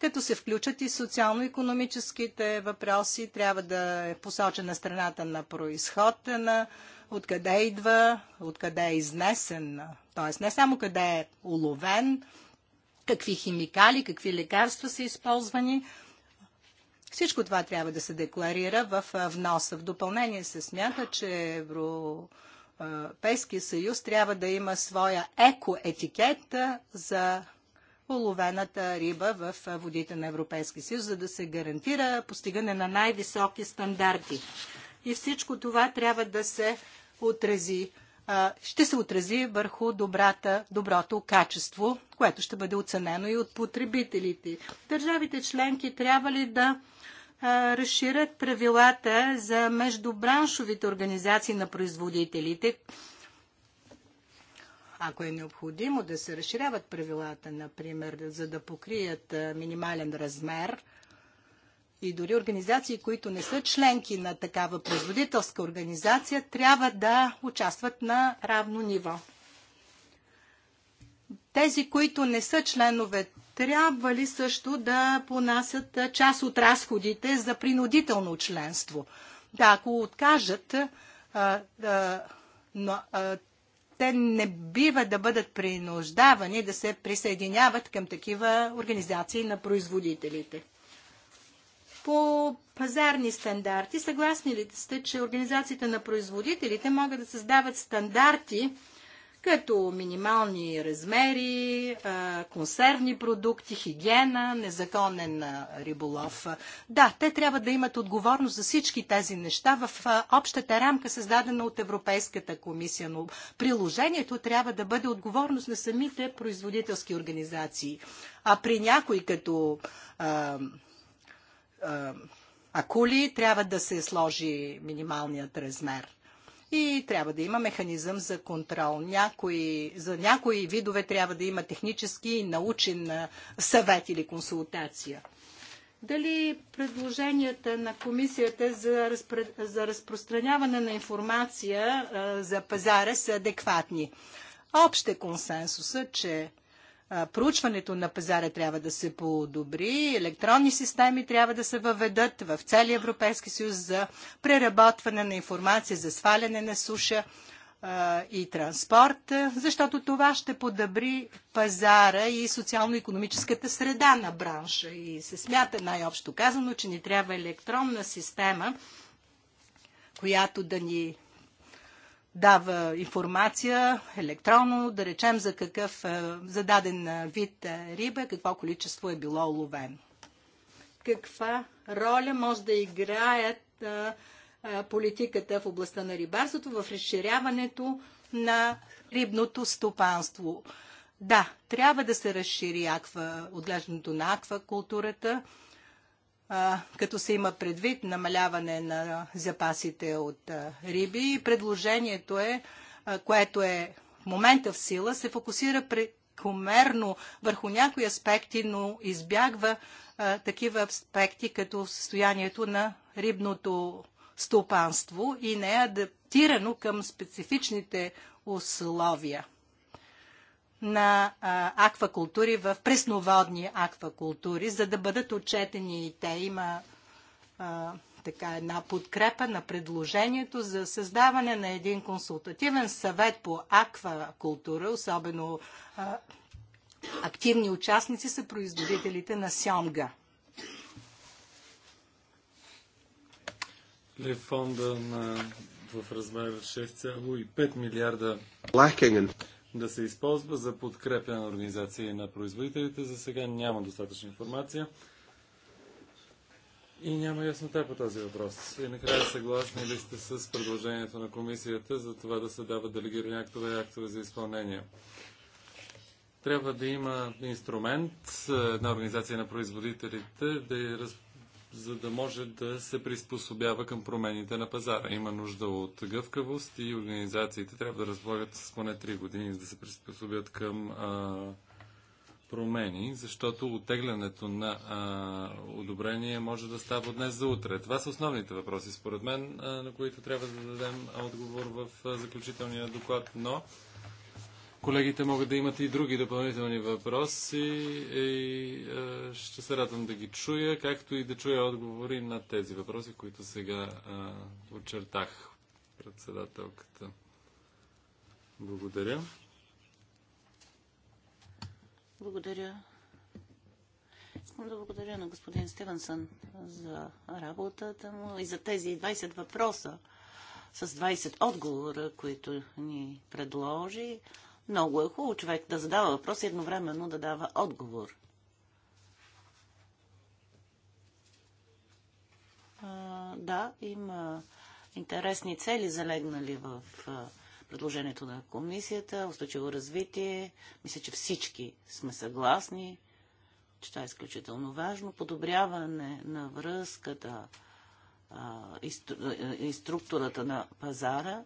като се включат и социално-економическите въпроси. Трябва да е посочена страната на происход, на откъде идва, откъде е изнесен. Т.е. не само къде е уловен, какви химикали, какви лекарства са използвани, всичко това трябва да се декларира в вноса. В допълнение се смята, че Европейския съюз трябва да има своя екоетикет за уловената риба в водите на Европейския съюз, за да се гарантира постигане на най-високи стандарти. И всичко това трябва да се отрази ще се отрази върху добрата, доброто качество, което ще бъде оценено и от потребителите. Държавите членки трябва ли да разширят правилата за междубраншовите организации на производителите, ако е необходимо да се разширяват правилата, например, за да покрият минимален размер – и дори организации, които не са членки на такава производителска организация, трябва да участват на равно ниво. Тези, които не са членове, трябва ли също да понасят част от разходите за принудително членство? Да, ако откажат, а, а, но, а, те не бива да бъдат принуждавани да се присъединяват към такива организации на производителите по пазарни стандарти. Съгласни ли сте, че организацията на производителите могат да създават стандарти, като минимални размери, консервни продукти, хигиена, незаконен риболов. Да, те трябва да имат отговорност за всички тези неща в общата рамка, създадена от Европейската комисия, но приложението трябва да бъде отговорност на самите производителски организации. А при някои като акули, трябва да се сложи минималният размер. И трябва да има механизъм за контрол. Някои, за някои видове трябва да има технически и научен съвет или консултация. Дали предложенията на комисията за, разпро... за разпространяване на информация а, за пазара са адекватни? Общ е консенсуса, че проучването на пазара трябва да се подобри, електронни системи трябва да се въведат в целия Европейски съюз за преработване на информация, за сваляне на суша и транспорт, защото това ще подобри пазара и социално-економическата среда на бранша. И се смята най-общо казано, че ни трябва електронна система, която да ни дава информация електронно, да речем за какъв е, зададен е, вид е, риба, какво количество е било уловено. Каква роля може да играят политиката в областта на рибарството в разширяването на рибното стопанство? Да, трябва да се разшири аква, отглеждането на аквакултурата, културата, като се има предвид намаляване на запасите от риби. и Предложението е, което е в момента в сила, се фокусира прекомерно върху някои аспекти, но избягва такива аспекти, като състоянието на рибното стопанство и не е адаптирано към специфичните условия на а, аквакултури в пресноводни аквакултури, за да бъдат отчетени и те. Има а, така една подкрепа на предложението за създаване на един консултативен съвет по аквакултура, особено а, активни участници са производителите на сьомга. Ли фонда на в размер 6,5 милиарда да се използва за подкрепя на организации на производителите. За сега няма достатъчна информация. И няма яснота по този въпрос. И накрая съгласни ли сте с предложението на комисията за това да се дават делегирани актове и актове за изпълнение? Трябва да има инструмент на организация на производителите да за да може да се приспособява към промените на пазара. Има нужда от гъвкавост и организациите трябва да разполагат с поне 3 години, за да се приспособят към а, промени, защото отеглянето на а, одобрение може да става днес за утре. Това са основните въпроси, според мен, а, на които трябва да дадем отговор в а, заключителния доклад, но Колегите могат да имат и други допълнителни въпроси и е, ще се радвам да ги чуя, както и да чуя отговори на тези въпроси, които сега е, очертах председателката. Благодаря. Благодаря. Искам да благодаря на господин Стивенсън за работата му и за тези 20 въпроса с 20 отговора, които ни предложи. Много е хубаво човек да задава въпрос и едновременно да дава отговор. А, да, има интересни цели залегнали в предложението на комисията, устойчиво развитие. Мисля, че всички сме съгласни, че това е изключително важно. Подобряване на връзката и структурата на пазара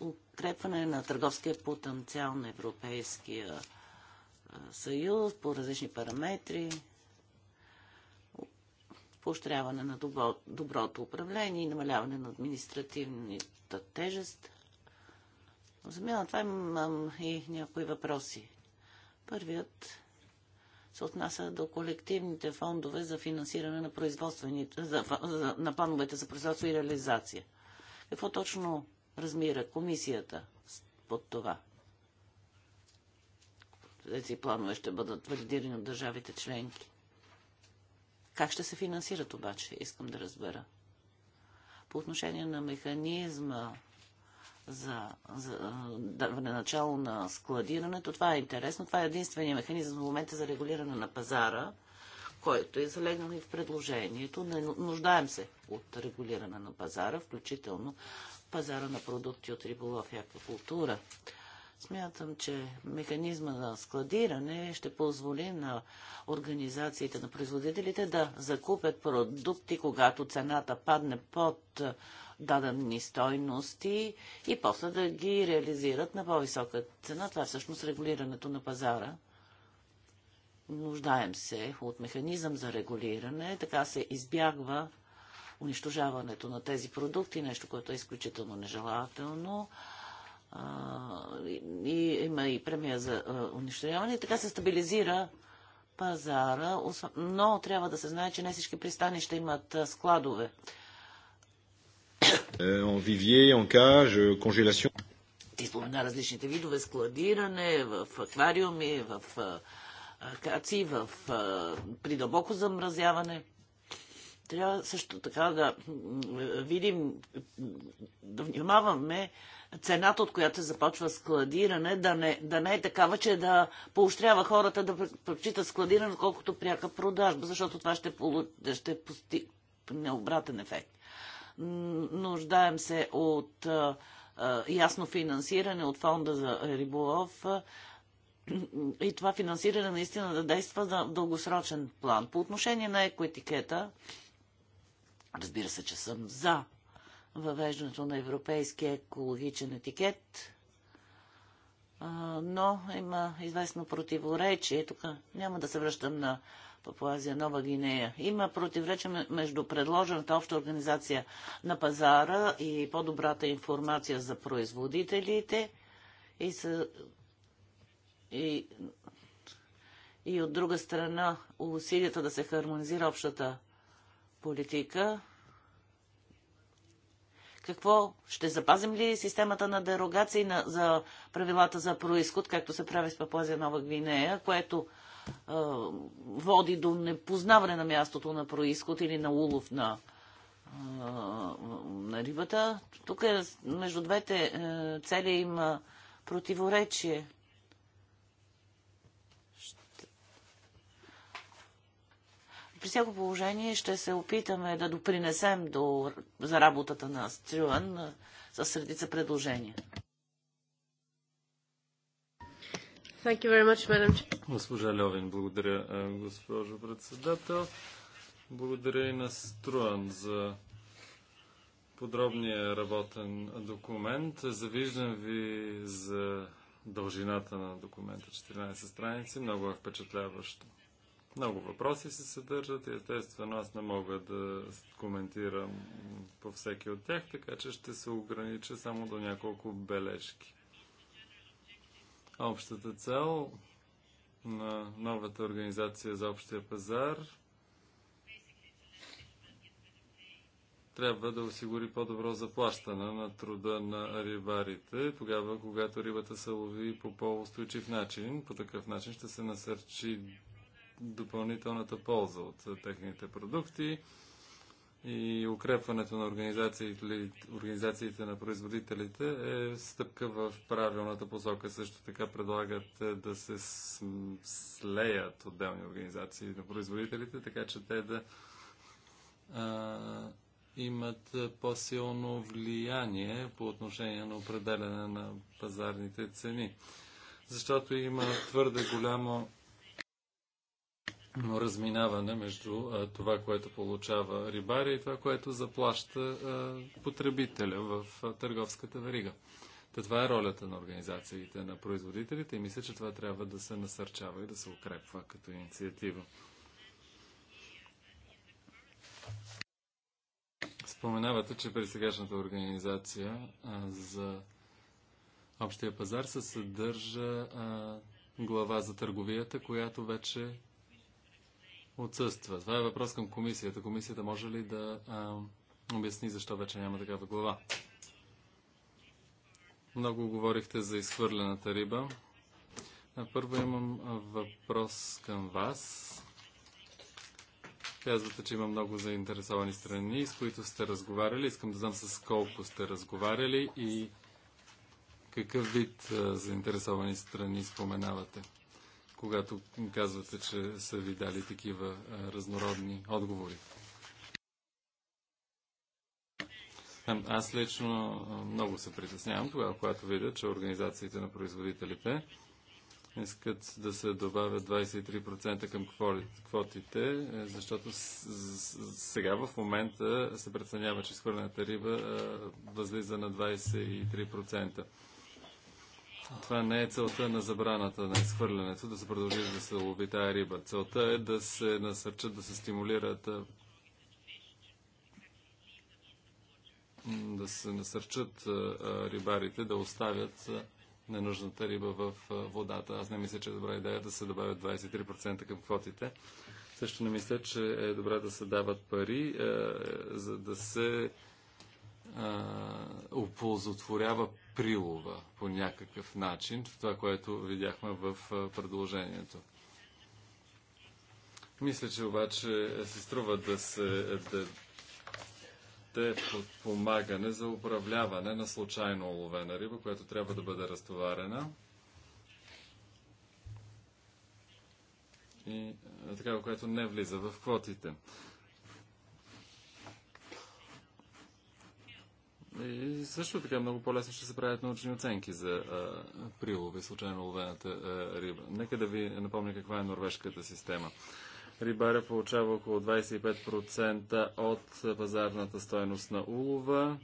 укрепване на търговския потенциал на Европейския съюз по различни параметри, поощряване на добро, доброто управление и намаляване на административната тежест. В замяна това имам и някои въпроси. Първият се отнася до колективните фондове за финансиране на производствените, за, за, на плановете за производство и реализация. Какво точно размира комисията под това. Тези планове ще бъдат валидирани от държавите членки. Как ще се финансират обаче, искам да разбера. По отношение на механизма за, за даване начало на складирането, това е интересно. Това е единствения механизъм в момента за регулиране на пазара, който е залегнал и в предложението. Не нуждаем се от регулиране на пазара, включително пазара на продукти от риболов и аквакултура. Смятам, че механизма на складиране ще позволи на организациите на производителите да закупят продукти, когато цената падне под дадени стойности и после да ги реализират на по-висока цена. Това е всъщност регулирането на пазара. Нуждаем се от механизъм за регулиране, така се избягва унищожаването на тези продукти, нещо, което е изключително нежелателно. А, и, има и премия за а, унищожаване. И така се стабилизира пазара, но трябва да се знае, че не всички пристанища имат складове. Е, en vivier, en cage, congélation. Ти спомена различните видове складиране в аквариуми, в акации, в, придълбоко замразяване. Трябва също така да видим, да внимаваме цената, от която се започва складиране, да не, да не е такава, че да поощрява хората да прочитат складиране, колкото пряка продажба, защото това ще, полу... ще постигне необратен ефект. Нуждаем се от а, а, ясно финансиране от фонда за риболов а, и това финансиране наистина да действа за дългосрочен план. По отношение на екоетикета, етикета Разбира се, че съм за въвеждането на европейския екологичен етикет, но има известно противоречие. Тук няма да се връщам на Папуазия Нова Гинея. Има противоречие между предложената обща организация на пазара и по-добрата информация за производителите и, са, и, и от друга страна усилията да се хармонизира общата политика какво ще запазим ли системата на дерогации на, за правилата за происход, както се прави с Папуазия Нова Гвинея, което е, води до непознаване на мястото на происход или на улов на, е, на рибата? Тук е, между двете е, цели има противоречие. При всяко положение ще се опитаме да допринесем до, за работата на Стрюан с средица предложения. Thank you very much, madam. Госпожа Льовин, благодаря, госпожо председател. Благодаря и на Струан за подробния работен документ. Завиждам ви за дължината на документа 14 страници. Много е впечатляващо. Много въпроси се съдържат и естествено аз не мога да коментирам по всеки от тях, така че ще се огранича само до няколко бележки. Общата цел на новата организация за общия пазар трябва да осигури по-добро заплащане на труда на рибарите, тогава, когато рибата се лови по по-устойчив начин. По такъв начин ще се насърчи допълнителната полза от техните продукти и укрепването на организациите, организациите на производителите е стъпка в правилната посока. Също така предлагат е, да се слеят отделни организации на производителите, така че те да а, имат по-силно влияние по отношение на определене на пазарните цени. Защото има твърде голямо разминаване между а, това, което получава рибаря и това, което заплаща а, потребителя в а, търговската верига. Та това е ролята на организациите на производителите и мисля, че това трябва да се насърчава и да се укрепва като инициатива. Споменавате, че при сегашната организация а, за общия пазар се съдържа а, глава за търговията, която вече отсъства. Това е въпрос към комисията. Комисията може ли да а, обясни защо вече няма такава глава? Много говорихте за изхвърлената риба. Първо имам въпрос към вас. Казвате, че има много заинтересовани страни, с които сте разговаряли. Искам да знам с колко сте разговаряли и какъв вид заинтересовани страни споменавате когато казвате, че са ви дали такива разнородни отговори. Аз лично много се притеснявам тогава, когато видя, че организациите на производителите искат да се добавят 23% към квотите, е, защото сега в момента се преценява, че изхвърлената риба възлиза на 23%. Това не е целта на забраната на изхвърлянето, да се продължи да се лови тая риба. Целта е да се насърчат, да се стимулират да се насърчат рибарите да оставят ненужната риба в водата. Аз не мисля, че е добра идея да се добавят 23% към квотите. Също не мисля, че е добре да се дават пари, за да се оползотворява прилова по някакъв начин, това, което видяхме в предложението. Мисля, че обаче се струва да се е подпомагане за управляване на случайно уловена риба, която трябва да бъде разтоварена. И такава, която не влиза в квотите. И също така много по-лесно ще се правят научни оценки за а, прилови, случайно ловената а, риба. Нека да ви напомня каква е норвежката система. Рибаря получава около 25% от пазарната стоеност на улова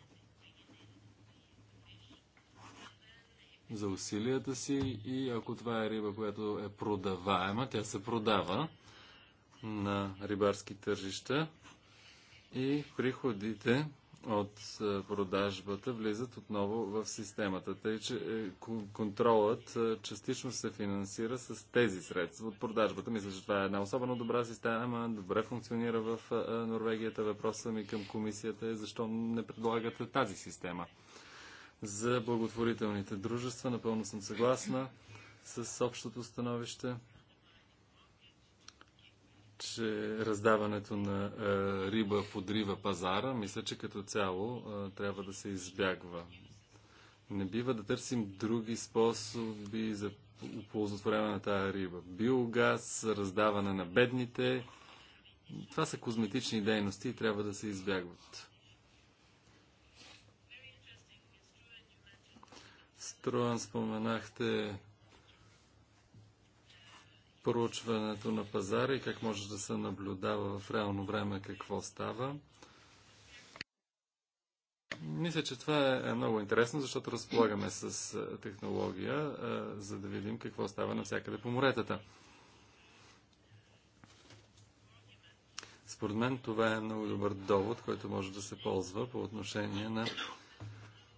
за усилията си и ако това е риба, която е продаваема, тя се продава на рибарски тържища и приходите от е, продажбата влизат отново в системата. Тъй, че е, контролът е, частично се финансира с тези средства от продажбата. Мисля, че това е една особено добра система, добре функционира в Норвегията. Въпросът ми към комисията е защо не предлагате тази система. За благотворителните дружества напълно съм съгласна с общото становище че раздаването на е, риба подрива пазара, мисля, че като цяло е, трябва да се избягва. Не бива да търсим други способи за оползотворяване на тази риба. Биогаз, раздаване на бедните, това са козметични дейности и трябва да се избягват. Строян споменахте проучването на пазара и как може да се наблюдава в реално време какво става. Мисля, че това е, е много интересно, защото разполагаме с е, технология, е, за да видим какво става навсякъде по моретата. Според мен това е много добър довод, който може да се ползва по отношение на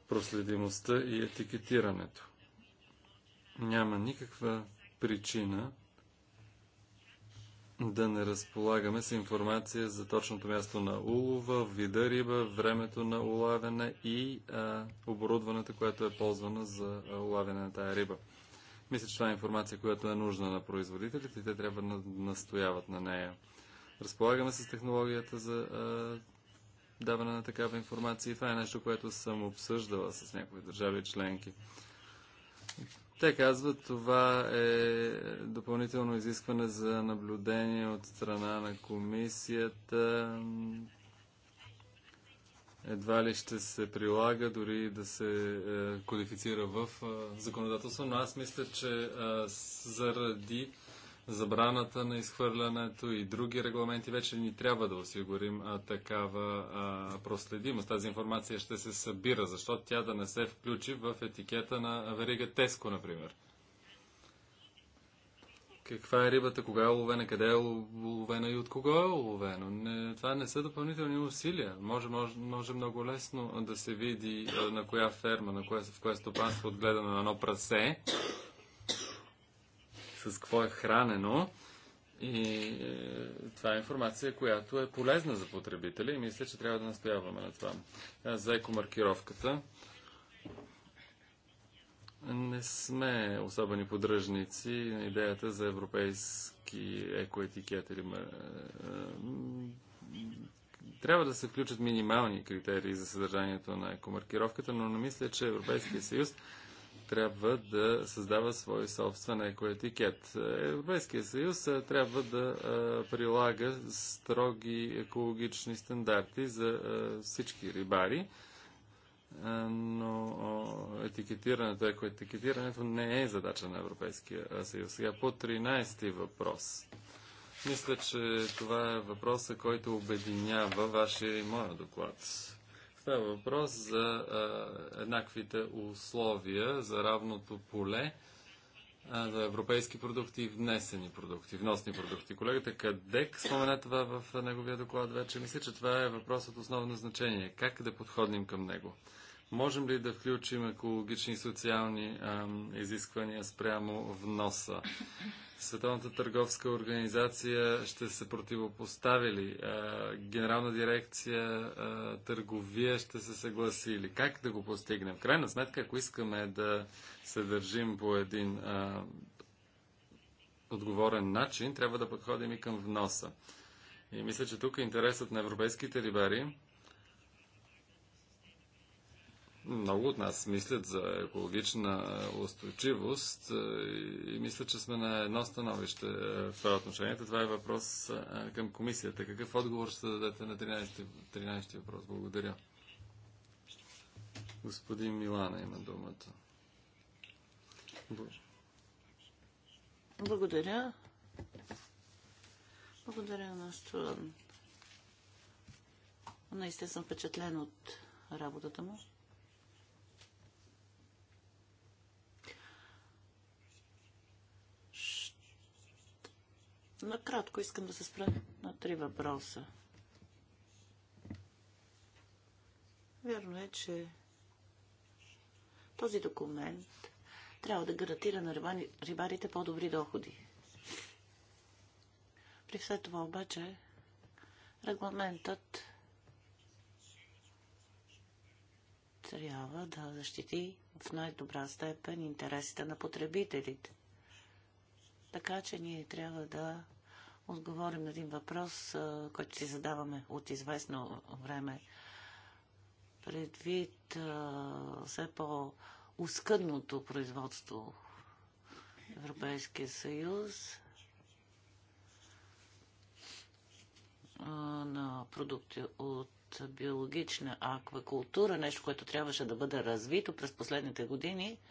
проследимостта и етикетирането. Няма никаква причина да не разполагаме с информация за точното място на улова, вида риба, времето на улавяне и а, оборудването, което е ползвано за улавяне на тая риба. Мисля, че това е информация, която е нужна на производителите и те трябва да настояват на нея. Разполагаме с технологията за а, даване на такава информация и това е нещо, което съм обсъждала с някои държави членки. Те казват, това е допълнително изискване за наблюдение от страна на комисията. Едва ли ще се прилага, дори да се е, кодифицира в е, законодателство, но аз мисля, че е, заради забраната на изхвърлянето и други регламенти, вече ни трябва да осигурим а, такава а, проследимост. Тази информация ще се събира, защото тя да не се включи в етикета на верига Теско, например. Каква е рибата, кога е уловена, къде е уловена и от кого е уловена? Не, това не са допълнителни усилия. Може, може, може много лесно да се види на коя ферма, на кое, в кое стопанство е отгледано едно прасе с какво е хранено. И е, това е информация, която е полезна за потребителя и мисля, че трябва да настояваме на това. Е, за екомаркировката не сме особени поддръжници на идеята за европейски екоетикет или е, трябва да се включат минимални критерии за съдържанието на екомаркировката, но не мисля, че Европейския съюз трябва да създава свой собствен екоетикет. Европейския съюз трябва да прилага строги екологични стандарти за всички рибари, но етикетирането, екоетикетирането не е задача на Европейския съюз. Сега по 13 ти въпрос. Мисля, че това е въпроса, който обединява вашия и моя доклад Става въпрос за а, еднаквите условия, за равното поле а, за европейски продукти и внесени продукти, вносни продукти. Колегата Кадек спомена това в неговия доклад вече. Мисля, че това е въпрос от основно значение. Как да подходим към него? Можем ли да включим екологични и социални ам, изисквания спрямо вноса? Световната търговска организация ще се противопоставили, а, Генерална дирекция а, търговия ще се съгласили. Как да го постигнем? В крайна сметка, ако искаме да се държим по един а, отговорен начин, трябва да подходим и към вноса. И мисля, че тук е интересът на европейските рибари много от нас мислят за екологична е, устойчивост е, и мисля, че сме на едно становище е, в това отношение. Това е въпрос към комисията. Какъв отговор ще дадете на 13, ти въпрос? Благодаря. Господин Милана има думата. Благодаря. Благодаря на Струан. Наистина съм впечатлен от работата му. Накратко искам да се спра на три въпроса. Вярно е, че този документ трябва да гарантира на рибарите по-добри доходи. При все това обаче регламентът трябва да защити в най-добра степен интересите на потребителите – така че ние трябва да отговорим на един въпрос, който си задаваме от известно време. Предвид все по-ускъдното производство Европейския съюз на продукти от биологична аквакултура, нещо, което трябваше да бъде развито през последните години –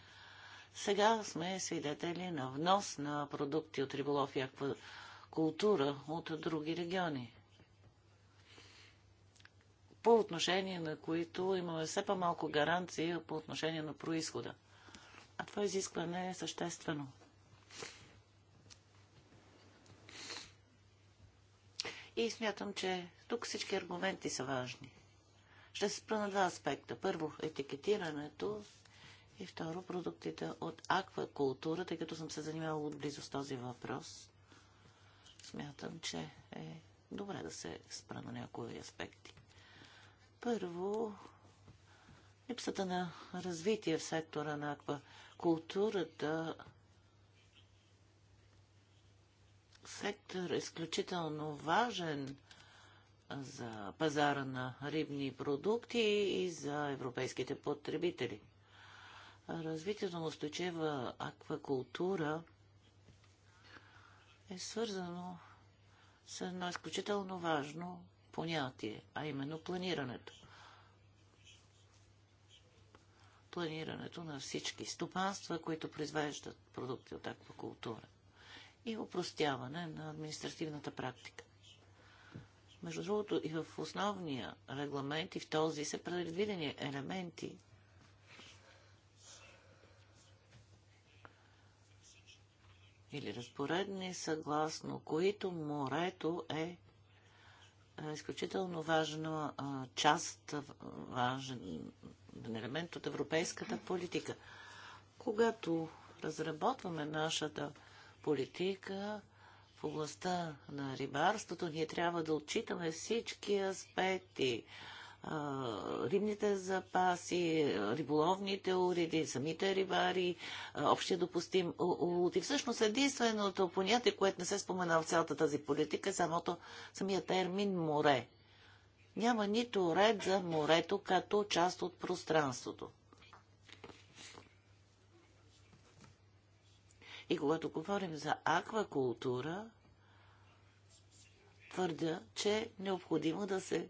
сега сме свидетели на внос на продукти от риболов и аквакултура от други региони по отношение на които имаме все по-малко гаранции по отношение на происхода. А това изискване е съществено. И смятам, че тук всички аргументи са важни. Ще се спра на два аспекта. Първо, етикетирането и второ, продуктите от аквакултура, тъй като съм се занимавала отблизо с този въпрос, смятам, че е добре да се спра на някои аспекти. Първо, липсата на развитие в сектора на аквакултурата. Сектор е изключително важен за пазара на рибни продукти и за европейските потребители – развитието на устойчива аквакултура е свързано с едно изключително важно понятие, а именно планирането. Планирането на всички стопанства, които произвеждат продукти от аквакултура и упростяване на административната практика. Между другото, и в основния регламент и в този са предвидени елементи – или разпоредни, съгласно които морето е, е изключително важна част, важен елемент от европейската политика. Когато разработваме нашата политика в областта на рибарството, ние трябва да отчитаме всички аспекти рибните запаси, риболовните уреди, самите рибари, общия допустим улут. И всъщност единственото понятие, което не се спомена в цялата тази политика, е самото, самия термин море. Няма нито ред за морето като част от пространството. И когато говорим за аквакултура, твърдя, че е необходимо да се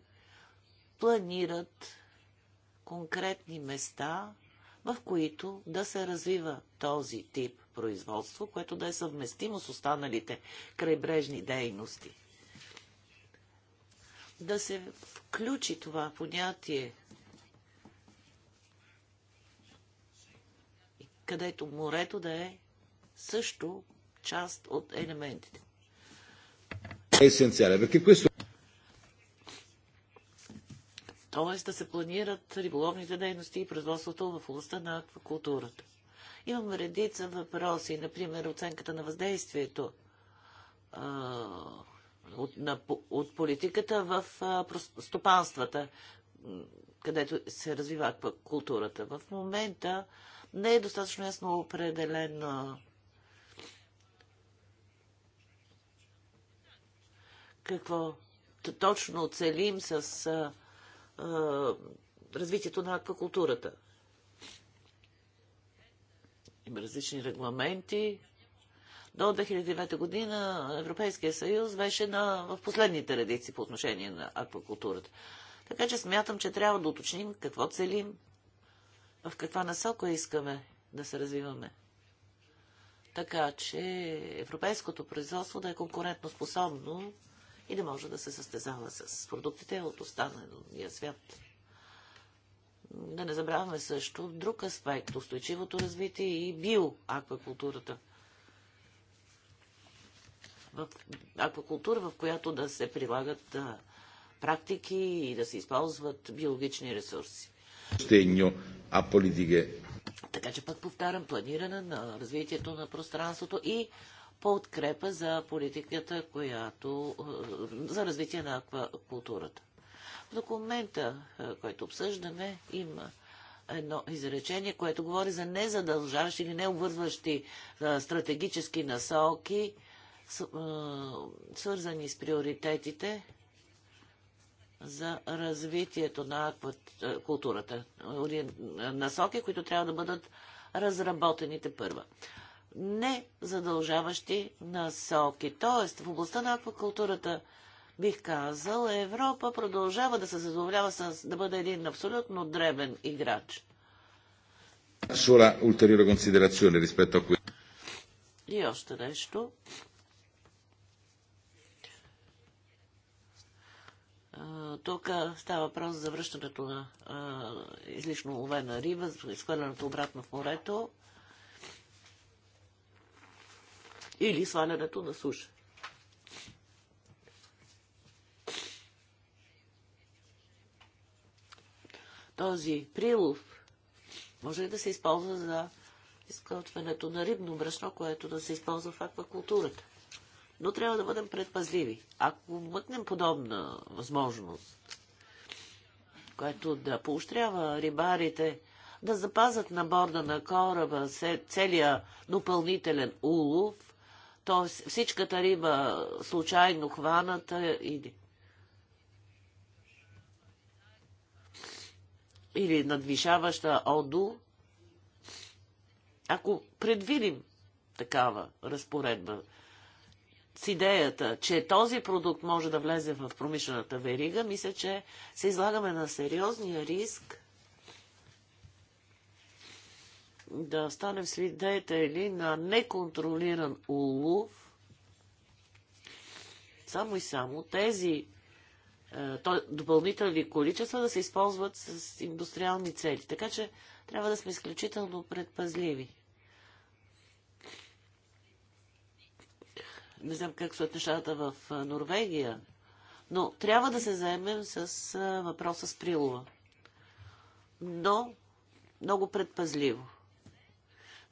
планират конкретни места, в които да се развива този тип производство, което да е съвместимо с останалите крайбрежни дейности. Да се включи това понятие, където морето да е също част от елементите. Е, есенциален, е, т.е. да се планират риболовните дейности и производството в областта на аквакултурата. Имам редица въпроси, например оценката на въздействието от, на, от политиката в стопанствата, където се развива аквакултурата. В момента не е достатъчно ясно определено. какво точно целим с развитието на аквакултурата. Има различни регламенти. До 2009 година Европейския съюз беше на, в последните редици по отношение на аквакултурата. Така че смятам, че трябва да уточним какво целим, в каква насока искаме да се развиваме. Така че европейското производство да е конкурентно способно и да може да се състезава с продуктите от останалия свят. Да не забравяме също друг аспект устойчивото развитие и биоаквакултурата. В аквакултура, в която да се прилагат практики и да се използват биологични ресурси. а политике. Така че пък повтарям планиране на развитието на пространството и подкрепа за политиката, която е, за развитие на аквакултурата. В документа, е, който обсъждаме, има едно изречение, което говори за незадължаващи или необвързващи е, стратегически насоки, свързани с приоритетите за развитието на аквакултурата. Насоки, които трябва да бъдат разработените първа не задължаващи насоки. Тоест, в областта на аквакултурата, бих казал, Европа продължава да се задоволява с да бъде един абсолютно дребен играч. И още нещо. Тук става въпрос за връщането на а, излишно ловена риба, изхвърлянето обратно в морето. или свалянето на суша. Този прилов може да се използва за изкълтването на рибно брашно, което да се използва в аквакултурата. Но трябва да бъдем предпазливи. Ако мъкнем подобна възможност, което да поощрява рибарите да запазят на борда на кораба целия допълнителен улов, Тоест всичката риба случайно хваната или, или надвишаваща ОДО, ако предвидим такава разпоредба с идеята, че този продукт може да влезе в промишлената верига, мисля, че се излагаме на сериозния риск да станем свидетели на неконтролиран улов, само и само тези е, допълнителни количества да се използват с индустриални цели. Така че трябва да сме изключително предпазливи. Не знам как са нещата в е, Норвегия, но трябва да се заемем с е, въпроса с прилова. Но много предпазливо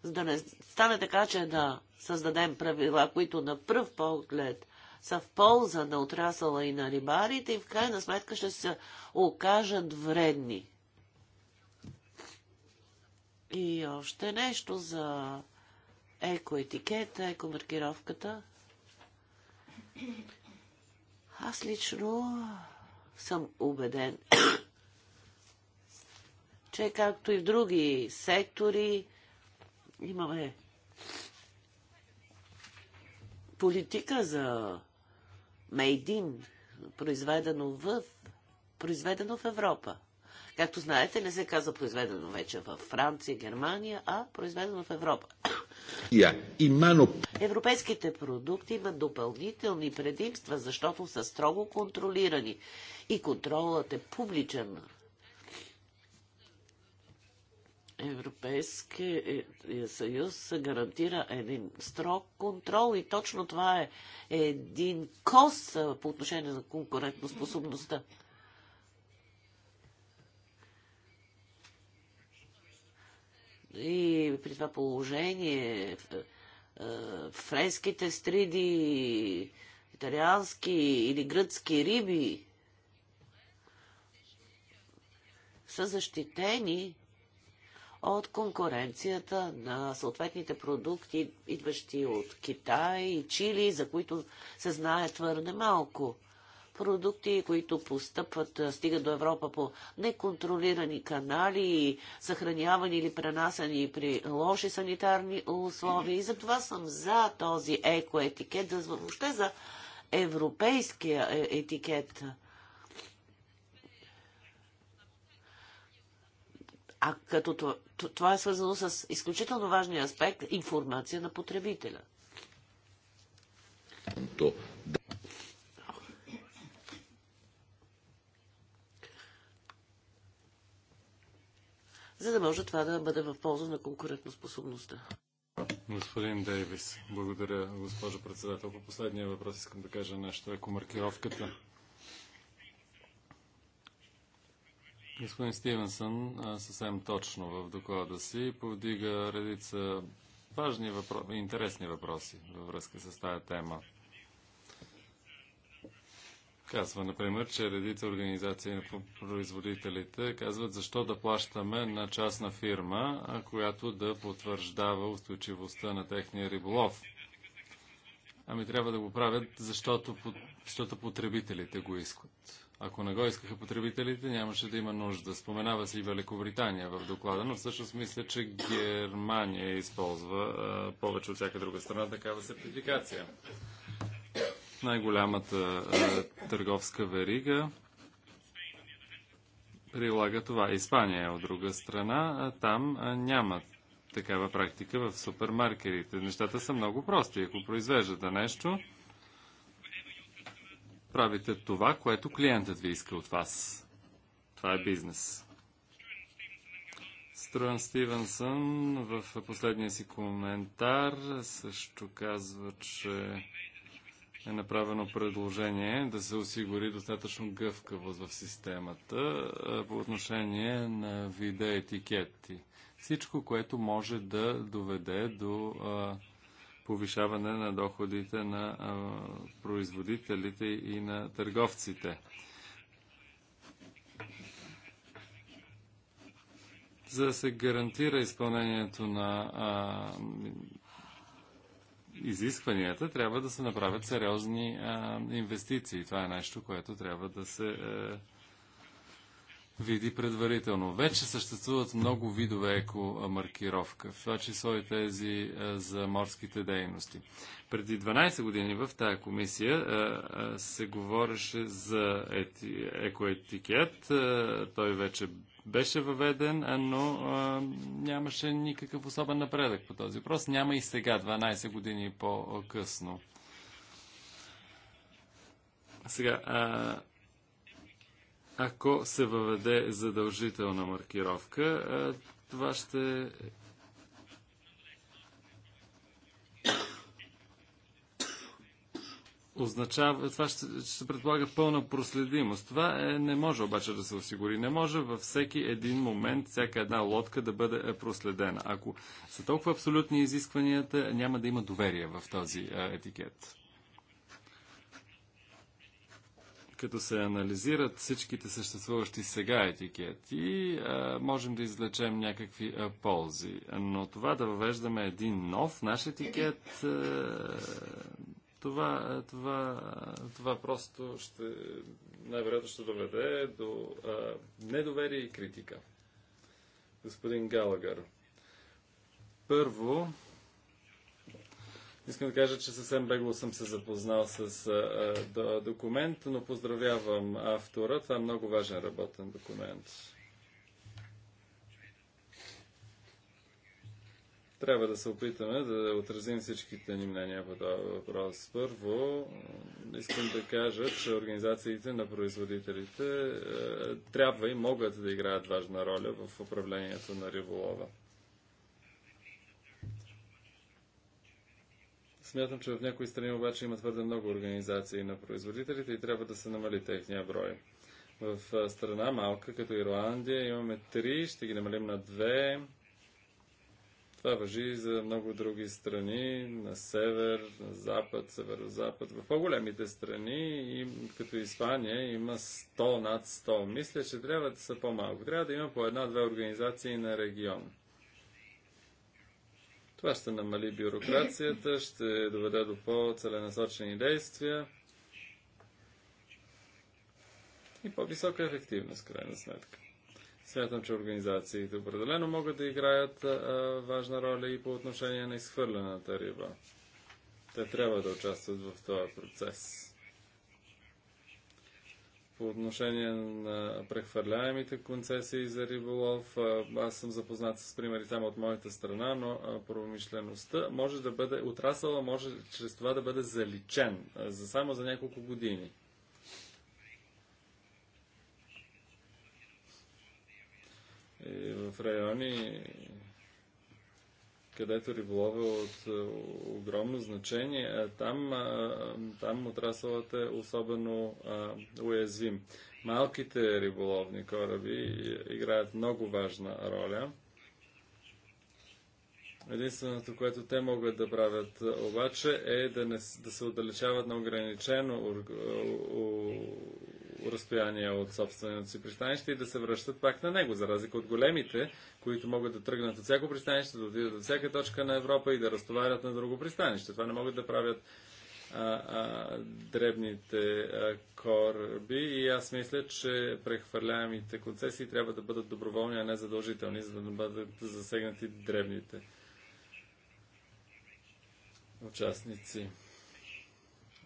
за да не стане така, че да създадем правила, които на пръв поглед са в полза на отрасъла и на рибарите и в крайна сметка ще се окажат вредни. И още нещо за екоетикета, екомаркировката. Аз лично съм убеден, че както и в други сектори, Имаме политика за мейдин, произведено в, произведено в Европа. Както знаете, не се казва произведено вече в Франция, Германия, а произведено в Европа. Yeah, Европейските продукти имат допълнителни предимства, защото са строго контролирани. И контролът е публичен Европейския е, е, съюз гарантира един строг контрол и точно това е един кос по отношение на конкурентоспособността. И при това положение френските стриди, италиански или гръцки риби са защитени от конкуренцията на съответните продукти, идващи от Китай и Чили, за които се знае твърде малко. Продукти, които постъпват, стигат до Европа по неконтролирани канали, съхранявани или пренасани при лоши санитарни условия. И затова съм за този екоетикет, въобще за европейския е, етикет А като това е свързано с изключително важния аспект информация на потребителя. За да може това да бъде в полза на конкурентоспособността. Господин Дейвис, благодаря, госпожо председател. По последния въпрос искам да кажа нещо. Еко маркировката Господин Стивенсън съвсем точно в доклада си повдига редица важни въпроси, интересни въпроси във връзка с тази тема. Казва, например, че редица организации на производителите казват защо да плащаме на частна фирма, която да потвърждава устойчивостта на техния риболов. Ами трябва да го правят, защото, защото потребителите го искат. Ако не го искаха потребителите, нямаше да има нужда. Споменава се и Великобритания в доклада, но всъщност мисля, че Германия използва а, повече от всяка друга страна такава сертификация. Най-голямата търговска верига прилага това. Испания е от друга страна, а там а, няма такава практика в супермаркерите. Нещата са много прости. Ако произвеждате нещо, правите това, което клиентът ви иска от вас. Това е бизнес. Струен Стивенсън в последния си коментар също казва, че е направено предложение да се осигури достатъчно гъвкавост в системата по отношение на вида етикети. Всичко, което може да доведе до а, повишаване на доходите на производителите и на търговците. За да се гарантира изпълнението на а, изискванията, трябва да се направят сериозни а, инвестиции. Това е нещо, което трябва да се а, е, види предварително. Вече съществуват много видове екомаркировка, в това число и тези е, за морските дейности. Преди 12 години в тая комисия е, е, се говореше за екоетикет. Той вече беше въведен, но нямаше никакъв особен напредък по този въпрос. Няма и сега, 12 години по-късно. Сега, ако се въведе задължителна маркировка, това ще означава, това ще, ще предполага пълна проследимост. Това е, не може обаче да се осигури. Не може във всеки един момент всяка една лодка да бъде е, проследена. Ако са толкова абсолютни изискванията, няма да има доверие в този е, етикет. като се анализират всичките съществуващи сега етикети, е, можем да излечем някакви е, ползи. Но това да въвеждаме един нов наш етикет, е, това, това, това просто ще, най-вероятно ще доведе до недоверие и критика. Господин Галагър. Първо, Искам да кажа, че съвсем бегло съм се запознал с а, документ, но поздравявам автора. Това е много важен работен документ. Трябва да се опитаме да отразим всичките ни мнения по този въпрос. Първо, искам да кажа, че организациите на производителите е, трябва и могат да играят важна роля в управлението на риболова. Смятам, че в някои страни обаче има твърде много организации на производителите и трябва да се намали техния брой. В страна малка, като Ирландия, имаме три, ще ги намалим на две. Това въжи и за много други страни, на север, на запад, северо-запад. В по-големите страни, като Испания, има 100 над 100. Мисля, че трябва да са по-малко. Трябва да има по една-две организации на регион. Това ще намали бюрокрацията, ще доведе до по-целенасочени действия и по-висока ефективност, крайна сметка. Смятам, че организациите определено могат да играят а, важна роля и по отношение на изхвърлената риба. Те трябва да участват в този процес по отношение на прехвърляемите концесии за риболов. Аз съм запознат с примери там от моята страна, но промишлеността може да бъде, отрасъла може чрез това да бъде заличен за само за няколко години. И в райони където риболова е от е, огромно значение, там, там отрасълът е особено уязвим. Малките риболовни кораби играят много важна роля. Единственото, което те могат да правят обаче е да, не, да се отдалечават на ограничено разстояние от собственото си пристанище и да се връщат пак на него, за разлика от големите, които могат да тръгнат от всяко пристанище, да отидат от всяка точка на Европа и да разтоварят на друго пристанище. Това не могат да правят а, а, дребните а, кораби и аз мисля, че прехвърляемите концесии трябва да бъдат доброволни, а не задължителни, за да не бъдат засегнати дребните участници.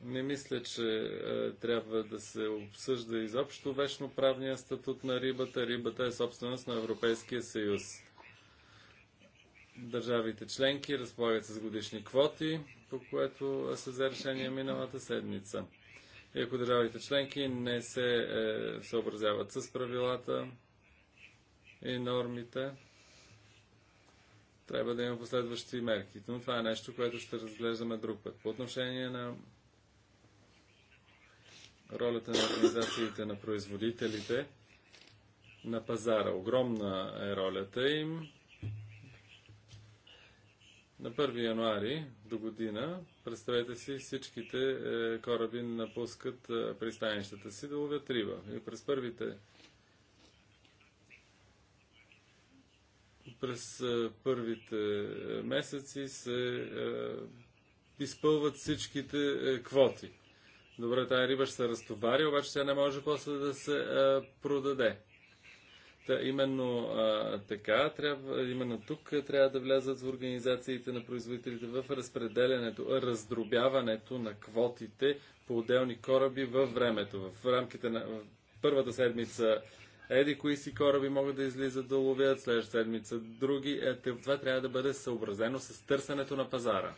Не мисля, че е, трябва да се обсъжда изобщо вечно правния статут на рибата. Рибата е собственост на Европейския съюз. Държавите членки разполагат с годишни квоти, по което се взе решение миналата седмица. И ако държавите членки не се е, съобразяват с правилата и нормите, трябва да има последващи мерки. Но това е нещо, което ще разглеждаме друг път. По отношение на ролята на организациите на производителите на пазара. Огромна е ролята им. На 1 януари до година, представете си, всичките е, кораби напускат е, пристанищата си да ловят риба. И през първите през е, първите месеци се изпълват всичките квоти Добре, тая риба ще се разтовари, обаче тя не може после да се а, продаде. Та, именно а, така, трябва, именно тук трябва да влязат в организациите на производителите в разпределянето, раздробяването на квотите по отделни кораби във времето. В рамките на в първата седмица еди кои си кораби могат да излизат да ловят, следващата седмица други. Е, това трябва да бъде съобразено с търсенето на пазара.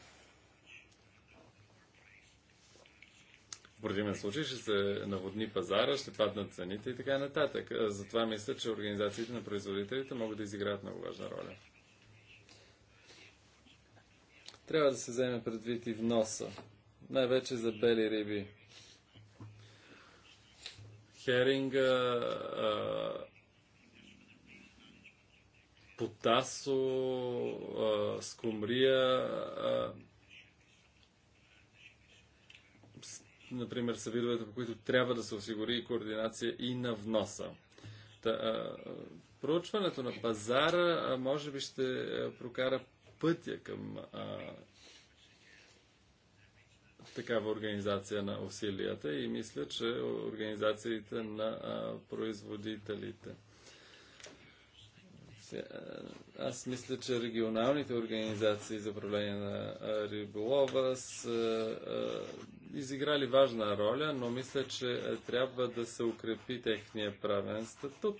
В противен случай ще се наводни пазара, ще паднат цените и така нататък. Затова мисля, че организациите на производителите могат да изиграят много важна роля. Трябва да се вземе предвид и вноса. Най-вече за бели риби. Херинга, потасо, скумрия, например, са видовете, по които трябва да се осигури и координация и на вноса. Та, а, проучването на пазара а, може би ще прокара пътя към а, такава организация на усилията и мисля, че организациите на а, производителите е, аз мисля, че регионалните организации за управление на е, риболова са е, изиграли важна роля, но мисля, че трябва да се укрепи техния правен статут.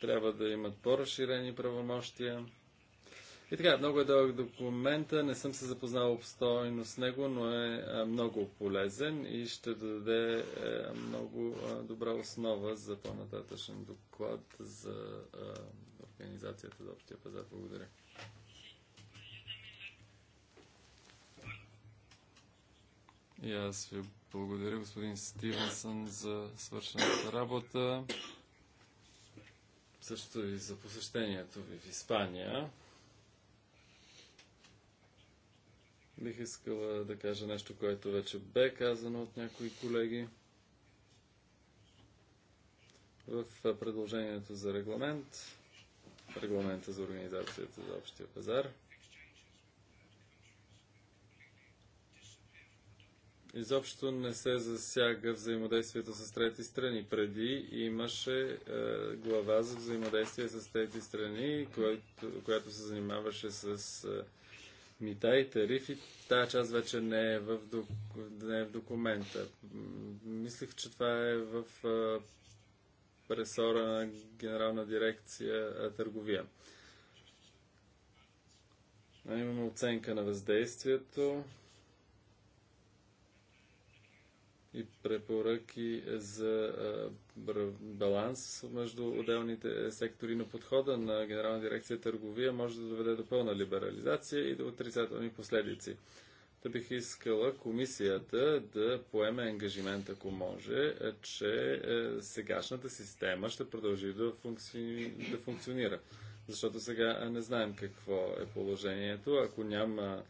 Трябва да имат по-разширени правомощия. И така, много е дълъг документа, не съм се запознал обстойно с него, но е, е много полезен и ще даде е, много е, добра основа за по-нататъчен доклад за организацията за общия пазар. Благодаря. И аз ви благодаря, господин Стивенсън, за свършената работа. Също и за посещението ви в Испания. Бих искала да кажа нещо, което вече бе казано от някои колеги. В предложението за регламент, регламента за организацията за общия пазар, изобщо не се засяга взаимодействието с трети страни. Преди имаше е, глава за взаимодействие с трети страни, която, която се занимаваше с е, мита и тарифи, тази част вече не е в, док... не е в документа. Мислих, че това е в пресора на Генерална дирекция търговия. А имаме оценка на въздействието и препоръки за баланс между отделните сектори на подхода на Генерална дирекция търговия може да доведе до пълна либерализация и до отрицателни последици. Та бих искала комисията да поеме ангажимент, ако може, че е, сегашната система ще продължи да, функци... да функционира. Защото сега не знаем какво е положението. Ако няма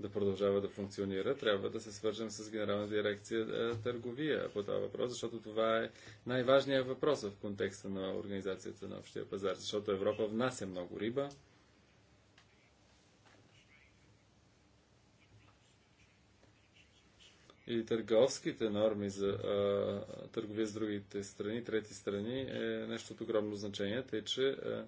да продължава да функционира, трябва да се свържем с Генерална дирекция е, търговия по това въпрос, защото това е най-важният въпрос в контекста на организацията на общия пазар, защото Европа внася много риба. И търговските норми за а, е, търговия с другите страни, трети страни е нещо от огромно значение, тъй че а, е,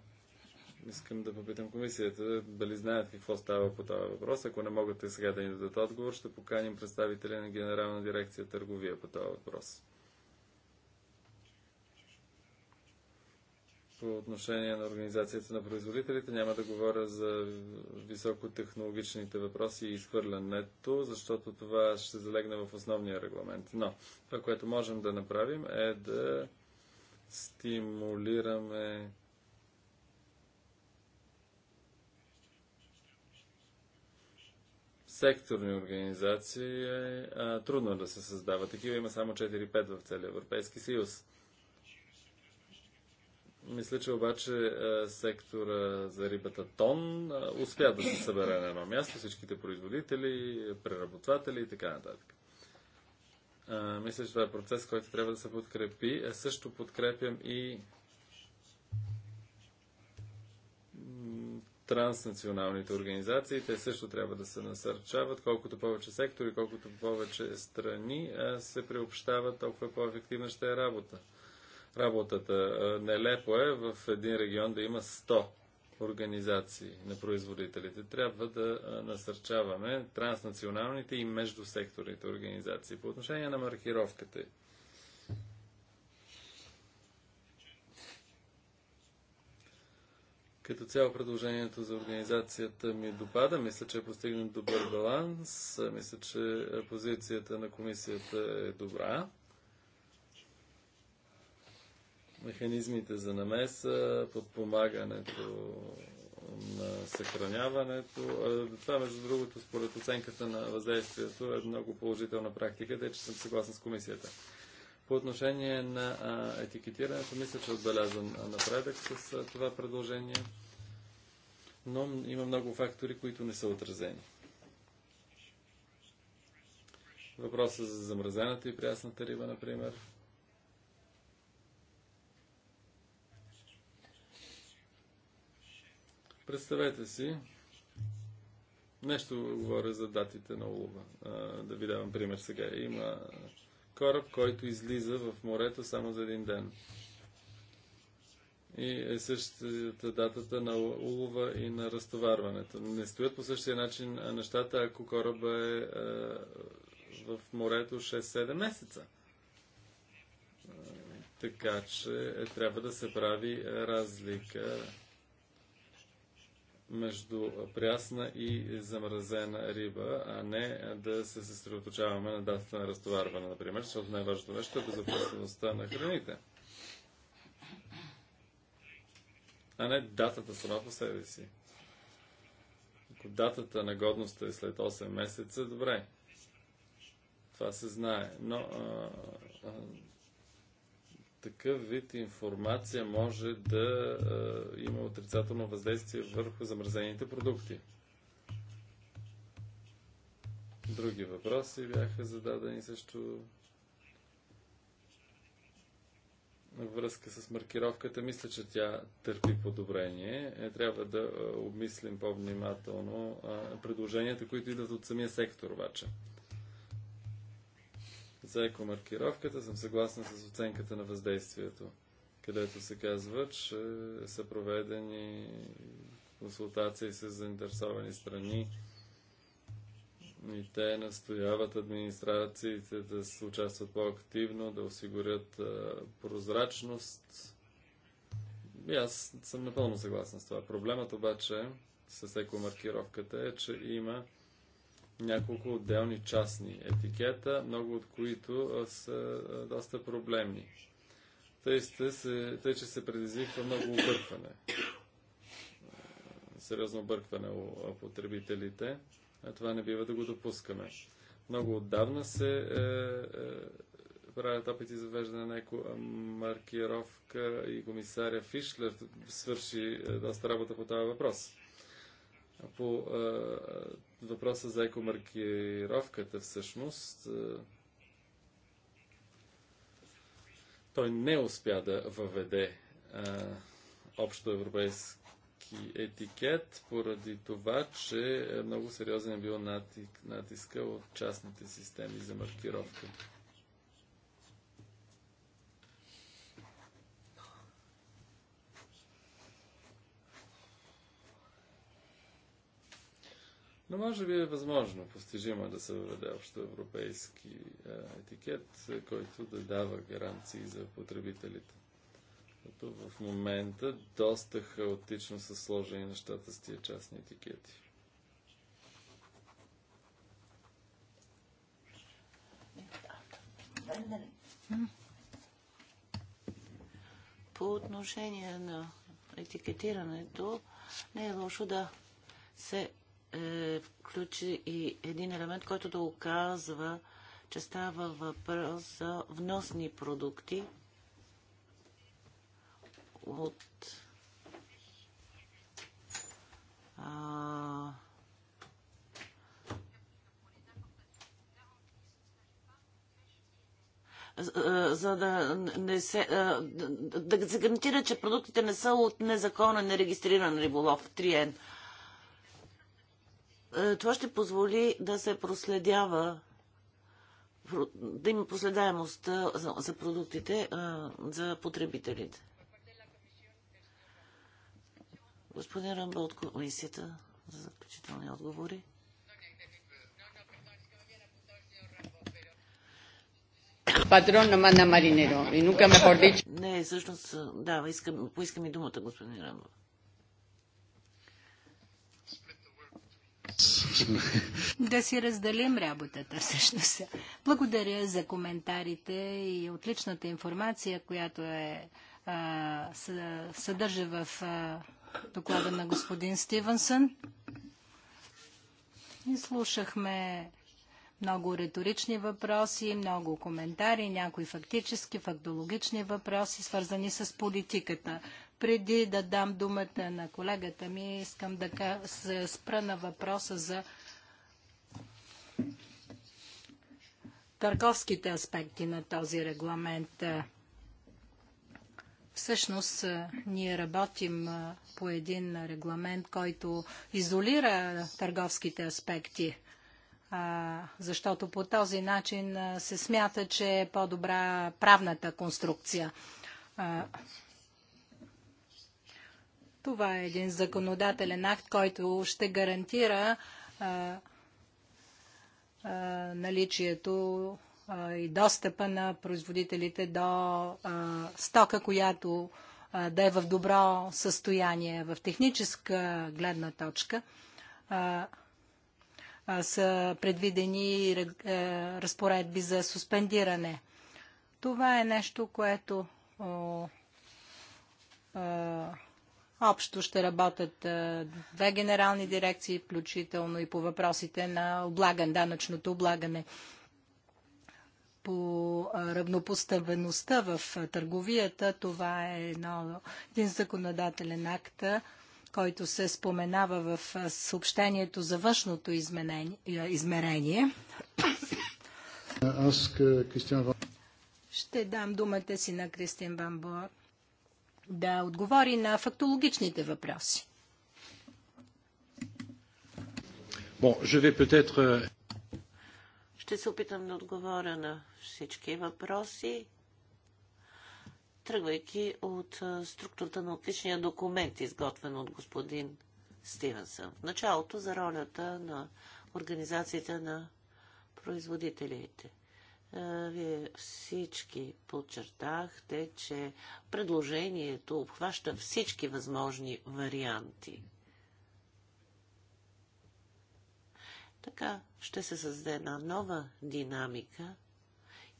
искам да попитам комисията дали знаят какво става по този въпрос. Ако не могат и сега да ни дадат отговор, ще поканим представителя на Генерална дирекция търговия по този въпрос. по отношение на организацията на производителите. Няма да говоря за високотехнологичните въпроси и изхвърлянето, защото това ще залегне в основния регламент. Но това, което можем да направим е да стимулираме секторни организации е а, трудно да се създава. Такива има само 4-5 в целия Европейски съюз. Мисля, че обаче сектора за рибата Тон успя да се събере на едно място, всичките производители, преработватели и така нататък. Мисля, че това е процес, който трябва да се подкрепи. Също подкрепям и транснационалните организации. Те също трябва да се насърчават. Колкото повече сектори, колкото повече страни се приобщават, толкова по-ефективна ще е работа. Работата нелепо е в един регион да има 100 организации на производителите. Трябва да насърчаваме транснационалните и междусекторните организации. По отношение на маркировката Като цяло предложението за организацията ми допада. Мисля, че е постигнат добър баланс. Мисля, че позицията на комисията е добра. Механизмите за намеса, подпомагането на съхраняването. Това, между другото, според оценката на въздействието е много положителна практика, тъй че съм съгласен с комисията. По отношение на етикетирането, мисля, че отбелязвам напредък с това предложение но има много фактори, които не са отразени. Въпросът за замразената и прясната риба, например. Представете си, нещо говоря за датите на улова. Да ви давам пример сега. Има кораб, който излиза в морето само за един ден и е същата датата на улова и на разтоварването. Не стоят по същия начин нещата, ако кораба е, е в морето 6-7 месеца. Е, така че е, трябва да се прави е, разлика между прясна и замразена риба, а не е, да се съсредоточаваме на датата на разтоварване, например, защото най-важното нещо е безопасността на храните. а не датата сама по себе си. Ако датата на годността е след 8 месеца, добре. Това се знае. Но а, а, такъв вид информация може да а, има отрицателно въздействие върху замразените продукти. Други въпроси бяха зададени също връзка с маркировката, мисля, че тя търпи подобрение. Е, трябва да е, обмислим по-внимателно е, предложенията, които идват от самия сектор обаче. За екомаркировката съм съгласна с оценката на въздействието, където се казва, че са проведени консултации с заинтересовани страни, и те настояват администрациите да се участват по-активно, да осигурят а, прозрачност. И аз съм напълно съгласен с това. Проблемът обаче с екомаркировката е, че има няколко отделни частни етикета, много от които са доста проблемни. Тъй, сте се, тъй, че се предизвиква много объркване. Сериозно объркване у потребителите а това не бива да го допускаме. Много отдавна се е, е, правят опити за въвеждане на еко маркировка и комисаря Фишлер свърши е, доста работа по този въпрос. По е, въпроса за екомаркировката всъщност. Е, той не успя да въведе е, общо етикет, поради това, че много сериозен е бил натиск, натиска от частните системи за маркировка. Но може би е възможно, постижимо е да се въведе общо европейски е, етикет, който да дава гаранции за потребителите. Като в момента доста хаотично са сложени нещата с тия частни етикети. По отношение на етикетирането, не е лошо да се е, включи и един елемент, който да оказва, че става въпрос за вносни продукти от а, за да не се, да се гарантира, че продуктите не са от незаконен, нерегистриран риболов 3N. Това ще позволи да се проследява да има проследаемост за продуктите за потребителите. Господин Рамбо от комисията за заключителни отговори. Патрон на Мана Маринеро. И нука ме хордич. Не, всъщност, да, искам, поискам и думата, господин Рамбо. да си разделим работата всъщност. Благодаря за коментарите и отличната информация, която е, съдържа в доклада на господин Стивенсън. И слушахме много риторични въпроси, много коментари, някои фактически, фактологични въпроси, свързани с политиката. Преди да дам думата на колегата ми, искам да се спра на въпроса за търговските аспекти на този регламент. Всъщност ние работим по един регламент, който изолира търговските аспекти, защото по този начин се смята, че е по-добра правната конструкция. Това е един законодателен акт, който ще гарантира наличието и достъпа на производителите до стока, която да е в добро състояние в техническа гледна точка, са предвидени е, разпоредби за суспендиране. Това е нещо, което Общо ще работят две генерални дирекции, включително и по въпросите на облаган, данъчното облагане по равнопоставеността в търговията. Това е едно, един законодателен акт, който се споменава в съобщението за външното измерение. Аз, Кристиан Ван... Ще дам думата си на Кристиан Ван Бор да отговори на фактологичните въпроси. Bon, je vais peut-être euh, ще се опитам да отговоря на всички въпроси, тръгвайки от структурата на отличния документ, изготвен от господин Стивенсън. В началото за ролята на организацията на производителите. Вие всички подчертахте, че предложението обхваща всички възможни варианти – Така ще се създаде една нова динамика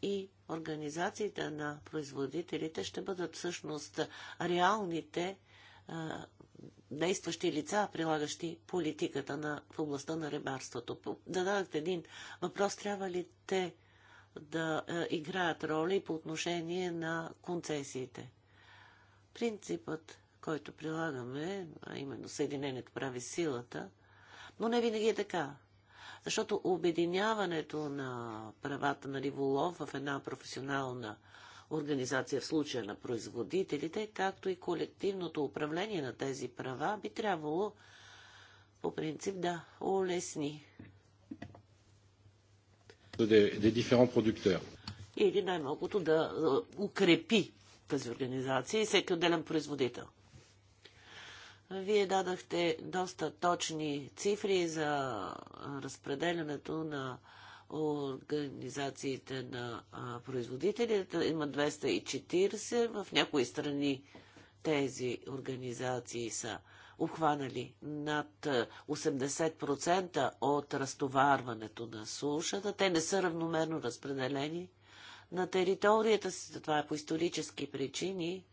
и организациите на производителите ще бъдат всъщност реалните а, действащи лица, прилагащи политиката на, в областта на рибарството. Да дадат един въпрос, трябва ли те да а, играят роли по отношение на концесиите? Принципът, който прилагаме, а именно Съединението прави силата, но не винаги е така. Защото обединяването на правата на риболов в една професионална организация в случая на производителите, както и колективното управление на тези права, би трябвало по принцип да улесни. Или най-малкото да укрепи тази организация и всеки отделен производител. Вие дадахте доста точни цифри за разпределянето на организациите на производителите. Има 240. В някои страни тези организации са обхванали над 80% от разтоварването на сушата. Те не са равномерно разпределени. На територията си, това е по исторически причини,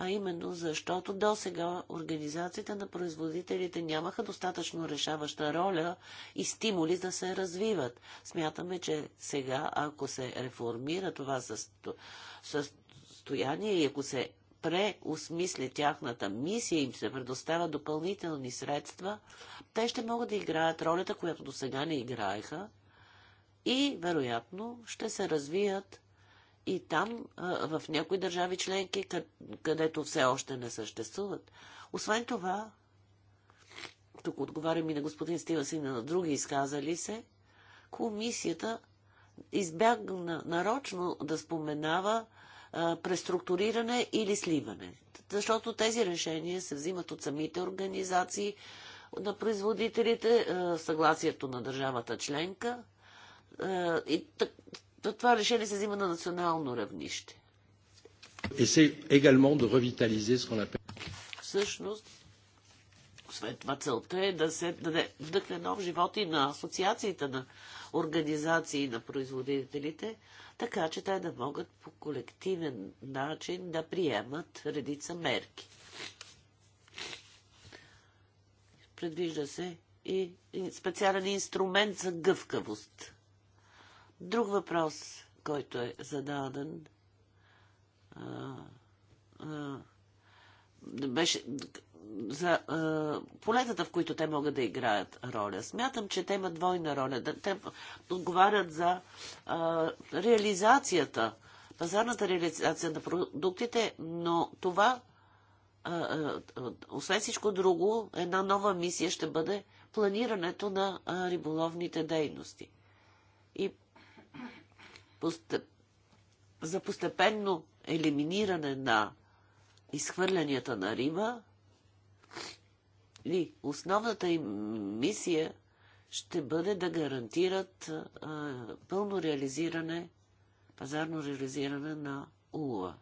а именно защото до сега организацията на производителите нямаха достатъчно решаваща роля и стимули да се развиват. Смятаме, че сега, ако се реформира това състояние и ако се преосмисли тяхната мисия, им се предоставя допълнителни средства, те ще могат да играят ролята, която до сега не играеха и, вероятно, ще се развият и там, в някои държави членки, където все още не съществуват. Освен това, тук отговарям и на господин Стивас и на други изказали се, комисията избягна нарочно да споменава преструктуриране или сливане. Защото тези решения се взимат от самите организации на производителите, съгласието на държавата членка. и то това решение се взима на национално равнище. Всъщност, освен това, целта е да се даде вдъхне нов живот и на асоциациите, на организации на производителите, така че те да могат по колективен начин да приемат редица мерки. Предвижда се и специален инструмент за гъвкавост. Друг въпрос, който е зададен, а, а, беше за а, полетата, в които те могат да играят роля. Смятам, че те имат двойна роля. те отговарят за а, реализацията, пазарната реализация на продуктите, но това, а, а, освен всичко друго, една нова мисия ще бъде планирането на а, риболовните дейности. И постеп... за постепенно елиминиране на изхвърлянията на риба и основната им мисия ще бъде да гарантират а, пълно реализиране, пазарно реализиране на улова.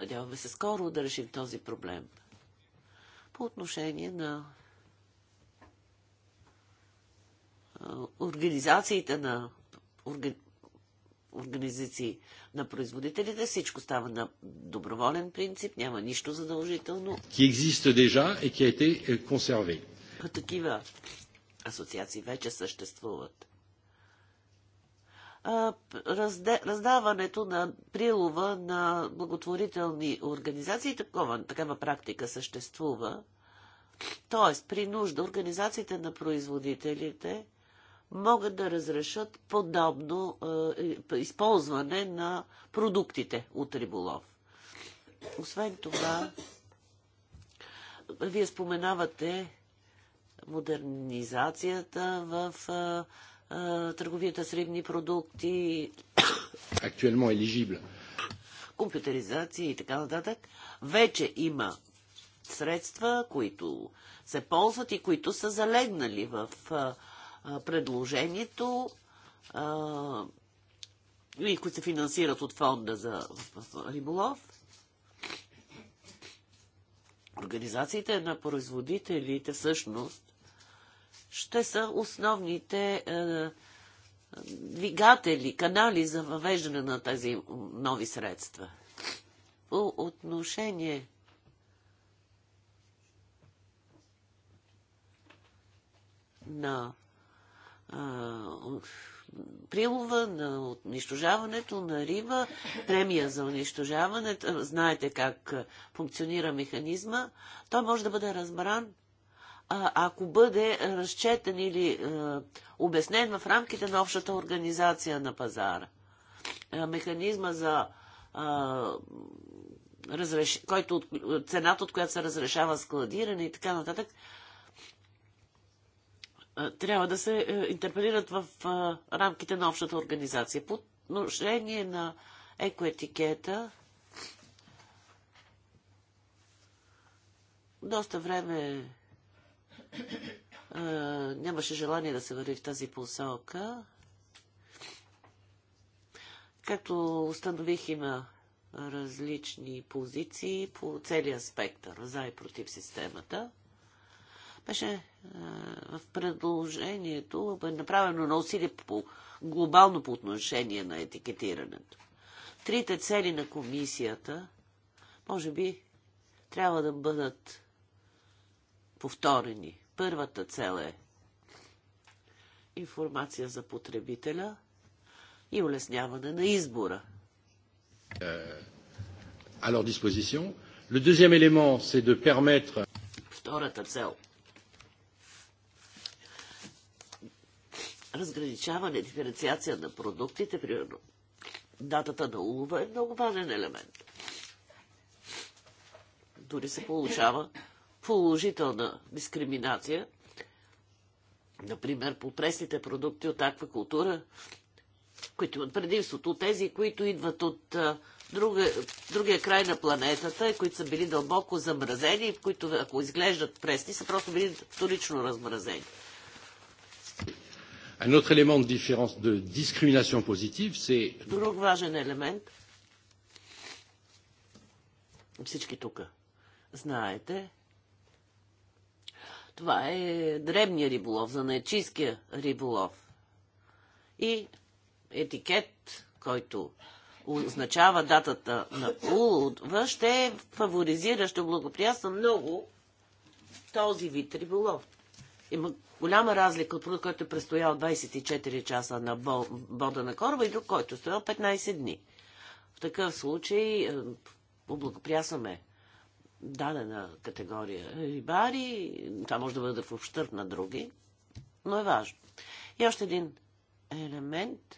Надяваме се скоро да решим този проблем. По отношение на организациите на организации на производителите. Всичко става на доброволен принцип, няма нищо задължително. Qui existe déjà et е, Такива асоциации вече съществуват. Разде, раздаването на прилова на благотворителни организации, такова, такава практика съществува. Тоест, при нужда организациите на производителите могат да разрешат подобно е, използване на продуктите от риболов. Освен това, вие споменавате модернизацията в е, е, търговията с рибни продукти. е елижибла. Компютеризация и така нататък. Вече има средства, които се ползват и които са залегнали в е, предложението и които се финансират от фонда за риболов. Организациите на производителите всъщност ще са основните е, двигатели, канали за въвеждане на тези нови средства. По отношение на прилова, на унищожаването на риба, премия за унищожаването. Знаете как функционира механизма. Той може да бъде разбран, ако бъде разчетен или обяснен в рамките на общата организация на пазара. Механизма за разреш... който, цената, от която се разрешава складиране и така нататък, трябва да се е, интерпретират в рамките на общата организация. По отношение на екоетикета, доста време нямаше желание да се върви в тази посока. Както установих, има различни позиции по целия спектър за и против системата. Беше в предложението направено на усилие по, глобално по отношение на етикетирането. Трите цели на комисията може би трябва да бъдат повторени. Първата цел е информация за потребителя и улесняване на избора. À leur disposition. Le deuxième élément, c'est de permettre... Втората цел разграничаване, диференциация на продуктите, примерно датата на улова е много важен елемент. Дори се получава положителна дискриминация, например по пресните продукти от аквакултура, които имат предимството тези, които идват от друга, другия край на планетата, които са били дълбоко замразени, които ако изглеждат пресни, са просто били вторично размразени. Un autre élément de différence de discrimination positive, c'est... Друг важен елемент. Всички тук знаете. Това е дребния риболов, за риболов. И етикет, който означава датата на ще фаворизира, ще благоприятства много този вид риболов. Има голяма разлика от продукт, който е престоял 24 часа на бода на кораба и друг, който е стоял 15 дни. В такъв случай е, облагоприясваме дадена категория рибари, това може да бъде в общърт на други, но е важно. И още един елемент.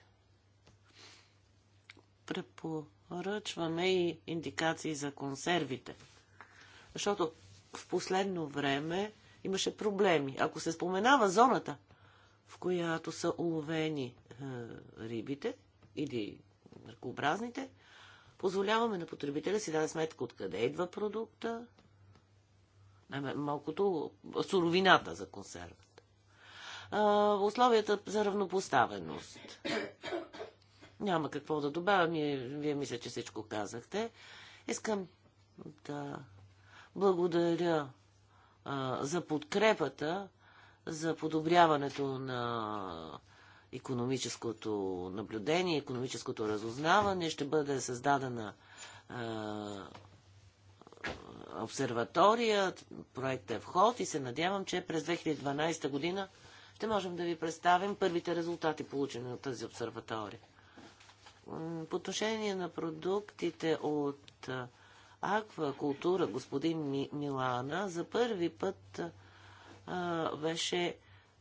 Препоръчваме и индикации за консервите. Защото в последно време имаше проблеми. Ако се споменава зоната, в която са уловени е, рибите или ръкообразните, позволяваме на потребителя си даде сметка откъде идва продукта, малкото суровината за консервата. А, условията за равнопоставеност. Няма какво да добавя. Ние, вие мисля, че всичко казахте. Искам да благодаря за подкрепата за подобряването на економическото наблюдение, економическото разузнаване. Ще бъде създадена обсерватория, проектът е вход и се надявам, че през 2012 година ще можем да ви представим първите резултати, получени от тази обсерватория. По отношение на продуктите от аквакултура, господин Милана, за първи път а, беше,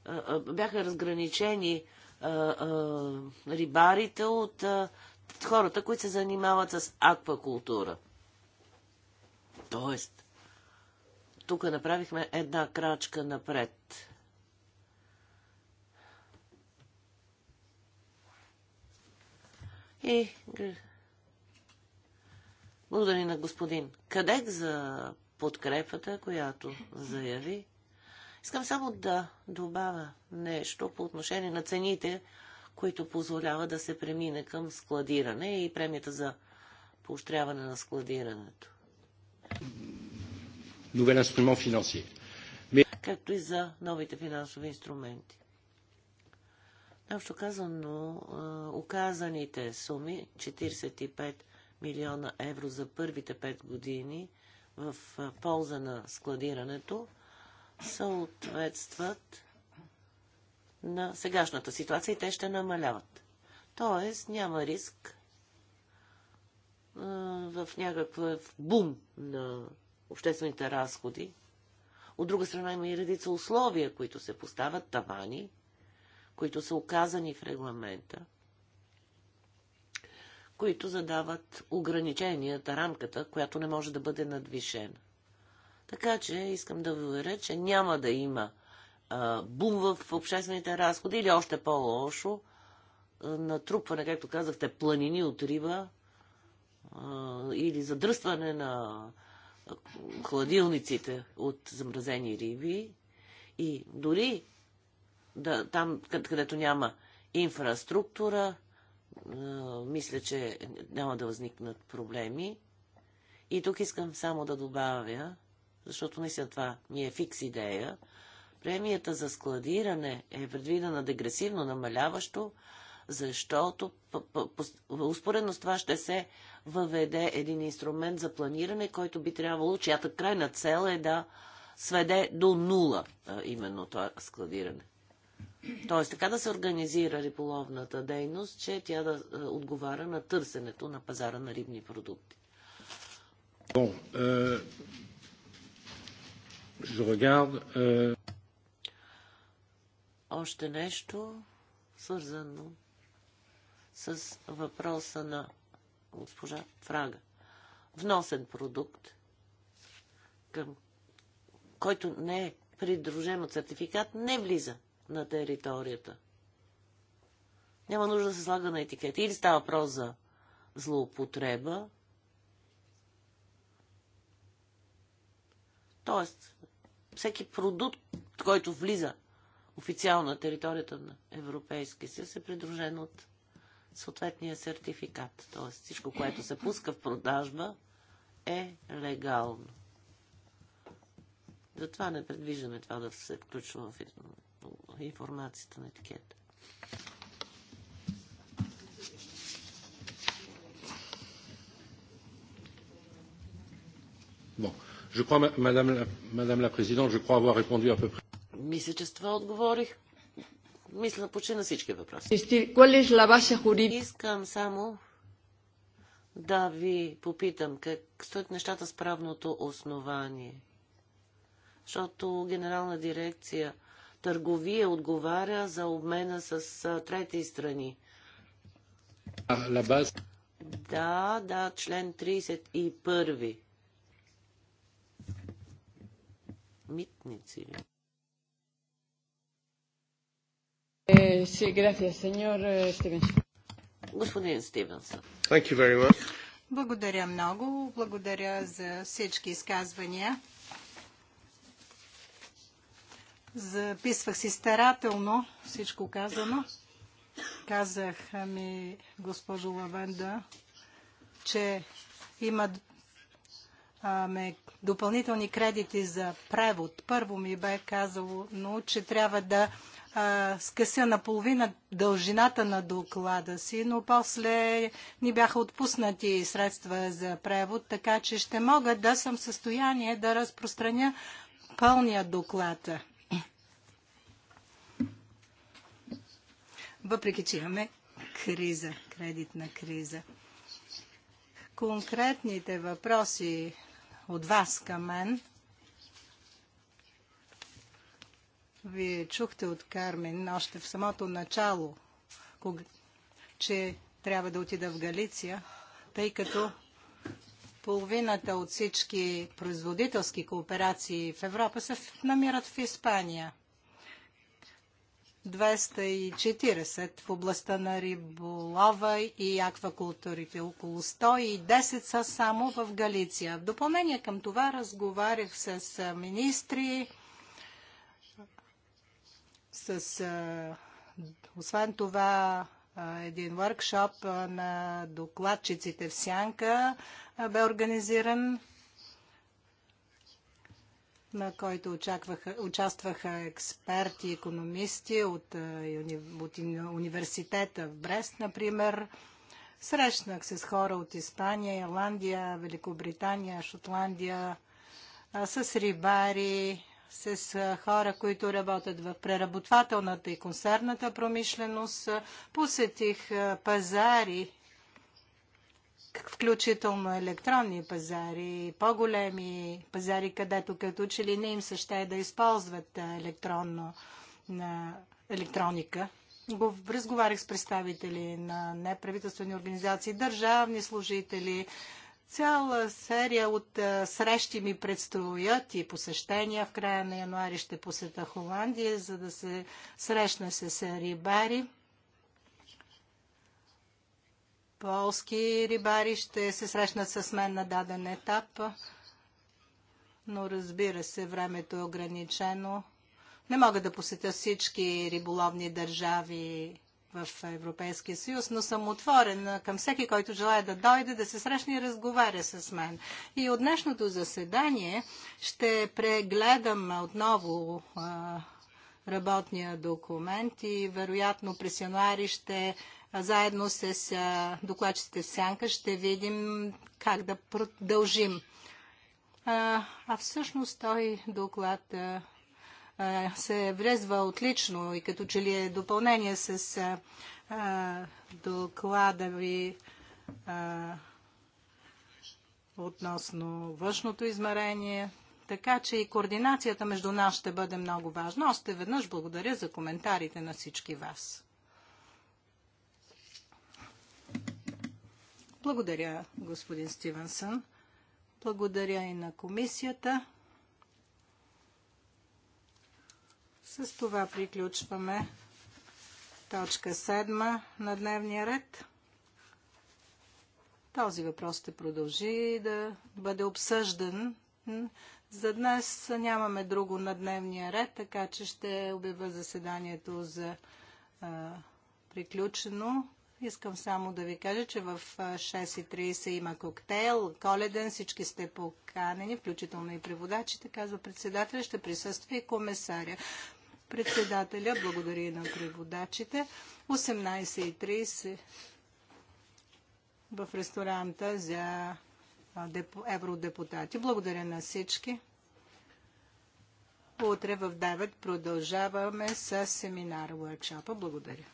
а, бяха разграничени а, а, рибарите от а, хората, които се занимават с аквакултура. Тоест, тук направихме една крачка напред. И благодаря на господин Кадек за подкрепата, която заяви. Искам само да добавя нещо по отношение на цените, които позволява да се премине към складиране и премията за поощряване на складирането. Новен инструмент Както и за новите финансови инструменти. Общо казано, оказаните суми 45 милиона евро за първите 5 години в полза на складирането съответстват на сегашната ситуация и те ще намаляват. Тоест няма риск в някакъв бум на обществените разходи. От друга страна има и редица условия, които се поставят, тавани, които са оказани в регламента – които задават ограниченията, рамката, която не може да бъде надвишена. Така че искам да ви уверя, че няма да има а, бум в обществените разходи или още по-лошо, натрупване, както казахте, планини от риба или задръстване на хладилниците от замразени риби и дори да, там, където няма инфраструктура, мисля, че няма да възникнат проблеми. И тук искам само да добавя, защото мисля това ми е фикс идея, премията за складиране е предвидена дегресивно намаляващо, защото успоредно с това ще се въведе един инструмент за планиране, който би трябвало, чиято крайна цел е да сведе до нула именно това складиране т.е. така да се организира риболовната дейност, че тя да е, отговаря на търсенето на пазара на рибни продукти. Euh, euh, Още нещо свързано с въпроса на госпожа Фрага. Вносен продукт, към който не е придружен от сертификат, не влиза на територията. Няма нужда да се слага на етикети. Или става въпрос за злоупотреба. Тоест, всеки продукт, който влиза официално на територията на Европейския съюз, е придружен от съответния сертификат. Тоест, всичко, което се пуска в продажба, е легално. Затова не предвиждаме това да се включва в информацията на етикета. Bon. Je crois, madame madame la Présidente, je crois avoir répondu à peu près. Мисля, че с това отговорих. Мисля почти на всички въпроси. Искам само да ви попитам как стоят нещата с правното основание. Защото генерална дирекция търговия отговаря за обмена с трети страни. А, баз... Да, да, член 31. Митници. Eh, eh, Господин Стивенсън. Благодаря много. Благодаря за всички изказвания. Записвах си старателно всичко казано. Казах ми госпожо Лавенда, че има ме, ами, допълнителни кредити за превод. Първо ми бе казало, но че трябва да а, скъся наполовина дължината на доклада си, но после ни бяха отпуснати средства за превод, така че ще мога да съм в състояние да разпространя пълния доклад. въпреки че имаме криза, кредитна криза. Конкретните въпроси от вас към мен. Вие чухте от Кармен още в самото начало, кога, че трябва да отида в Галиция, тъй като половината от всички производителски кооперации в Европа се намират в Испания. 240 в областта на риболова и аквакултурите. Около 110 са само в Галиция. В допълнение към това разговарях с министри, с, освен това, един въркшоп на докладчиците в Сянка бе организиран на който очакваха, участваха експерти, економисти от, от университета в Брест, например. Срещнах се с хора от Испания, Ирландия, Великобритания, Шотландия, с рибари, с хора, които работят в преработвателната и консервната промишленост. Посетих пазари включително електронни пазари, по-големи пазари, където като че ли не им се ще да използват електронно, електроника. Разговарях с представители на неправителствени организации, държавни служители, цяла серия от срещи ми предстоят и посещения. В края на януари ще посета Холандия, за да се срещна с рибари полски рибари ще се срещнат с мен на даден етап, но разбира се, времето е ограничено. Не мога да посетя всички риболовни държави в Европейския съюз, но съм отворен към всеки, който желая да дойде, да се срещне и разговаря с мен. И от днешното заседание ще прегледам отново а, работния документ и вероятно през януари ще заедно с докладчите Сянка ще видим как да продължим. А, а всъщност той доклад а, а, се врезва отлично и като че ли е допълнение с а, доклада ви а, относно външното измерение. Така че и координацията между нас ще бъде много важна. Още веднъж благодаря за коментарите на всички вас. Благодаря, господин Стивенсън. Благодаря и на комисията. С това приключваме точка 7 на дневния ред. Този въпрос ще продължи да бъде обсъждан. За днес нямаме друго на дневния ред, така че ще обявя заседанието за а, приключено. Искам само да ви кажа, че в 6.30 има коктейл, коледен, всички сте поканени, включително и преводачите, казва председателя, ще присъства и комисаря. Председателя благодари на преводачите. 18.30 в ресторанта за евродепутати. Благодаря на всички. Утре в 9 продължаваме с семинар-workshop. Благодаря.